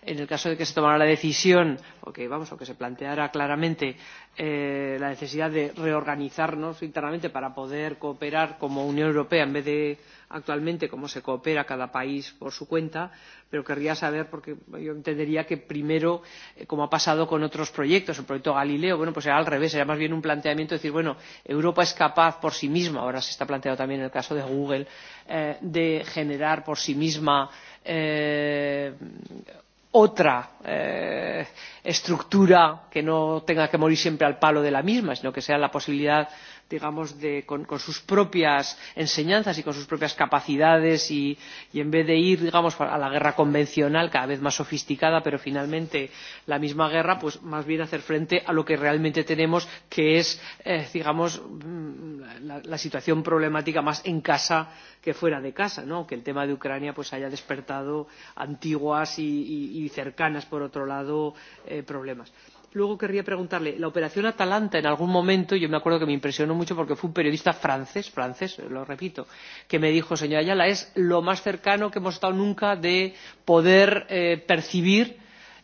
en el caso de que se tomara la decisión o que vamos o que se planteara claramente eh, la necesidad de reorganizarnos internamente para poder cooperar como Unión Europea en vez de actualmente como se coopera cada país por su cuenta pero querría saber porque yo entendería que primero eh, como ha pasado con otros proyectos el proyecto Galileo bueno pues era al revés era más bien un planteamiento de decir bueno Europa es capaz por sí misma ahora se está planteado también en el caso de Google eh, de generar por sí misma eh, otra eh, estructura que no tenga que morir siempre al palo de la misma sino que sea la posibilidad de digamos de, con, con sus propias enseñanzas y con sus propias capacidades y, y en vez de ir digamos a la guerra convencional cada vez más sofisticada pero finalmente la misma guerra pues más bien hacer frente a lo que realmente tenemos que es eh, digamos mm, la, la situación problemática más en casa que fuera de casa ¿no? que el tema de Ucrania pues haya despertado antiguas y, y, y cercanas por otro lado eh, problemas luego querría preguntarle la operación atalanta en algún momento yo me acuerdo que me impresionó mucho porque fue un periodista francés francés lo repito que me dijo señora ayala es lo más cercano que hemos estado nunca de poder eh, percibir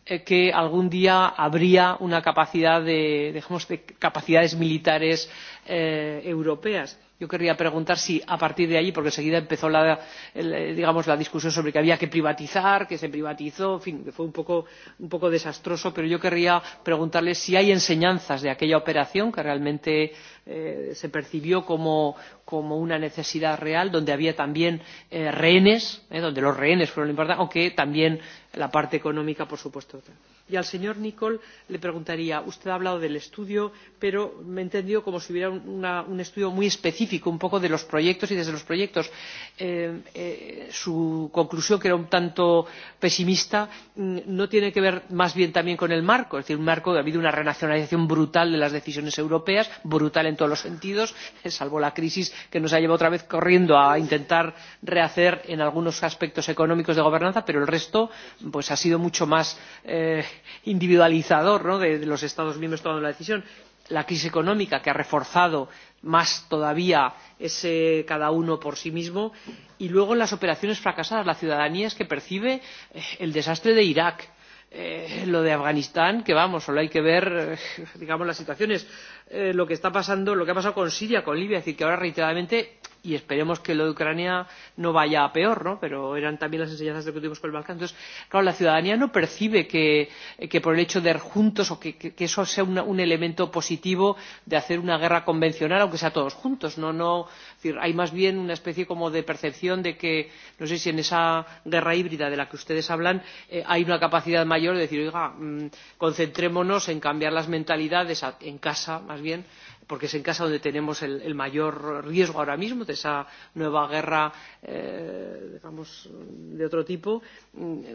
eh, que algún día habría una capacidad de, digamos, de capacidades militares eh, europeas yo querría preguntar si a partir de allí porque enseguida empezó la, digamos, la discusión sobre que había que privatizar que se privatizó en fin que fue un poco, un poco desastroso pero yo querría preguntarle si hay enseñanzas de aquella operación que realmente eh, se percibió como, como una necesidad real donde había también eh, rehenes eh, donde los rehenes fueron lo importante aunque también la parte económica por supuesto y al señor nicol le preguntaría usted ha hablado del estudio pero me he entendido como si hubiera un estudio muy específico un poco de los proyectos y desde los proyectos. Eh, eh, su conclusión que era un tanto pesimista mm, no tiene que ver más bien también con el marco es decir un marco ha habido una renacionalización brutal de las decisiones europeas brutal en todos los sentidos salvo la crisis que nos ha llevado otra vez corriendo a intentar rehacer en algunos aspectos económicos de gobernanza pero el resto pues ha sido mucho más eh, individualizador ¿no? de, los estados miembros tomando la decisión la crisis económica que ha reforzado más todavía ese cada uno por sí mismo y luego las operaciones fracasadas la ciudadanía es que percibe eh, el desastre de irak eh, lo de afganistán que vamos solo hay que ver eh, digamos las situaciones lo que está pasando lo que ha pasado con siria con libia es decir que ahora reiteradamente y esperemos que lo de Ucrania no vaya a peor, ¿no? Pero eran también las enseñanzas de que tuvimos con el Balcán. Entonces, claro, la ciudadanía no percibe que, que por el hecho de ir juntos o que, que, que eso sea una, un elemento positivo de hacer una guerra convencional, aunque sea todos juntos, ¿no? no es decir, hay más bien una especie como de percepción de que, no sé si en esa guerra híbrida de la que ustedes hablan eh, hay una capacidad mayor de decir, oiga, mmm, concentrémonos en cambiar las mentalidades en casa, más bien, porque es en casa donde tenemos el, el mayor riesgo ahora mismo de esa nueva guerra eh, digamos de otro tipo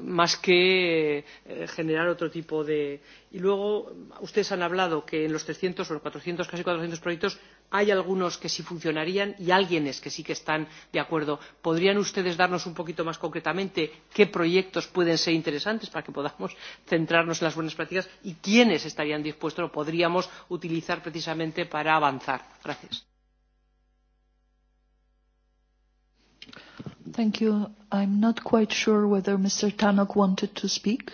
más que eh, generar otro tipo de y luego ustedes han hablado que en los 300 o los 400 casi 400 proyectos hay algunos que sí funcionarían y algunos que sí que están de acuerdo. podrían ustedes darnos un poquito más concretamente qué proyectos pueden ser interesantes para que podamos centrarnos en las buenas prácticas y quiénes estarían dispuestos o podríamos utilizar precisamente para avanzar? Gracias. Thank you. I'm not quite sure whether Mr. wanted to speak.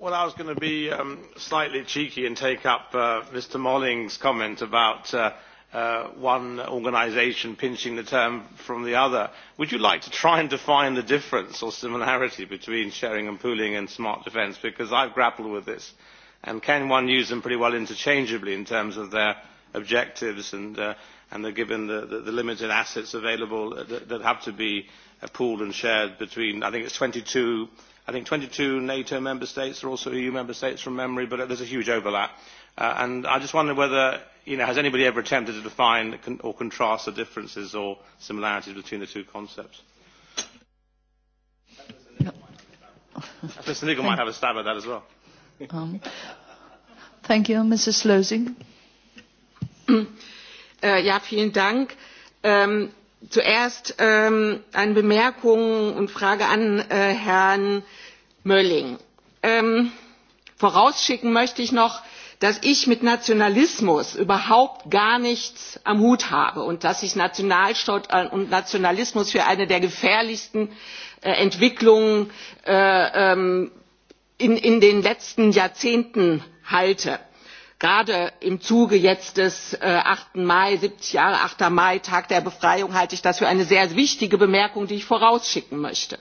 Well, I was going to be um, slightly cheeky and take up uh, Mr. Molling's comment about uh, uh, one organisation pinching the term from the other. Would you like to try and define the difference or similarity between sharing and pooling and smart defence? Because I've grappled with this. And can one use them pretty well interchangeably in terms of their objectives and, uh, and given the, the, the limited assets available that, that have to be uh, pooled and shared between, I think it's 22 i think twenty two nato member states are also eu member states from memory but there is a huge overlap uh, and i just wonder whether you know has anybody ever attempted to define or contrast the differences or similarities between the two concepts Mr. Nigel might have a stab at that as well. Um, thank you, uh, ja, vielen Dank. Ähm, zuerst ähm, eine bemerkung und frage an äh, herrn mölling ähm, vorausschicken möchte ich noch dass ich mit nationalismus überhaupt gar nichts am hut habe und dass ich nationalstaat und nationalismus für eine der gefährlichsten äh, entwicklungen äh, ähm, in den letzten jahrzehnten halte gerade im zuge jetzt des. 8. Äh, mai siebzig jahre. 8. mai tag der befreiung halte ich das für eine sehr wichtige bemerkung die ich vorausschicken möchte.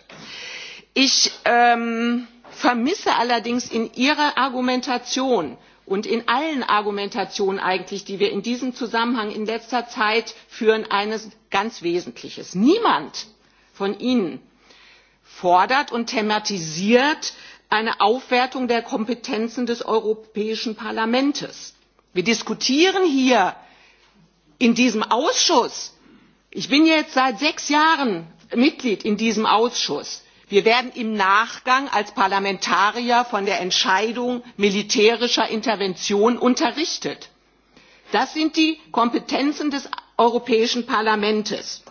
ich ähm, vermisse allerdings in ihrer argumentation und in allen argumentationen eigentlich die wir in diesem zusammenhang in letzter zeit führen eines ganz wesentliches niemand von ihnen fordert und thematisiert eine aufwertung der kompetenzen des europäischen parlaments. wir diskutieren hier in diesem ausschuss ich bin jetzt seit sechs jahren mitglied in diesem ausschuss wir werden im nachgang als parlamentarier von der entscheidung militärischer intervention unterrichtet. das sind die kompetenzen des europäischen parlaments.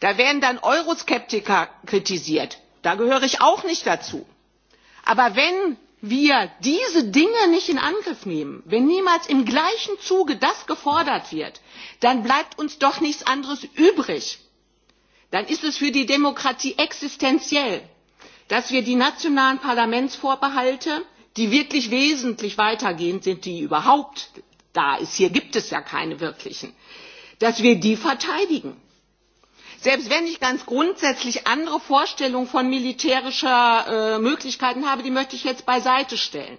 da werden dann euroskeptiker kritisiert da gehöre ich auch nicht dazu aber wenn wir diese dinge nicht in angriff nehmen wenn niemals im gleichen zuge das gefordert wird dann bleibt uns doch nichts anderes übrig dann ist es für die demokratie existenziell dass wir die nationalen parlamentsvorbehalte die wirklich wesentlich weitergehend sind die überhaupt da sind, hier gibt es ja keine wirklichen dass wir die verteidigen selbst wenn ich ganz grundsätzlich andere vorstellungen von militärischen äh, möglichkeiten habe die möchte ich jetzt beiseite stellen.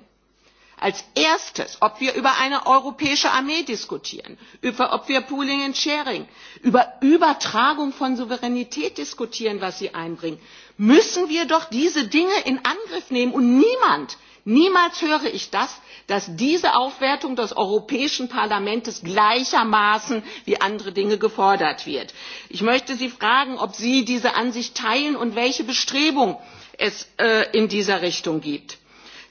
als erstes ob wir über eine europäische armee diskutieren über, ob wir pooling and sharing über übertragung von souveränität diskutieren was sie einbringen müssen wir doch diese dinge in angriff nehmen und niemand niemals höre ich das dass diese aufwertung des europäischen parlaments gleichermaßen wie andere dinge gefordert wird. ich möchte sie fragen ob sie diese ansicht teilen und welche bestrebungen es äh, in dieser richtung gibt.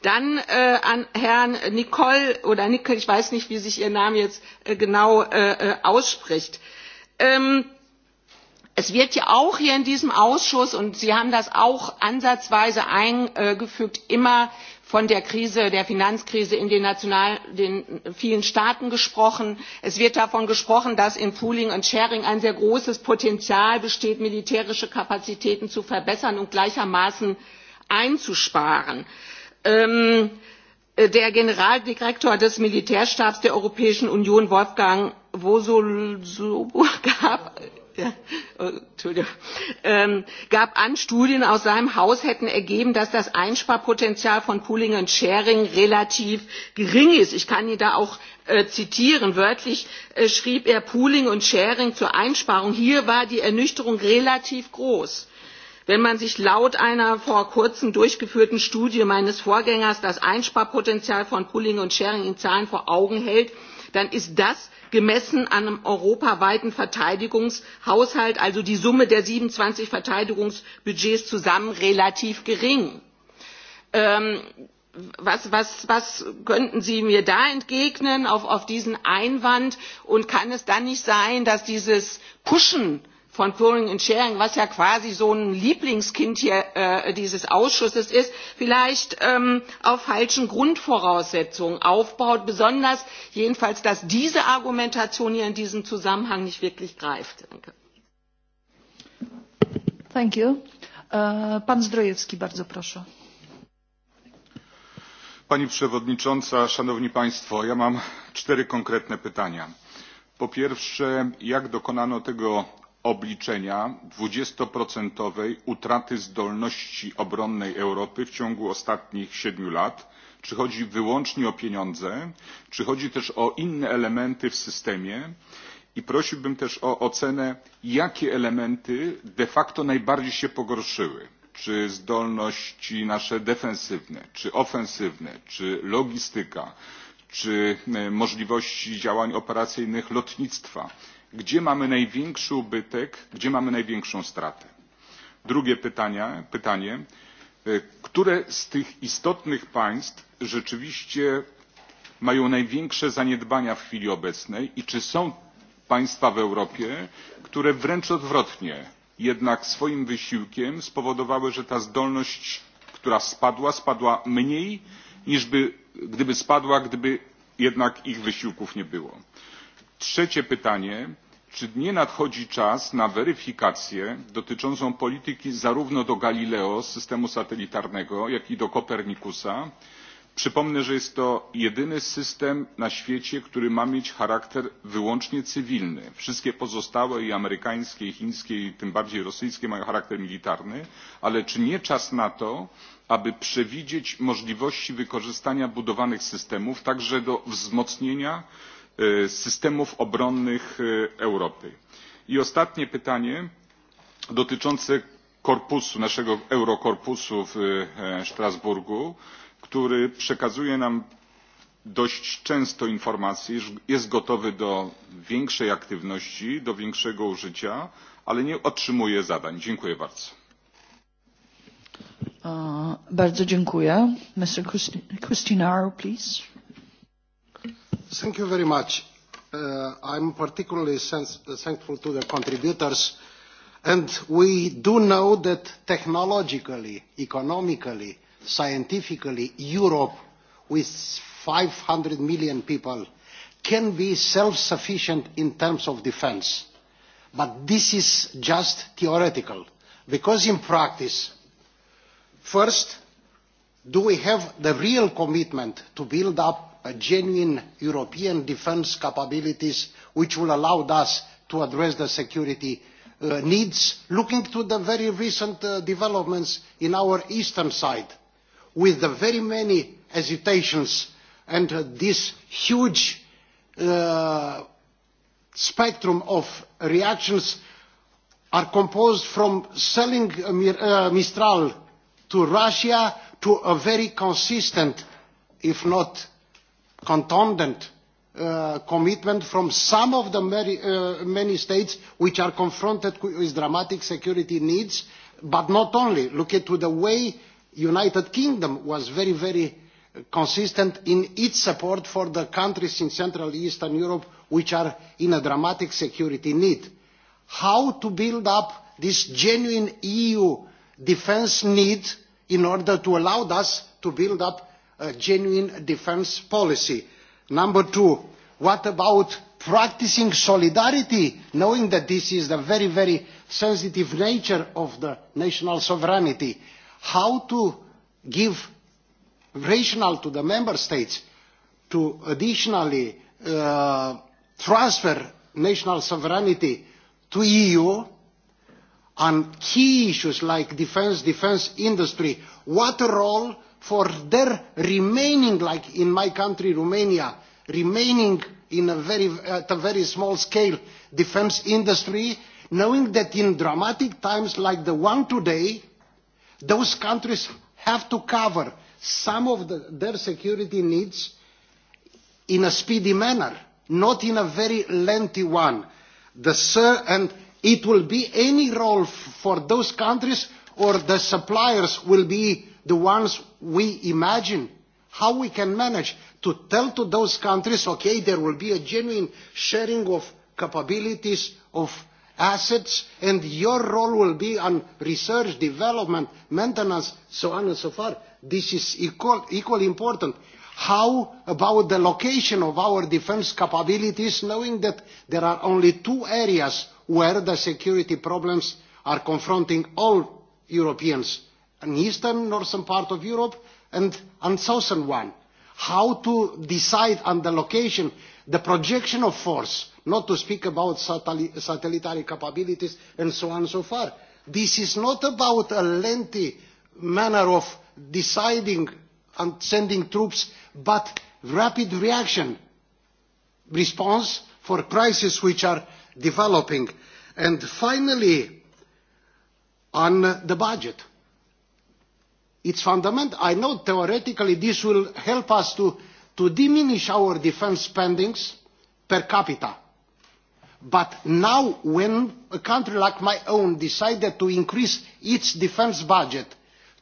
dann äh, an herrn nicol oder nickel ich weiß nicht wie sich ihr name jetzt äh, genau ausspricht ähm, es wird ja auch hier in diesem ausschuss und sie haben das auch ansatzweise eingefügt immer von der krise der finanzkrise in den, vielen staaten gesprochen es wird davon gesprochen dass in pooling and sharing ein sehr großes potenzial besteht militärische kapazitäten zu verbessern und gleichermaßen einzusparen. Ähm, der generaldirektor des militärstabs der europäischen union wolfgang wosolugab ähm, gab an studien aus seinem haus hätten ergeben dass das einsparpotenzial von pooling and sharing relativ gering ist. ich kann ihn da auch äh, zitieren wörtlich äh, schrieb er pooling und sharing zur einsparung hier war die ernüchterung relativ groß wenn man sich laut einer vor kurzem durchgeführten studie meines vorgängers das einsparpotenzial von pooling und sharing in zahlen vor augen hält dann ist das gemessen an einem europaweiten verteidigungshaushalt also die summe der siebenundzwanzig verteidigungsbudgets zusammen relativ gering. Ähm, was, was, was könnten sie mir da entgegnen auf, auf diesen einwand und kann es dann nicht sein dass dieses pushen von pooling and sharing was ja quasi so ein lieblingskind hier äh, dieses ausschusses ist vielleicht ähm, auf falschen grundvoraussetzungen aufbaut besonders jedenfalls dass diese argumentation hier in diesem zusammenhang nicht wirklich greift. Danke. Thank you. Äh, pan Zdrojewski, bardzo proszę. pani przewodnicząca! szanowni państwo! ja mam cztery konkretne pytania. po pierwsze jak dokonano tego obliczenia dwudziestoprocentowej utraty zdolności obronnej europy w ciągu ostatnich siedmiu lat czy chodzi wyłącznie o pieniądze czy chodzi też o inne elementy w systemie i prosiłbym też o ocenę jakie elementy de facto najbardziej się pogorszyły czy zdolności nasze defensywne czy ofensywne czy logistyka czy e, możliwości działań operacyjnych lotnictwa gdzie mamy największy ubytek gdzie mamy największą stratę? drugie pytanie, e, które z tych istotnych państw rzeczywiście mają największe zaniedbania w chwili obecnej i czy są państwa w europie które wręcz odwrotnie jednak swoim wysiłkiem spowodowały że ta zdolność która spadła spadła mniej niż by, gdyby spadła gdyby jednak ich wysiłków nie było trzecie pytanie czy nie nadchodzi czas na weryfikację dotyczącą polityki zarówno do galileo systemu satelitarnego jak i do kopernikusa? przypomnę że jest to jedyny system na świecie który ma mieć charakter wyłącznie cywilny wszystkie pozostałe i amerykańskie i chińskie i tym bardziej rosyjskie mają charakter militarny ale czy nie czas na to aby przewidzieć możliwości wykorzystania budowanych systemów także do wzmocnienia E, systemów obronnych e, europy. i ostatnie pytanie dotyczące korpusu naszego eurokorpusu w e, strasburgu który przekazuje nam dość często informacje iż jest gotowy do większej aktywności do większego użycia ale nie otrzymuje zadań. dziękuję bardzo. Thank you very much. Uh, I'm particularly thankful to the contributors. And we do know that technologically, economically, scientifically, Europe, with 500 million people, can be self-sufficient in terms of defense. But this is just theoretical. Because in practice, first, do we have the real commitment to build up genuine European defence capabilities which will allow us to address the security uh, needs, looking to the very recent uh, developments in our eastern side, with the very many hesitations and uh, this huge spectrum of reactions are composed from selling Mistral to Russia to a very consistent, if not contundent uh, commitment from some of the many, uh, states which are confronted with dramatic security needs, but not only. Look at the way United Kingdom was very, very consistent in its support for the countries in Central Eastern Europe which are in a dramatic security need. How to build up this genuine EU defense need in order to allow us to build up a genuine defence policy? Number two, what about practicing solidarity, knowing that this is the very, very sensitive nature of the national sovereignty? How to give rational to the member states to additionally uh, transfer national sovereignty to EU on key issues like defence, defence industry? What role for their remaining, like in my country, Romania, remaining in a very, at a very small scale defense industry, knowing that in dramatic times like the one today, those countries have to cover some of the, their security needs in a speedy manner, not in a very lengthy one. The, sir, and it will be any role for those countries or the suppliers will be the ones we imagine how we can manage to tell to those countries okay there will be a genuine sharing of capabilities of assets and your role will be on research development maintenance so on and so forth this is equal, equally important how about the location of our defence capabilities knowing that there are only two areas where the security problems are confronting all europeans an eastern, northern part of Europe, and a southern one. How to decide on the location, the projection of force, not to speak about satellitary capabilities and so on and so far. This is not about a lengthy manner of deciding and sending troops, but rapid reaction, response for crises which are developing. And finally, on the budget its fundamental. I know theoretically this will help us to, to diminish our defense spendings per capita. But now when a country like my own decided to increase its defense budget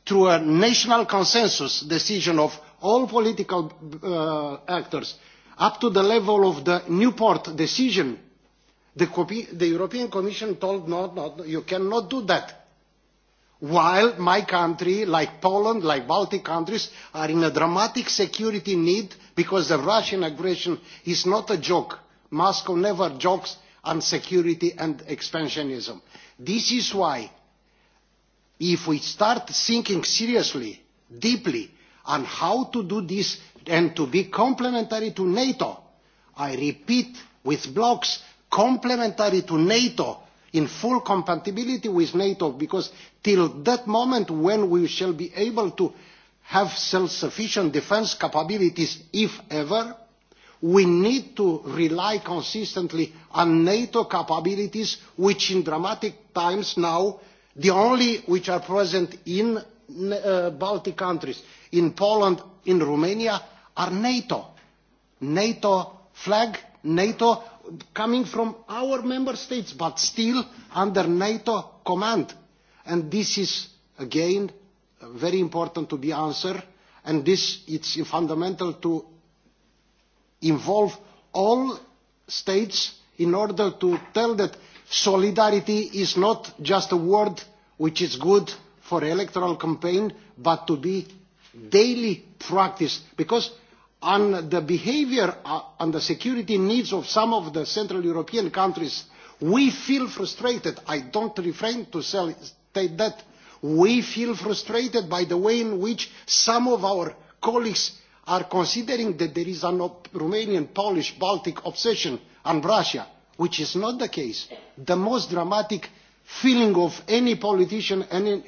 through a national consensus decision of all political uh, actors up to the level of the Newport decision, the, the European Commission told no, no, you cannot do that while my country, like Poland, like Baltic countries, are in a dramatic security need because the Russian aggression is not a joke. Moscow never jokes on security and expansionism. This is why, if we start thinking seriously, deeply, on how to do this and to be complementary to NATO, I repeat with blocks, complementary to NATO, in full compatibility with NATO because till that moment when we shall be able to have self-sufficient defense capabilities, if ever, we need to rely consistently on NATO capabilities, which in dramatic times now, the only which are present in uh, Baltic countries, in Poland, in Romania, are NATO. NATO flag NATO coming from our member states, but still under NATO command. And this is, again, very important to be answered, and this it's fundamental to involve all states in order to tell that solidarity is not just a word which is good for electoral campaign, but to be daily practiced. Because on the behaviour uh, on the security needs of some of the Central European countries, we feel frustrated. I don't refrain to state that. We feel frustrated by the way in which some of our colleagues are considering that there is a Romanian, Polish, Baltic obsession on Russia, which is not the case. The most dramatic feeling of any politician, any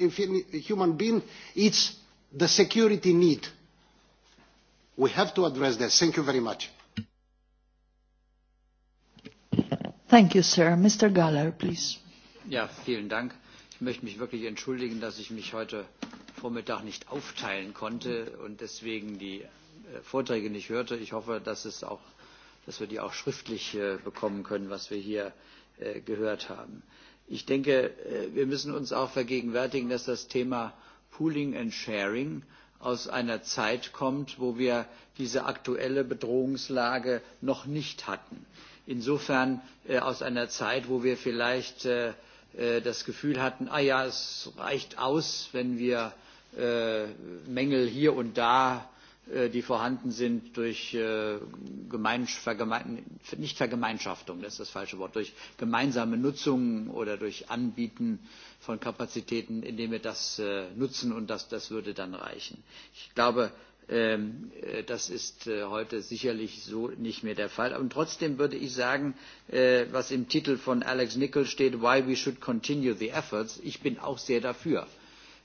human being, is the security need we have to address that. Thank you very much. Thank you, sir. Mr. Galler, please. Ja, vielen Dank. Ich möchte mich wirklich entschuldigen, dass ich mich heute Vormittag nicht aufteilen konnte und deswegen die äh, Vorträge nicht hörte. Ich hoffe, dass, es auch, dass wir die auch schriftlich äh, bekommen können, was wir hier äh, gehört haben. Ich denke, wir müssen uns auch vergegenwärtigen, dass das Thema Pooling and Sharing aus einer Zeit kommt, wo wir diese aktuelle Bedrohungslage noch nicht hatten. Insofern äh, aus einer Zeit, wo wir vielleicht äh, äh, das Gefühl hatten, ah ja, es reicht aus, wenn wir Mängel hier und da Äh, die vorhanden sind durch äh, nicht Vergemeinschaftung, das ist das falsche Wort, durch gemeinsame Nutzung oder durch Anbieten von Kapazitäten, indem wir das äh, nutzen und das, das würde dann reichen. Ich glaube, ähm, das ist heute sicherlich so nicht mehr der Fall. Und trotzdem würde ich sagen, was im Titel von Alex Nichols steht, Why we should continue the efforts, ich bin auch sehr dafür.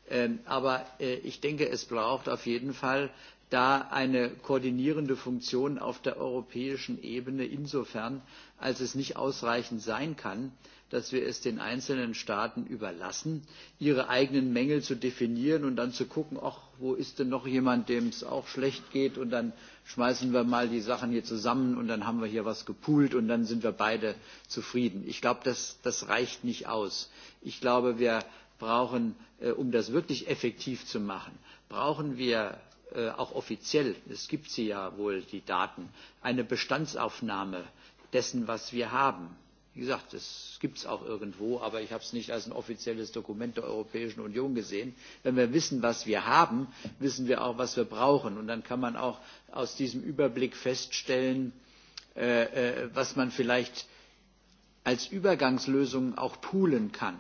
Ähm, aber ich denke, es braucht auf jeden Fall da eine koordinierende Funktion auf der europäischen Ebene insofern, als es nicht ausreichend sein kann, dass wir es den einzelnen Staaten überlassen, ihre eigenen Mängel zu definieren und dann zu gucken, ach, wo ist denn noch jemand, dem es auch schlecht geht und dann schmeißen wir mal die Sachen hier zusammen und dann haben wir hier was gepoolt und dann sind wir beide zufrieden. Ich glaube, das, das reicht nicht aus. Ich glaube, wir brauchen, äh, um das wirklich effektiv zu machen, brauchen wir Äh, auch offiziell es gibt sie ja wohl die daten eine bestandsaufnahme dessen was wir haben. wie gesagt das gibt es auch irgendwo aber ich habe es nicht als ein offizielles dokument der europäischen union gesehen. wenn wir wissen was wir haben wissen wir auch was wir brauchen und dann kann man auch aus diesem überblick feststellen äh, äh, was man vielleicht als übergangslösung auch poolen kann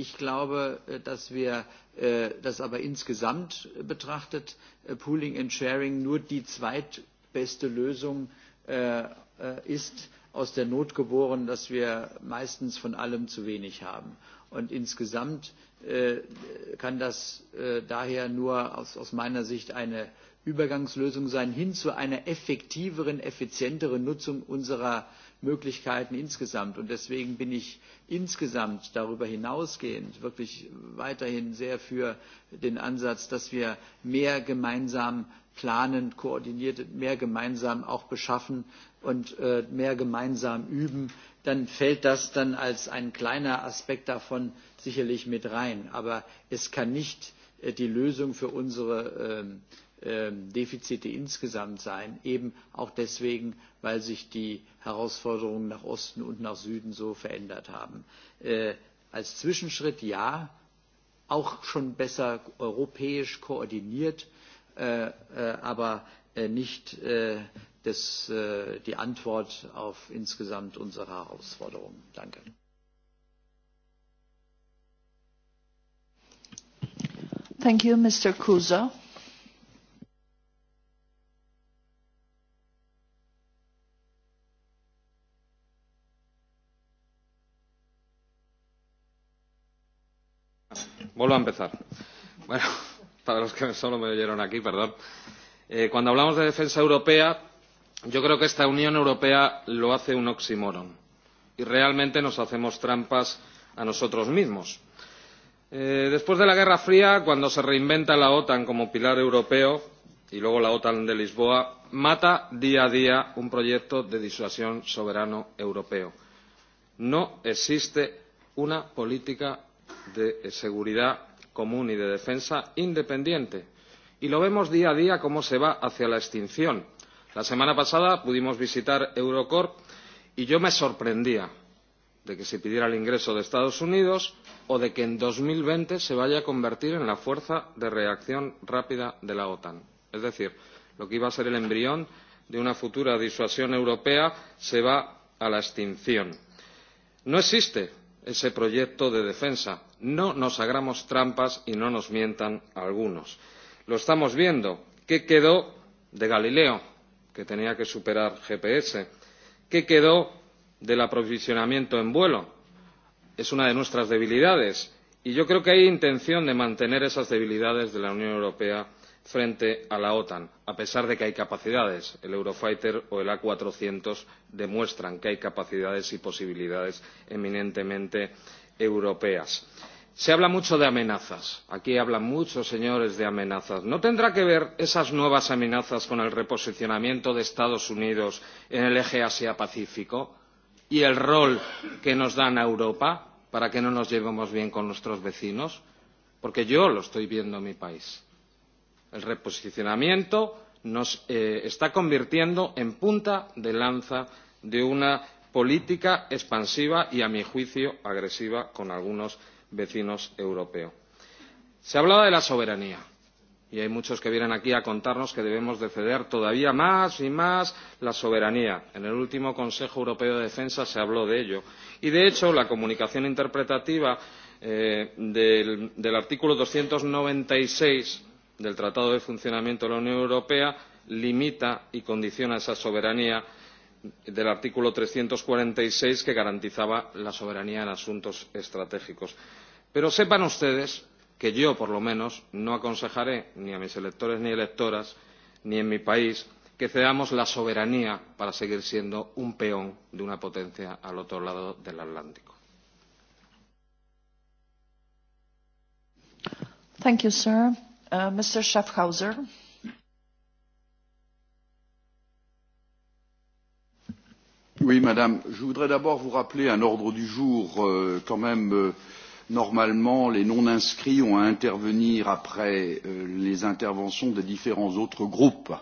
Ich glaube, äh, dass wir äh, das aber insgesamt betrachtet äh, Pooling and Sharing nur die zweitbeste Lösung ist aus der Not geboren, dass wir meistens von allem zu wenig haben. Und insgesamt kann das daher nur aus, meiner Sicht eine Übergangslösung sein hin zu einer effektiveren, effizienteren Nutzung unserer Möglichkeiten insgesamt. Und deswegen bin ich insgesamt darüber hinausgehend wirklich weiterhin sehr für den Ansatz, dass wir mehr gemeinsam planen, koordiniert, mehr gemeinsam auch beschaffen und äh, mehr gemeinsam üben, dann fällt das dann als ein kleiner Aspekt davon sicherlich mit rein. Aber es kann nicht äh, die Lösung für unsere ähm, Ähm, defizite insgesamt sein eben auch deswegen weil sich die herausforderungen nach osten und nach süden so verändert haben. Äh, als zwischenschritt ja auch schon besser europäisch koordiniert äh, äh, aber nicht die antwort auf insgesamt unsere herausforderungen. danke! Thank you, Mr. Vuelvo a empezar. Bueno, para los que solo me oyeron aquí, perdón. Eh, cuando hablamos de defensa europea, yo creo que esta Unión Europea lo hace un oxímoron. Y realmente nos hacemos trampas a nosotros mismos. Eh, después de la Guerra Fría, cuando se reinventa la OTAN como pilar europeo, y luego la OTAN de Lisboa, mata día a día un proyecto de disuasión soberano europeo. No existe una política de seguridad común y de defensa independiente y lo vemos día a día cómo se va hacia la extinción. la semana pasada pudimos visitar eurocorp y yo me sorprendía de que se pidiera el ingreso de los estados unidos o de que en dos se vaya a convertir en la fuerza de reacción rápida de la otan. es decir lo que iba a ser el embrión de una futura disuasión europea se va a la extinción. no existe ese proyecto de defensa. No nos hagamos trampas y no nos mientan algunos. Lo estamos viendo. ¿Qué quedó de Galileo, que tenía que superar GPS? ¿Qué quedó del aprovisionamiento en vuelo? Es una de nuestras debilidades. Y yo creo que hay intención de mantener esas debilidades de la Unión Europea frente a la otan a pesar de que hay capacidades el eurofighter o el a cuatrocientos demuestran que hay capacidades y posibilidades eminentemente europeas. se habla mucho de amenazas aquí hablan muchos señores de amenazas. no tendrá que ver esas nuevas amenazas con el reposicionamiento de estados unidos en el eje asia pacífico y el rol que nos dan a europa para que no nos llevemos bien con nuestros vecinos? porque yo lo estoy viendo en mi país el reposicionamiento nos eh, está convirtiendo en punta de lanza de una política expansiva y a mi juicio agresiva con algunos vecinos europeos. se hablaba de la soberanía y hay muchos que vienen aquí a contarnos que debemos ceder todavía más y más la soberanía. en el último consejo europeo de defensa se habló de ello y de hecho la comunicación interpretativa eh, del, del artículo doscientos noventa y seis del tratado de funcionamiento de la unión europea limita y condiciona esa soberanía del artículo trescientos cuarenta y seis que garantizaba la soberanía en asuntos estratégicos. pero sepan ustedes que yo por lo menos no aconsejaré ni a mis electores ni electoras ni en mi país que cedamos la soberanía para seguir siendo un peón de una potencia al otro lado del atlántico. Thank Uh, Mr. Schaffhauser. Oui, madame, je voudrais d'abord vous rappeler un ordre du jour euh, quand même euh, normalement les non inscrits ont à intervenir après euh, les interventions des différents autres groupes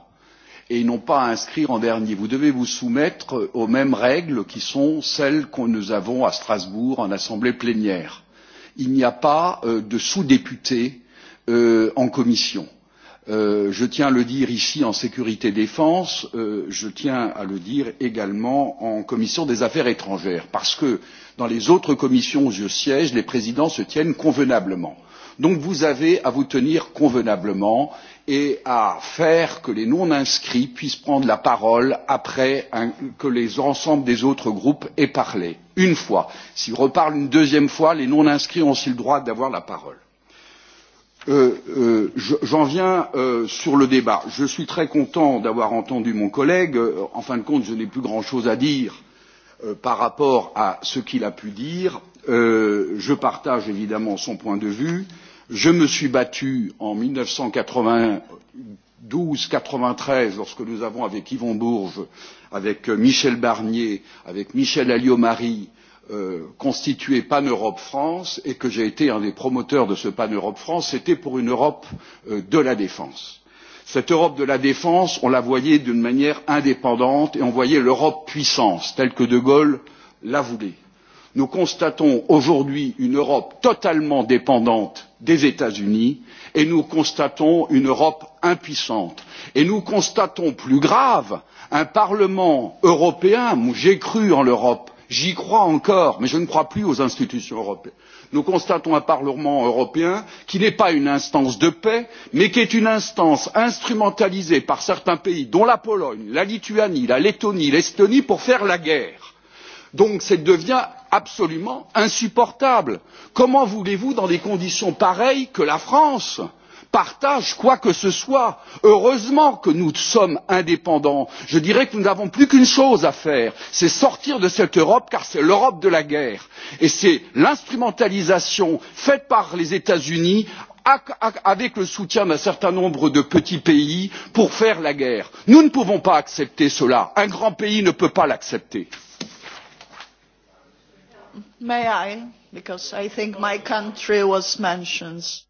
et n'ont pas à inscrire en dernier. Vous devez vous soumettre aux mêmes règles qui sont celles que nous avons à Strasbourg en assemblée plénière. Il n'y a pas euh, de sous députés Euh, en commission. Euh, je tiens à le dire ici en sécurité défense, euh, je tiens à le dire également en commission des affaires étrangères, parce que dans les autres commissions où je siège, les présidents se tiennent convenablement. Donc vous avez à vous tenir convenablement et à faire que les non inscrits puissent prendre la parole après que les ensembles des autres groupes aient parlé une fois. s'ils reparlent une deuxième fois les non inscrits ont aussi le droit d'avoir la parole. Euh, euh, j'en viens euh, sur le débat. Je suis très content d'avoir entendu mon collègue. En fin de compte, je n'ai plus grand-chose à dire par rapport à ce qu'il a pu dire. Je partage évidemment son point de vue. Je me suis battu en vingt 93 lorsque nous avons, avec Yvon Bourges, avec Michel Barnier, avec Michel Alliot-Marie, Euh, constitué pan europe france et que j'ai été un des promoteurs de ce pan europe france c'était pour une europe euh, de la défense. cette europe de la défense on la voyait d'une manière indépendante et on voyait l'europe puissance telle que de gaulle la voulait. nous constatons aujourd'hui une europe totalement dépendante des états unis et nous constatons une europe impuissante et nous constatons plus grave un parlement européen où j'ai cru en l'europe j'y crois encore mais je ne crois plus aux institutions européennes. nous constatons un parlement européen qui n'est pas une instance de paix mais qui est une instance instrumentalisée par certains pays dont la pologne la lituanie la lettonie l'estonie pour faire la guerre. donc cela devient absolument insupportable. comment voulez vous dans des conditions pareilles que la france Partage quoi que ce soit. heureusement que nous sommes indépendants. je dirais que nous n'avons plus qu'une chose à faire c'est sortir de cette europe car c'est l'europe de la guerre et c'est l'instrumentalisation faite par les états unis avec le soutien d'un certain nombre de petits pays pour faire la guerre. nous ne pouvons pas accepter cela un grand pays ne peut pas l'accepter. may i because i think my country was mentioned.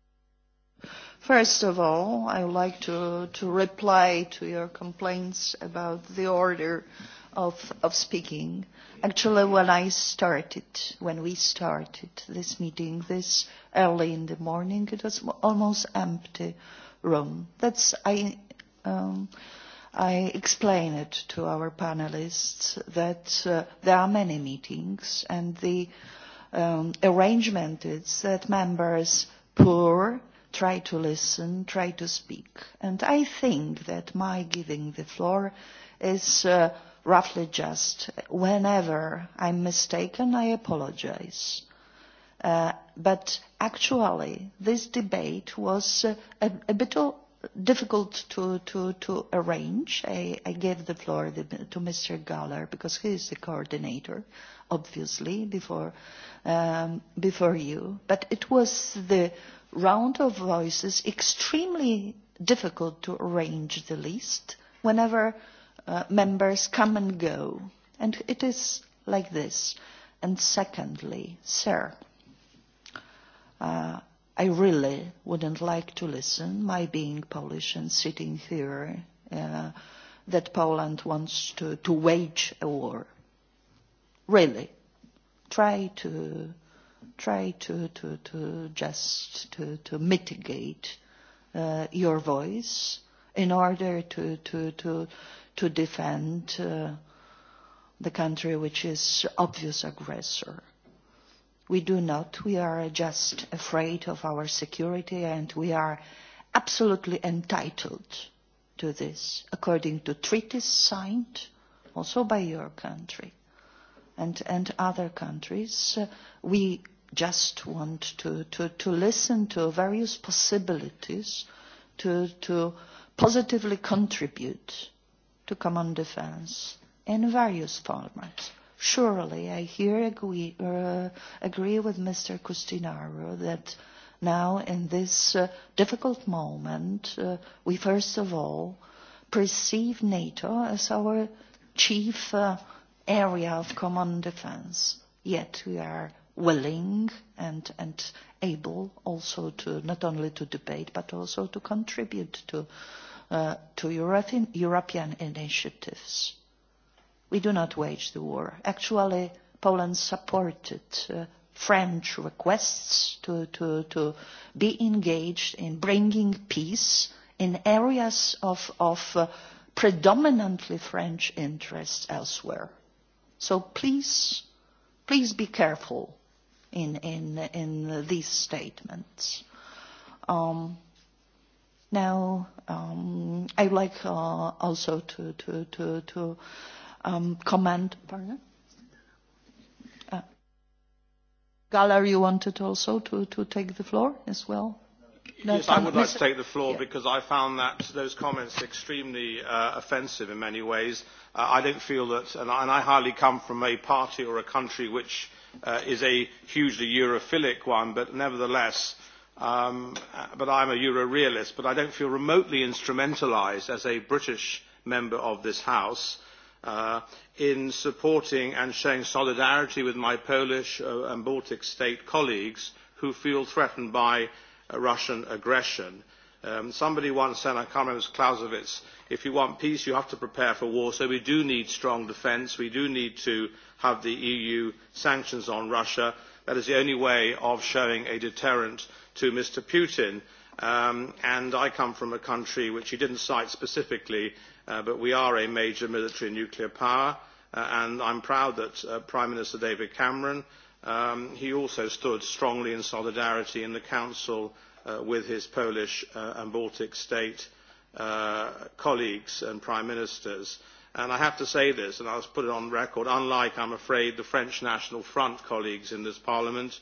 First of all, I would like to, to reply to your complaints about the order of, of speaking. Actually, when I started, when we started this meeting this early in the morning, it was almost empty room. That's, I, um, I explained it to our panelists that uh, there are many meetings and the um, arrangement is that members pour try to listen, try to speak. And I think that my giving the floor is uh, roughly just. Whenever I'm mistaken, I apologize. Uh, but actually, this debate was uh, a, a bit difficult to, to, to arrange. I, I gave the floor the, to Mr. Galler because he is the coordinator, obviously, before, um, before you. But it was the round of voices extremely difficult to arrange the list whenever uh, members come and go and it is like this and secondly sir uh, i really wouldn't like to listen my being polish and sitting here uh, that poland wants to to wage a war really try to try to, to, to just to, to mitigate uh, your voice in order to, to, to, to defend uh, the country which is obvious aggressor. We do not. We are just afraid of our security and we are absolutely entitled to this according to treaties signed also by your country and, other countries. Uh, we just want to, to, listen to various possibilities to, to positively contribute to common defense in various formats. Surely, I here uh, agree, with Mr. Custinaro that now in this uh, difficult moment, we first of all perceive NATO as our chief uh, area of common defense. Yet we are willing and, and able also to not only to debate but also to contribute to, uh, to European, initiatives. We do not wage the war. Actually, Poland supported uh, French requests to, be engaged in bringing peace in areas of, of uh, predominantly French interests elsewhere. So please, please be careful in, in, in these statements. Um, now, um, I like uh, also to, to, to, to um, comment. Pardon? Uh, Galar, you wanted also to, to take the floor as well? I would like to take the floor because I found that those comments extremely uh, offensive in many ways. Uh, I don't feel that, and I, hardly come from a party or a country which uh, is a hugely Europhilic one, but nevertheless, um, but I'm a Euro realist, but I don't feel remotely instrumentalised as a British member of this House in supporting and showing solidarity with my Polish and Baltic state colleagues who feel threatened by Russian aggression. Um, somebody once said, I can't remember, it was Clausewitz, if you want peace, you have to prepare for war. So we do need strong defence. We do need to have the EU sanctions on Russia. That is the only way of showing a deterrent to Mr. Putin. Um, and I come from a country which did didn't cite specifically, uh, but we are a major military nuclear power. and uh, and I'm proud that uh, Prime Minister David Cameron Um, he also stood strongly in solidarity in the Council uh, with his Polish uh, and Baltic state uh, colleagues and prime ministers. And I have to say this, and I will put it on record, unlike, I am afraid, the French National Front colleagues in this parliament,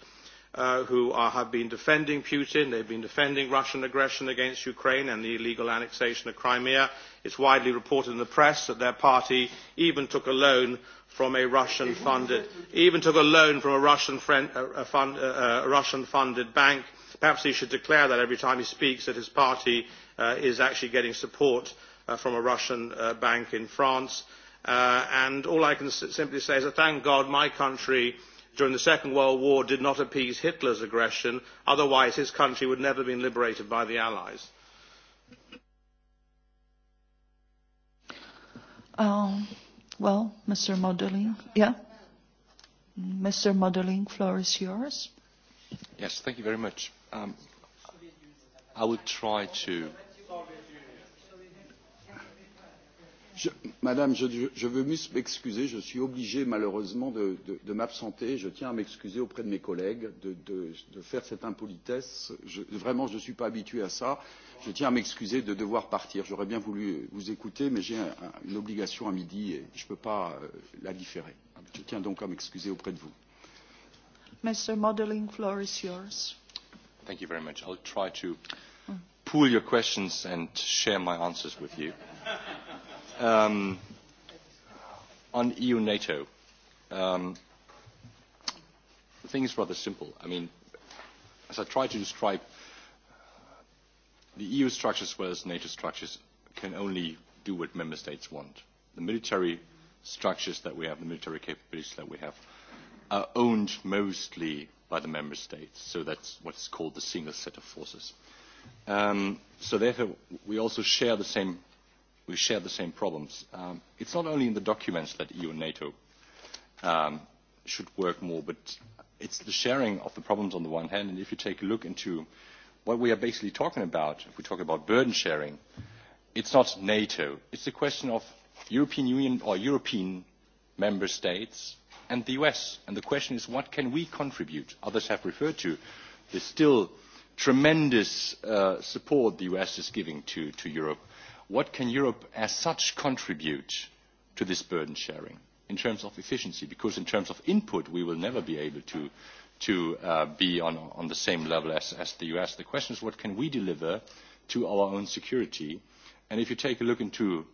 Uh, who are, have been defending Putin. They've been defending Russian aggression against Ukraine and the illegal annexation of Crimea. It's widely reported in the press that their party even took a loan from a Russian funded even took a loan from a Russian uh, uh, Russian funded bank. Perhaps he should declare that every time he speaks that his party is actually getting support from a Russian bank in France. and all I can simply say is that thank God my country during the second world war did not appease hitler's aggression otherwise his country would never have been liberated by the allies. Um, well, Mr. Modeling, yeah? Mr. Modeling, floor is yours. Yes, thank you very much. Um, I would try to madame je, je veux m'excuser je suis obligé malheureusement de, m'absenter je tiens à m'excuser auprès de mes collègues de, faire cette impolitesse vraiment je ne suis pas habitué à cela je tiens à m'excuser de devoir partir j'aurais bien voulu vous écouter mais j'ai une obligation à midi et je ne peux pas euh, la différer je tiens donc à m'excuser auprès de vous. Modeling, yours. Thank you very much. I'll try to pool your questions and share my answers with you um, on EU NATO, um, the thing is rather simple. I mean, as I try to describe, the EU structures as well as NATO structures can only do what member states want. The military structures that we have, the military capabilities that we have, are owned mostly by the member states. So that's what's called the single set of forces. Um, so therefore, we also share the same we share the same problems. Um, it's not only in the documents that EU and NATO um, should work more, but it's the sharing of the problems on the one hand. And if you take a look into what we are basically talking about, if we talk about burden sharing, it's not NATO. It's a question of European Union or European member states and the US. And the question is, what can we contribute? Others have referred to the still tremendous uh, support the US is giving to, to Europe what can Europe as such contribute to this burden sharing in terms of efficiency? Because in terms of input, we will never be able to, to uh, be on, the same level as, as the U.S. The question is what can we deliver to our own security? And if you take a look into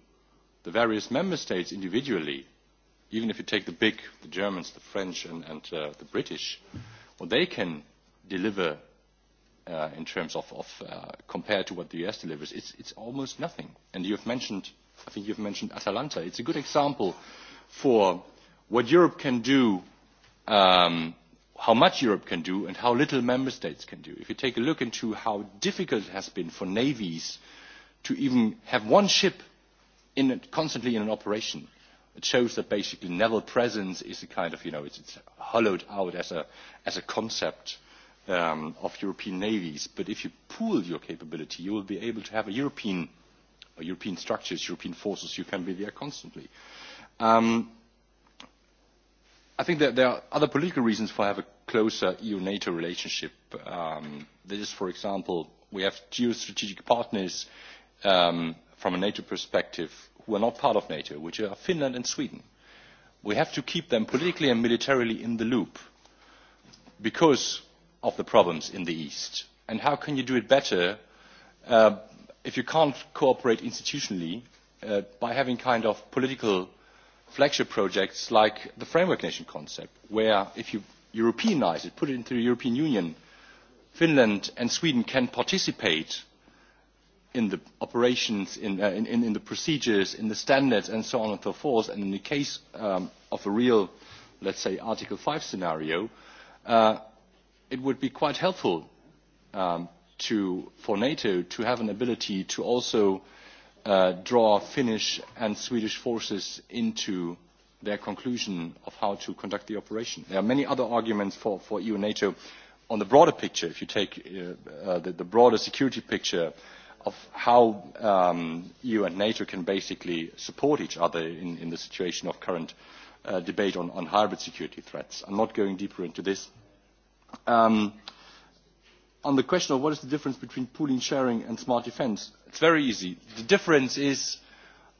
the various member states individually, even if you take the big, the Germans, the French, and, uh, the British, what they can deliver Uh, in terms of, of uh, compared to what the US delivers, it's, it's almost nothing. And you've mentioned, I think you've mentioned Atalanta. It's a good example for what Europe can do, um, how much Europe can do, and how little member states can do. If you take a look into how difficult it has been for navies to even have one ship in constantly in an operation, it shows that basically naval presence is a kind of, you know, it's, it's hollowed out as a, as a concept. Um, of European navies. But if you pool your capability, you will be able to have a European, European structures, European forces. You can be there constantly. Um, I think that there are other political reasons for having a closer EU-NATO relationship. Um, is, for example, we have geostrategic partners um, from a NATO perspective who are not part of NATO, which are Finland and Sweden. We have to keep them politically and militarily in the loop because of the problems in the east and how can you do it better uh, if you can't cooperate institutionally uh, by having kind of political flagship projects like the framework nation concept where if you europeanize it put it into the european union finland and sweden can participate in the operations in, uh, in, in the procedures in the standards and so on and so forth and in the case um, of a real let's say article 5 scenario uh, it would be quite helpful um, to, for NATO to have an ability to also uh, draw Finnish and Swedish forces into their conclusion of how to conduct the operation. There are many other arguments for, EU EU-NATO on the broader picture, if you take uh, uh, the, broader security picture of how um, EU and NATO can basically support each other in, in the situation of current debate on, hybrid security threats. am not going deeper into this Um, on the question of what is the difference between pooling, sharing and smart defence, it's very easy. The difference is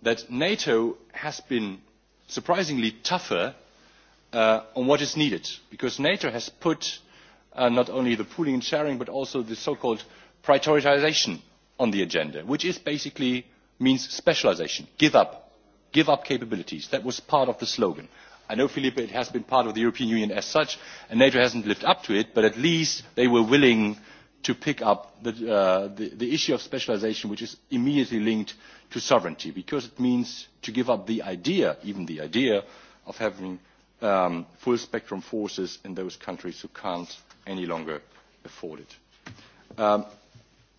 that NATO has been surprisingly tougher uh, on what is needed, because NATO has put uh, not only the pooling and sharing, but also the so-called prioritisation on the agenda, which is basically means specialisation, give up, give up capabilities. That was part of the slogan i know Philippe it has been part of the european union as such and nato has not lived up to it but at least they were willing to pick up the, uh, issue of specialisation which is immediately linked to sovereignty because it means to give up the idea even the idea of having um, full spectrum forces in those countries who cannot any longer afford it. Mrs. Um,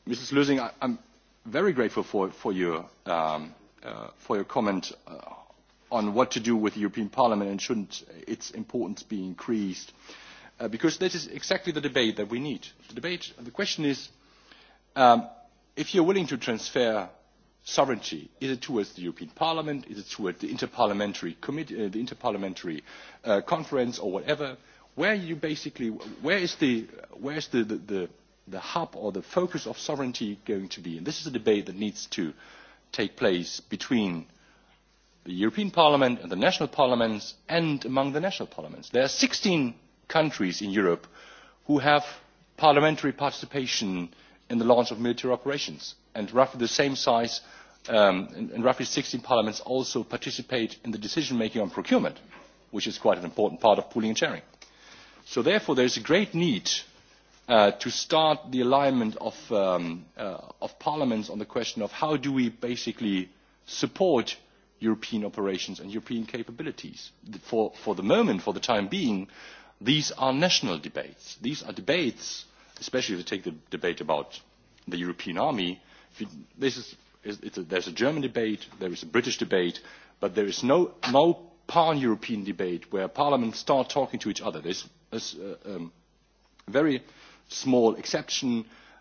Lösing, I am very grateful for, um, uh, your, comment uh, on what to do with the European Parliament and shouldn't its importance be increased? Uh, because this is exactly the debate that we need. The debate, the question is, if um, if you're willing to transfer sovereignty, is it towards the European Parliament, is it towards the interparliamentary, committee, uh, the interparliamentary uh, conference or whatever, where you basically, where is the, where is the, the, the hub or the focus of sovereignty going to be? And this is a debate that needs to take place between the european parliament and the national parliaments and among the national parliaments. there are 16 countries in europe who have parliamentary participation in the launch of military operations and roughly the same size um, and, roughly 16 parliaments also participate in the decision making on procurement which is quite an important part of pooling and sharing. so therefore there is a great need uh, to start the alignment of, um, uh, of parliaments on the question of how do we basically support European operations and European capabilities. For, the moment, for the time being, these are national debates. These are debates, especially if you take the debate about the European army, There is, a, German debate, there is a British debate, but there is no, pan-European debate where parliaments start talking to each other. is a uh, um, very small exception.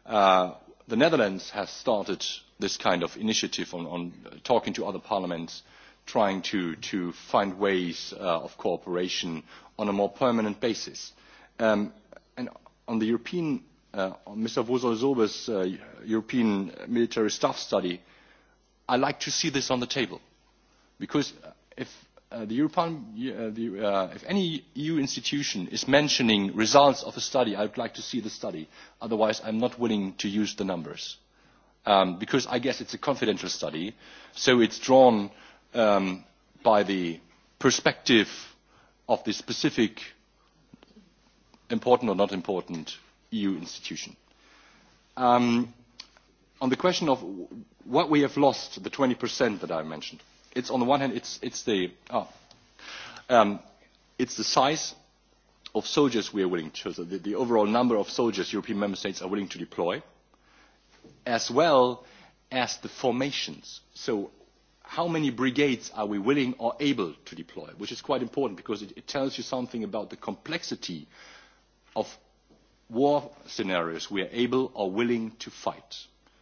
Uh, the Netherlands has started this kind of initiative on uh, talking to other parliaments trying to, to find ways uh, of cooperation on a more permanent basis. Um, and on the European, uh, on Mr. vozor uh, European military staff study, I like to see this on the table because if uh, the European, uh, the, uh, if any EU institution is mentioning results of a study, I would like to see the study. Otherwise, I'm not willing to use the numbers. Um, because I guess it's a confidential study, so it's drawn um, by the perspective of the specific important or not important eu institution. Um, on the question of what we have lost the 20% that i mentioned it's on the one hand it's, it's the ah, um, it's the size of soldiers we are willing to so the, the overall number of soldiers european member states are willing to deploy as well as the formations so how many brigades are we willing or able to deploy which is quite important because it, tells you something about the complexity of war scenarios we are able or willing to fight.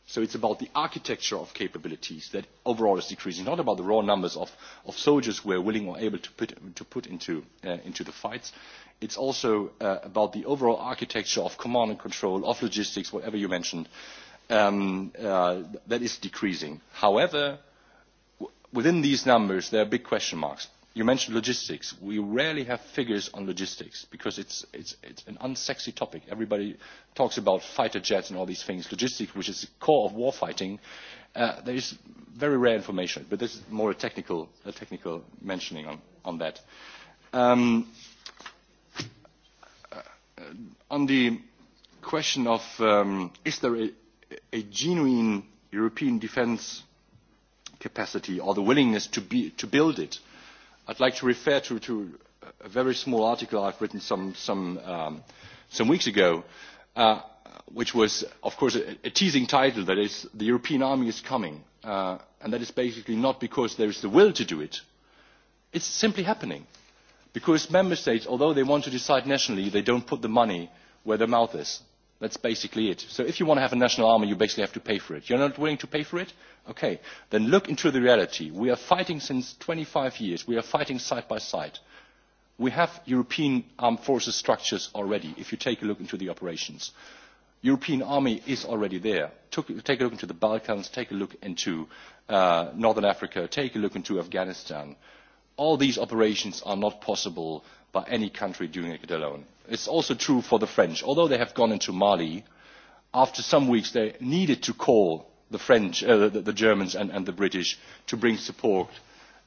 So it's about the architecture of capabilities that overall is decreasing, not about the raw numbers of, of soldiers we are willing or able to put, to put into, uh, into the fights. It's also uh, about the overall architecture of command and control, of logistics, whatever you mentioned, um, uh, that is decreasing. However, within these numbers there are big question marks. you mentioned logistics. we rarely have figures on logistics because it's it's an unsexy topic. everybody talks about fighter jets and all these things. logistics which is the core of war fighting uh, there is very rare information but this is more a technical, a technical mentioning on, that. Um, uh, on the question of um, is there a, a genuine european defence capacity or the willingness to, be, to build it. I'd like to refer to, to a very small article I've written some, some, um, some weeks ago, uh, which was, of course, a, a teasing title that is, The European Army is Coming. Uh, and that is basically not because there is the will to do it. It's simply happening. Because member states, although they want to decide nationally, they don't put the money where their mouth is That's basically it. So if you want to have a national army, you basically have to pay for it. You're not willing to pay for it? Okay. Then look into the reality. We are fighting since 25 years. We are fighting side by side. We have European armed forces structures already, if you take a look into the operations. European army is already there. take a look into the Balkans, take a look into uh, Northern Africa, take a look into Afghanistan all these operations are not possible by any country doing it alone. it is also true for the french. although they have gone into mali after some weeks they needed to call the french uh, the, germans and, the british to bring support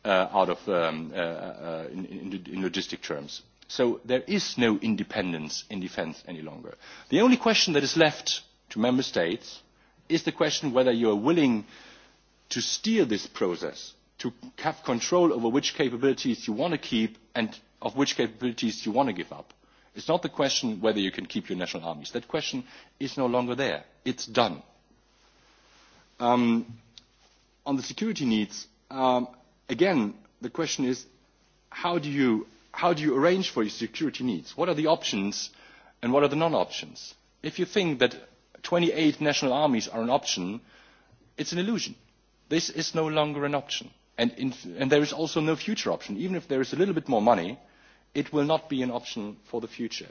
uh, out of um, uh, in, in logistic terms. so there is no independence in defence any longer. the only question that is left to member states is the question whether you are willing to steer this process to have control over which capabilities you want to keep and of which capabilities you want to give up. It's not the question whether you can keep your national armies. That question is no longer there. It's done. Um, on the security needs, um, again, the question is how do, you, how do you arrange for your security needs? What are the options and what are the non-options? If you think that 28 national armies are an option, it's an illusion. This is no longer an option and, and there is also no future option. Even if there is a little bit more money, it will not be an option for the future.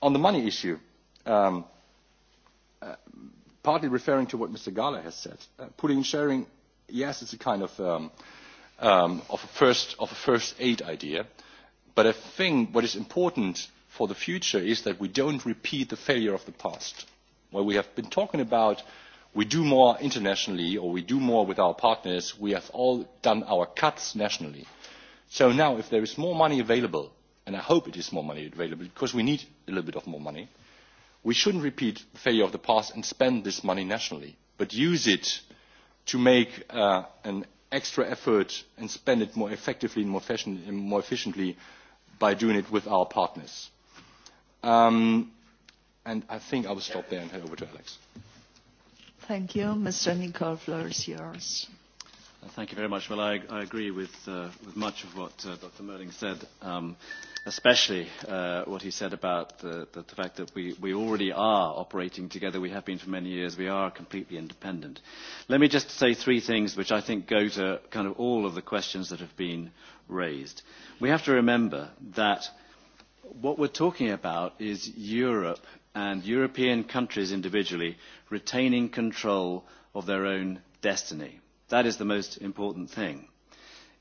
On the money issue, um, uh, partly referring to what Mr. Gala has said, uh, pooling and sharing, yes, it's a kind of, um, um, of, a first, of a first aid idea, but I think what is important for the future is that we don't repeat the failure of the past. Well, we have been talking about we do more internationally or we do more with our partners we have all done our cuts nationally so now if there is more money available and i hope it is more money available because we need a little bit of more money we shouldn't repeat the failure of the past and spend this money nationally but use it to make uh, an extra effort and spend it more effectively and more, fashion, and more efficiently by doing it with our partners. Um, and I think I will stop there and hand over to Alex. Thank you. Mr. Nicole, floor is yours. Thank you very much. Well, I, I agree with, uh, with much of what uh, Dr. Merling said, um, especially uh, what he said about the, the, the fact that we, we already are operating together. We have been for many years. We are completely independent. Let me just say three things which I think go to kind of all of the questions that have been raised. We have to remember that what we're talking about is Europe and European countries individually retaining control of their own destiny. That is the most important thing.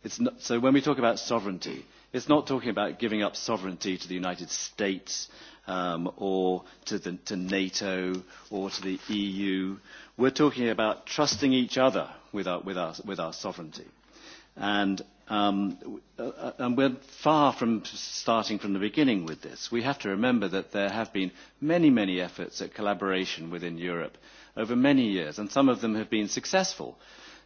It's so when we talk about sovereignty, it's not talking about giving up sovereignty to the United States um, or to, to NATO or to the EU. We're talking about trusting each other with our, with our, with our sovereignty. And Um, uh, and we're far from starting from the beginning with this. We have to remember that there have been many, many efforts at collaboration within Europe over many years, and some of them have been successful.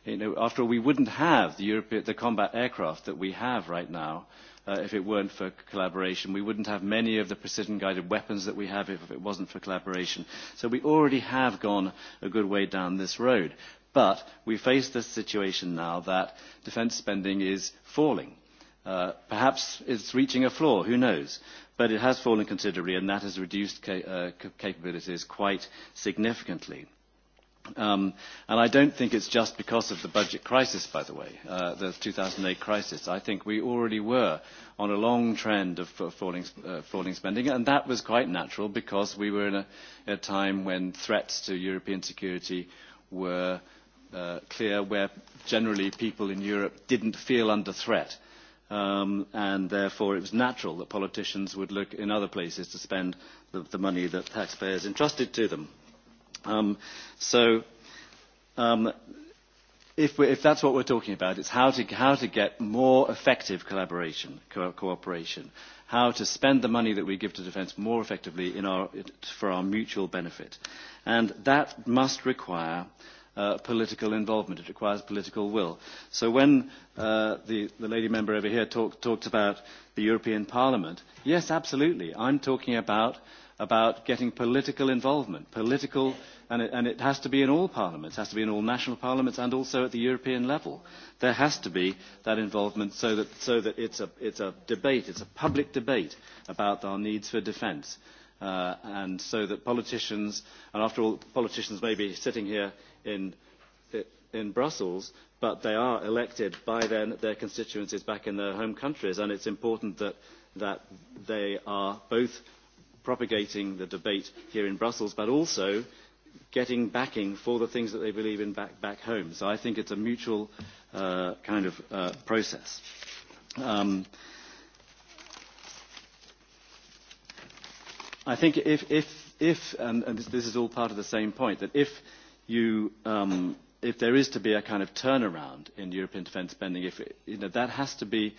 You know, after all, we wouldn't have the, Europe, the combat aircraft that we have right now uh, if it weren't for collaboration. We wouldn't have many of the precision-guided weapons that we have if it wasn't for collaboration. So we already have gone a good way down this road But we face the situation now that defence spending is falling. Uh, perhaps it's reaching a floor, who knows? But it has fallen considerably, and that has reduced uh, capabilities quite significantly. Um, and I don't think it's just because of the budget crisis, by the way, uh, the 2008 crisis. I think we already were on a long trend of falling, uh, falling spending, and that was quite natural because we were in a time when threats to European security were – Uh, clear where generally people in Europe didn't feel under threat. Um, and therefore it was natural that politicians would look in other places to spend the, the money that taxpayers entrusted to them. Um, so um, if, we, if that's what we're talking about, it's how to, how to get more effective collaboration, co cooperation, how to spend the money that we give to defence more effectively in our, for our mutual benefit. And that must require Uh, political involvement. It requires political will. So when uh, the, the lady member over here talk, talked about the European Parliament, yes, absolutely. I'm talking about getting political involvement, political, and it, has to be in all parliaments, it has to be in all national parliaments and also at the European level. There has to be that involvement so that, so that it's, a, it's a debate, it's a public debate about our needs for defence. Uh, and so that politicians, and after all, politicians may be sitting here in, in Brussels, but they are elected by their, their constituencies back in their home countries, and it's important that, that they are both propagating the debate here in Brussels, but also getting backing for the things that they believe in back, back home. So I think it's a mutual uh, kind of uh, process. Um, I think if, if, if and, and this is all part of the same point, that if you um, if there is to be a kind of turnaround in European defence spending, if it, you know, that has to, be,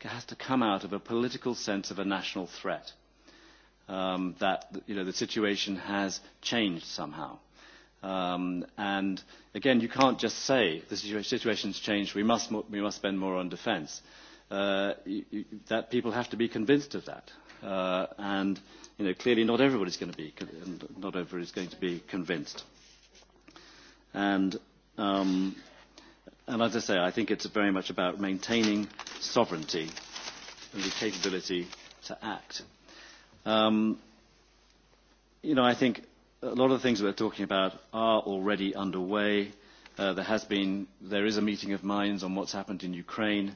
has to come out of a political sense of a national threat, um, that you know, the situation has changed somehow. Um, and again, you can't just say the situation's changed, we must, we must spend more on defence. Uh, that people have to be convinced of that. Uh, and you know, clearly not everybody's going to be, not everybody's going to be convinced. And, um, and as I say, I think it's very much about maintaining sovereignty and the capability to act. Um, you know, I think a lot of the things we're talking about are already underway. Uh, there has been, there is a meeting of minds on what's happened in Ukraine.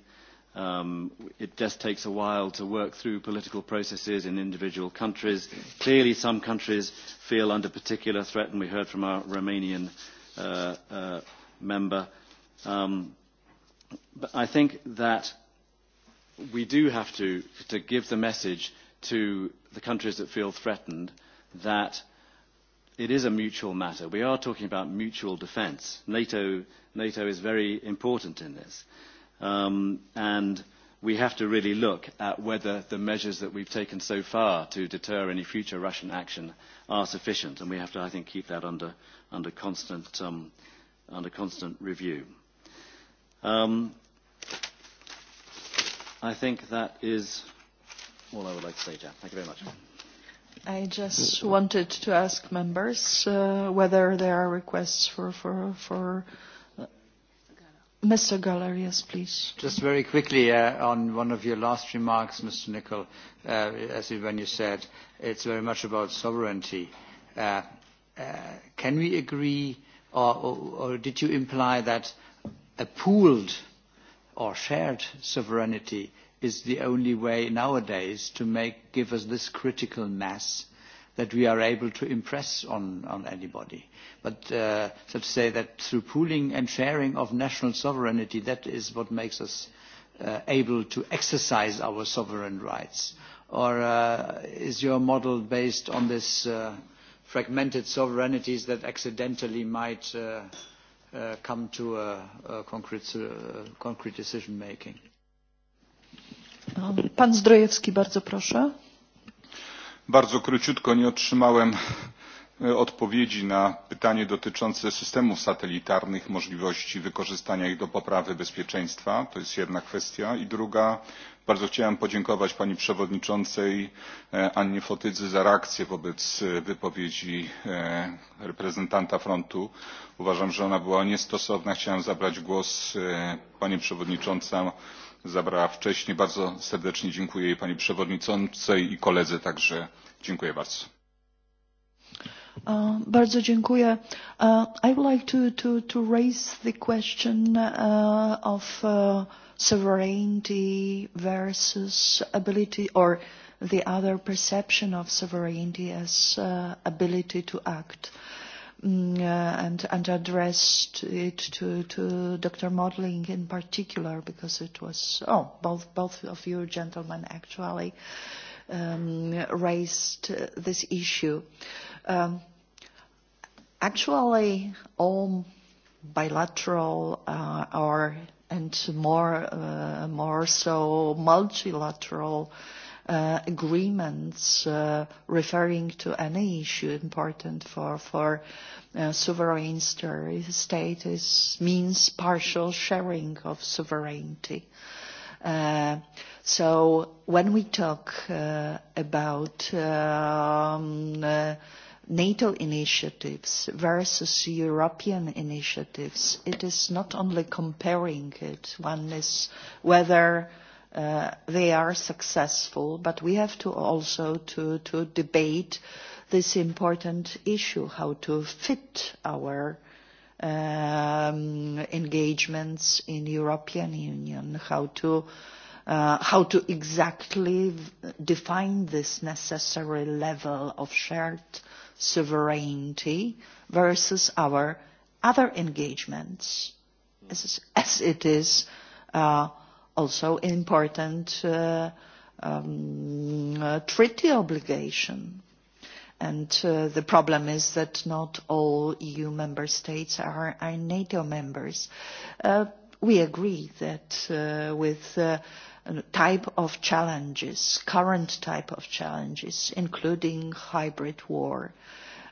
Um, it just takes a while to work through political processes in individual countries. Clearly, some countries feel under particular threat, and we heard from our Romanian Uh, uh, member. Um, but I think that we do have to, to give the message to the countries that feel threatened that it is a mutual matter. We are talking about mutual defence. NATO, NATO is very important in this. Um, and we have to really look at whether the measures that we've taken so far to deter any future Russian action are sufficient, and we have to, I think, keep that under, under, constant, um, under constant review. Um, I think that is all I would like to say, Thank you very much. I just wanted to ask members uh, whether there are requests for, for, for Mr. Galerius, please. Just very quickly uh, on one of your last remarks, Mr. Nicol, uh, as when you said it's very much about sovereignty. Uh, uh, can we agree, or, or, or did you imply that a pooled or shared sovereignty is the only way nowadays to make, give us this critical mass that we are able to impress on, anybody. But uh, so to say that through pooling and sharing of national sovereignty, that is what makes us uh, able to exercise our sovereign rights. Or uh, is your model based on this fragmented sovereignties that accidentally might come to a, concrete, concrete decision making? Um, pan Zdrojewski, bardzo proszę bardzo króciutko nie otrzymałem e, odpowiedzi na pytanie dotyczące systemów satelitarnych możliwości wykorzystania ich do poprawy bezpieczeństwa to jest jedna kwestia i druga bardzo chciałem podziękować pani przewodniczącej e, annie fotydze za reakcję wobec e, wypowiedzi reprezentanta frontu. uważam że ona była niestosowna. chciałem zabrać głos panie przewodnicząca zabrała wcześniej. Bardzo serdecznie dziękuję jej pani przewodniczącej i koledze także. Dziękuję bardzo. Uh, bardzo dziękuję. Uh, I would like to, to, to raise the question uh, of uh, sovereignty versus ability or the other perception of sovereignty as uh, ability to act. Mm, uh, and and addressed it to to Dr. Modling in particular because it was oh both both of you gentlemen actually um, raised this issue. Um, actually, all bilateral uh, or and more uh, more so multilateral uh, agreements uh, referring to any issue important for, for uh, sovereign status means partial sharing of sovereignty. Uh, so when we talk uh, about um, NATO initiatives versus European initiatives, it is not only comparing it. One is whether Uh, they are successful, but we have to also to, to debate this important issue, how to fit our um, engagements in European Union, how to uh, how to exactly define this necessary level of shared sovereignty versus our other engagements, as, as it is uh, also important uh, um, uh, treaty obligation. And uh, the problem is that not all EU member states are, are NATO members. Uh, we agree that uh, with uh, type of challenges, current type of challenges, including hybrid war,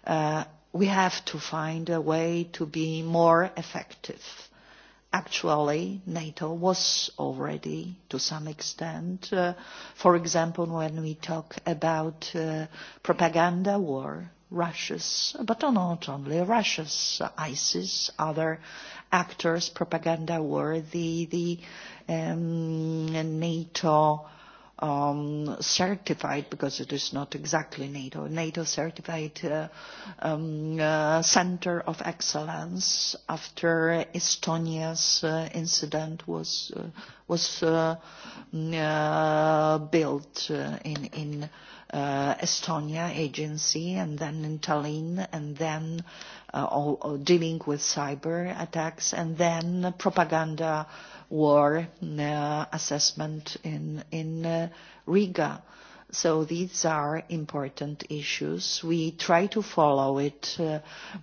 uh, we have to find a way to be more effective Actually, NATO was already, to some extent, uh, for example, when we talk about uh, propaganda war, Russia's, but not only Russia's, ISIS, other actors, propaganda war, the, the um, NATO um, certified, because it is not exactly NATO, NATO certified uh, um, uh, center of excellence after Estonia's uh, incident was, uh, was uh, mm, uh, built uh, in, in uh, Estonia agency and then in Tallinn and then uh, all, all dealing with cyber attacks and then propaganda war uh, assessment in, in uh, Riga. So these are important issues. We try to follow it uh,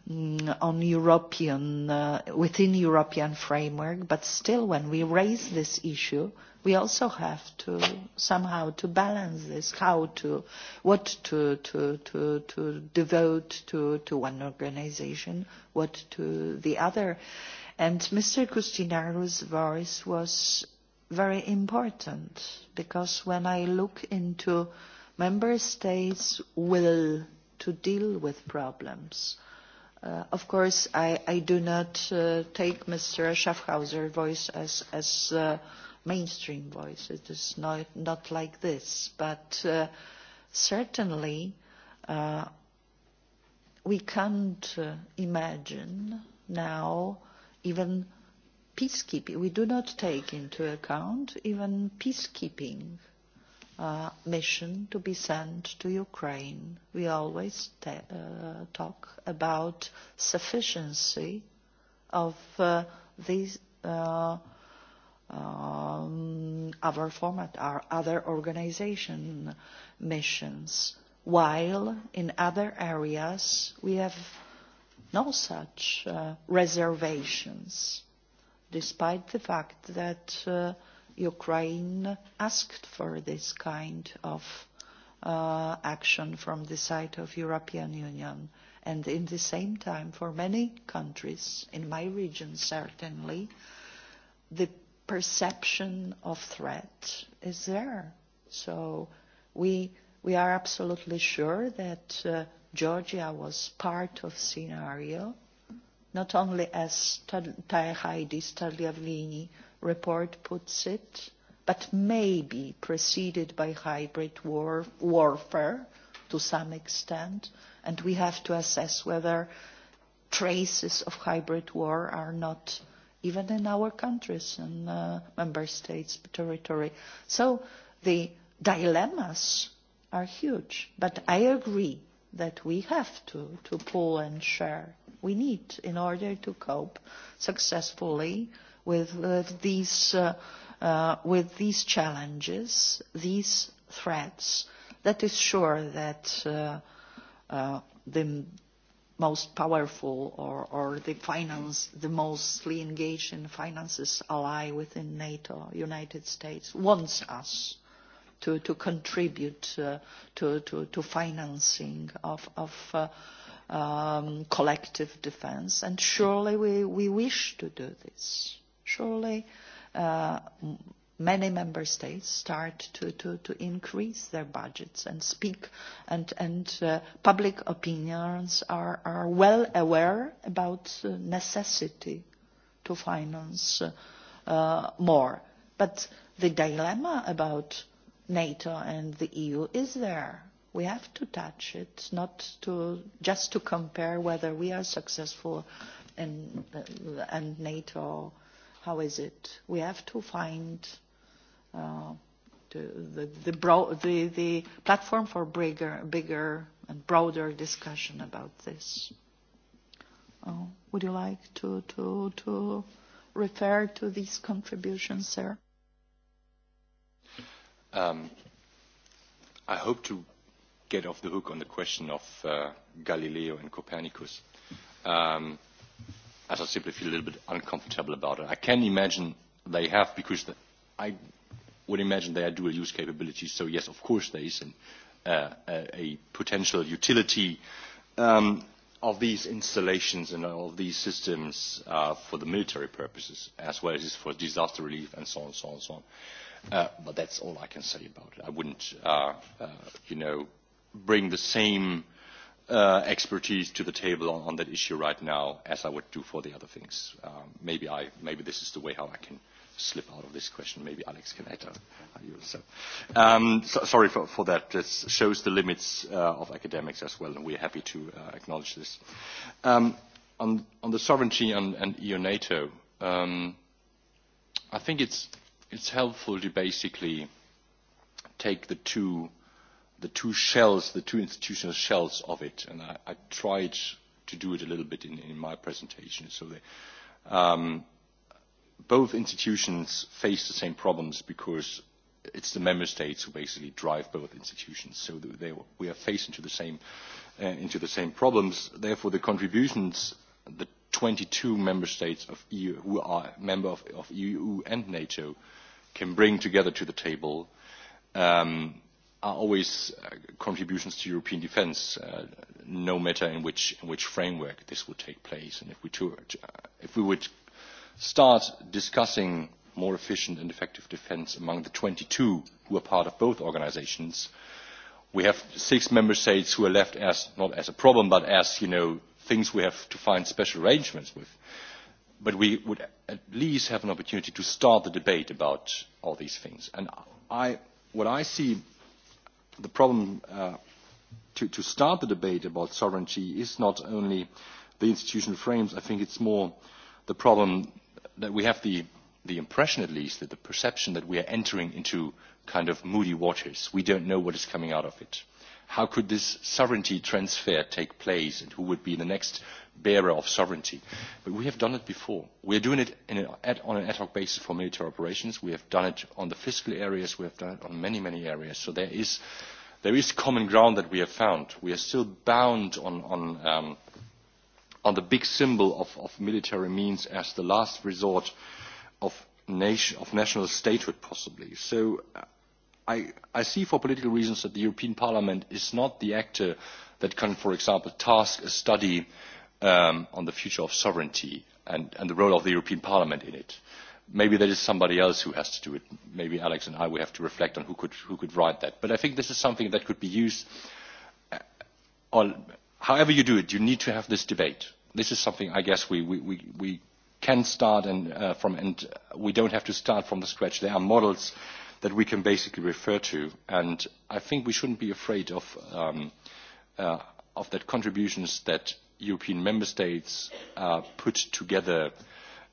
mm, on European, within European framework, but still when we raise this issue, we also have to somehow to balance this, how to, what to, to, to, to devote to, to one organization, what to the other. And Mr. Custinaro's voice was very important because when I look into member states' will to deal with problems, uh, of course, I, I do not uh, take Mr. Schaffhauser's voice as, as uh, mainstream voice. It is not, not like this. But uh, certainly, uh, we can't uh, imagine now even peacekeeping. We do not take into account even peacekeeping uh, mission to be sent to Ukraine. We always uh, talk about sufficiency of uh, these uh, um, our format, our other organization missions, while in other areas we have no such uh, reservations, despite the fact that uh, Ukraine asked for this kind of uh, action from the side of European Union. And in the same time, for many countries, in my region certainly, the perception of threat is there. So we, we are absolutely sure that uh, Georgia was part of scenario, not only as Heidi Tagliavini report puts it, but maybe preceded by hybrid war, warfare to some extent, and we have to assess whether traces of hybrid war are not even in our countries and uh, member states territory. So the dilemmas are huge, but I agree that we have to, to pull and share. We need in order to cope successfully with, with these uh, uh, with these challenges, these threats. That is sure that uh, uh, the most powerful or, or the finance, the mostly engaged in finances ally within NATO, United States, wants us to, to contribute uh, to, to, to financing of, of uh, um, collective defense. And surely we, we wish to do this. Surely uh, many member states start to, to, to increase their budgets and speak and, and uh, public opinions are, are well aware about the necessity to finance uh, more. But the dilemma about NATO and the EU is there. We have to touch it, not to just to compare whether we are successful and, uh, and NATO, how is it? We have to find uh, the, the, the, bro the, the platform for bigger, bigger and broader discussion about this. Oh, would you like to, to, to refer to these contributions, sir? Um, I hope to get off the hook on the question of uh, Galileo and Copernicus. Um, as I simply feel a little bit uncomfortable about it. I can imagine they have because I would imagine they are dual use capabilities. So yes, of course there is uh, a, potential utility um, of these installations and of these systems uh, for the military purposes as well as for disaster relief and so on and so on and so on. Uh, but that's all I can say about it. I wouldn't, uh, uh you know, bring the same uh, expertise to the table on, that issue right now as I would do for the other things. Um, maybe I, maybe this is the way how I can slip out of this question. Maybe Alex can add. you so, um, so, sorry for, for that. It shows the limits of academics as well, and we're happy to acknowledge this. Um, on, the sovereignty and, and EU-NATO, um, I think it's it's helpful to basically take the two the two shells, the two institutional shells of it, and I, I tried to do it a little bit in, in my presentation. So the, um, both institutions face the same problems because it's the member states who basically drive both institutions. So they, we are facing into the same uh, into the same problems. Therefore, the contributions the 22 member states of EU who are member of, of EU and NATO can bring together to the table um, are always uh, contributions to European defence, uh, no matter in which, in which framework this would take place. And if we, to, uh, if we would start discussing more efficient and effective defence among the 22 who are part of both organisations, we have six member states who are left as, not as a problem, but as, you know, things we have to find special arrangements with but we would at least have an opportunity to start the debate about all these things. And I, what I see the problem uh, to, to start the debate about sovereignty is not only the institutional frames, I think it's more the problem that we have the, the impression at least, that the perception that we are entering into kind of moody waters. We don't know what is coming out of it how could this sovereignty transfer take place and who would be the next bearer of sovereignty? But we have done it before. We are doing it in an ad, on an ad hoc basis for military operations. We have done it on the fiscal areas. We have done it on many, many areas. So there is, there is common ground that we have found. We are still bound on, on, um, on the big symbol of, of military means as the last resort of, nation, of national statehood, possibly. So uh, i, I see for political reasons that the European Parliament is not the actor that can, for example, task a study um, on the future of sovereignty and, and the role of the European Parliament in it. Maybe there is somebody else who has to do it. Maybe Alex and I, we have to reflect on who could, who could write that. But I think this is something that could be used, uh, on however you do it, you need to have this debate. This is something I guess we, we, we, we can start and, uh, from, and we don't have to start from the scratch. There are models that we can basically refer to. And I think we shouldn't be afraid of, um, uh, of that contributions that European member states uh, put together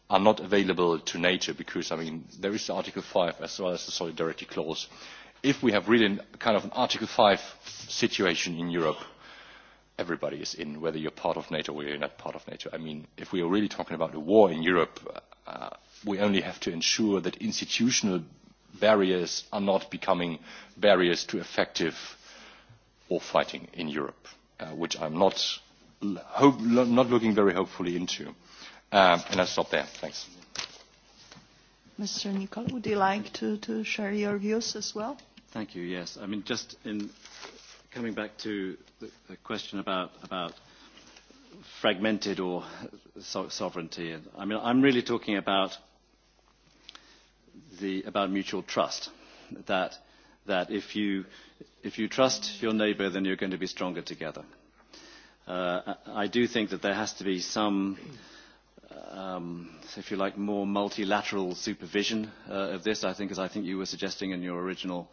are not available to NATO because, I mean, there is Article 5 as well as the Solidarity Clause. If we have really kind of an Article 5 situation in Europe, everybody is in, whether you're part of NATO or you're not part of NATO. I mean, if we are really talking about a war in Europe, uh, we only have to ensure that institutional barriers are not becoming barriers to effective war fighting in Europe, uh, which I'm not, not looking very hopefully into. Um, and I'll stop there. Thanks. Mr. Nicol, would you like to, to share your views as well? Thank you. Yes. I mean, just in coming back to the, the question about, about fragmented or sovereignty, I mean, I'm really talking about – the, about mutual trust, that, that if, you, if you trust your neighbor then you're going to be stronger together. Uh, I do think that there has to be some, um, if you like, more multilateral supervision uh, of this, I think, as I think you were suggesting in your original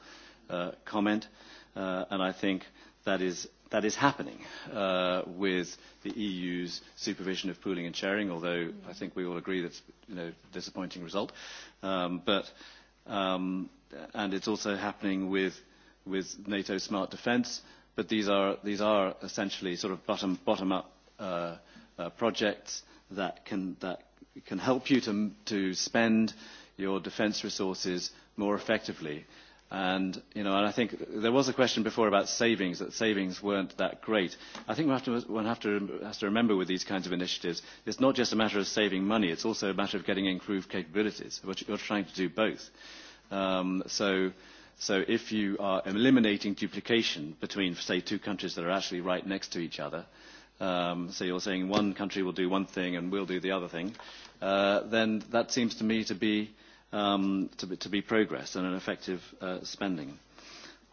uh, comment. Uh, and I think that is that is happening uh, with the EU's supervision of pooling and sharing, although mm-hmm. I think we all agree that's you know, a disappointing result. Um, but, um, and it's also happening with, with NATO smart defence, but these are, these are essentially sort of bottom-up bottom, uh, uh, projects that can, that can help you to, to spend your defence resources more effectively And, you know, and I think there was a question before about savings, that savings weren't that great. I think we have to, one have to, has to remember with these kinds of initiatives, it's not just a matter of saving money, it's also a matter of getting improved capabilities, which you're trying to do both. Um, so, so if you are eliminating duplication between, say, two countries that are actually right next to each other, um, so you're saying one country will do one thing and we'll do the other thing, uh, then that seems to me to be um, to, be, to be progress and an effective uh, spending.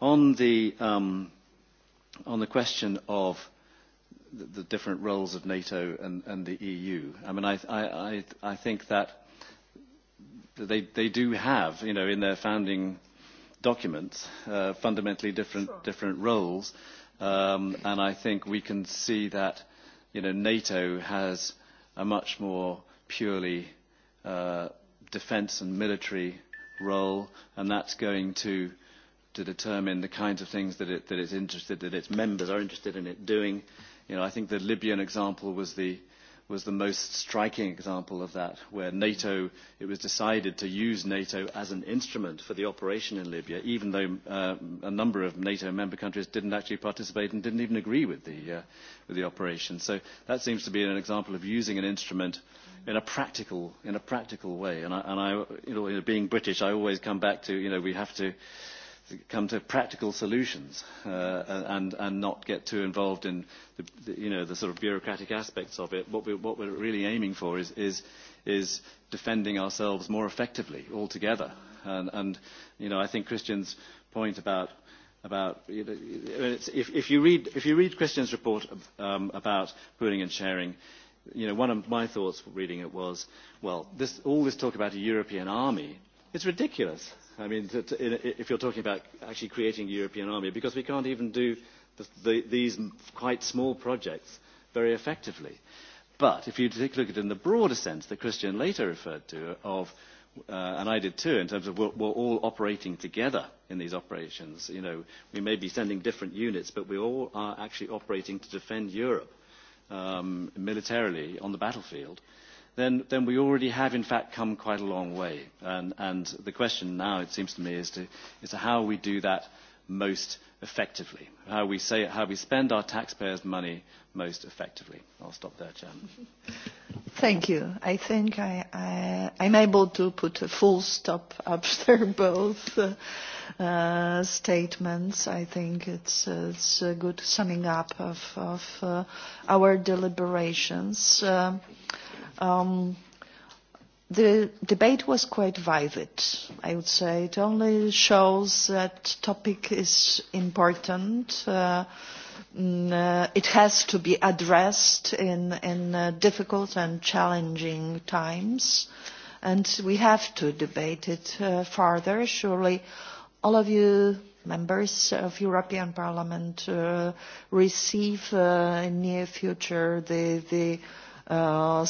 On the, um, on the question of the, different roles of NATO and, and the EU, I mean, I, I, I think that they, they do have, you know, in their founding documents, uh, fundamentally different, different roles. Um, and I think we can see that, you know, NATO has a much more purely uh, defence and military role, and that's going to to determine the kinds of things that it that it's interested that its members are interested in it doing. You know, I think the Libyan example was the was the most striking example of that, where NATO it was decided to use NATO as an instrument for the operation in Libya, even though uh, a number of NATO member countries didn't actually participate and didn't even agree with the uh, with the operation. So that seems to be an example of using an instrument in a practical in a practical way and I, and I you know being British I always come back to you know we have to come to practical solutions uh, and and not get too involved in the, the you know the sort of bureaucratic aspects of it what we what we're really aiming for is is is defending ourselves more effectively altogether and and you know I think Christian's point about about you know, it's, if, if you read if you read Christian's report um, about pooling and sharing you know, one of my thoughts reading it was, well, this, all this talk about a European army is ridiculous. I mean, to, to, if you're talking about actually creating a European army, because we can't even do the, the, these quite small projects very effectively. But if you take a look at it in the broader sense that Christian later referred to, of, uh, and I did too, in terms of we're, we're all operating together in these operations. You know, we may be sending different units, but we all are actually operating to defend Europe um, militarily on the battlefield, then, then we already have in fact come quite a long way. And, and the question now, it seems to me, is to, is to how we do that most effectively, how we, say, how we spend our taxpayers' money most effectively. I'll stop there, Chairman. Thank you. I think I, I, I'm able to put a full stop after both uh, statements. I think it's, it's a good summing up of, of uh, our deliberations. um, um The debate was quite vivid, I would say. It only shows that topic is important. Uh, mm, uh, it has to be addressed in, in uh, difficult and challenging times, and we have to debate it uh, further. Surely all of you members of European Parliament uh, receive uh, in near future the, the uh,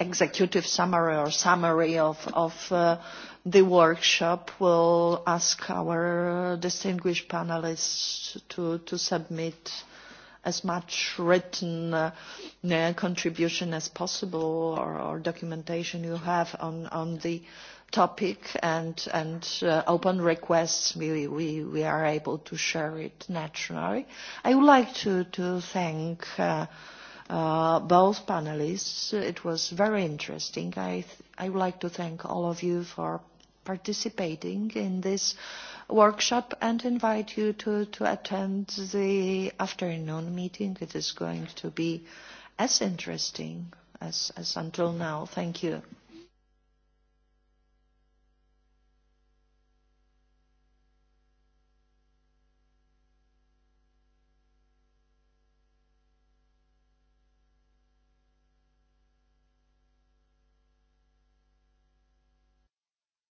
executive summary or summary of, of uh, the workshop will ask our distinguished panelists to, to submit as much written uh, contribution as possible or, documentation you have on, on the topic and, and uh, open requests, we, we, we are able to share it naturally. I would like to, to thank uh, uh, both panelists. It was very interesting. I, th I would like to thank all of you for participating in this workshop and invite you to, to attend the afternoon meeting. It is going to be as interesting as, as until now. Thank you.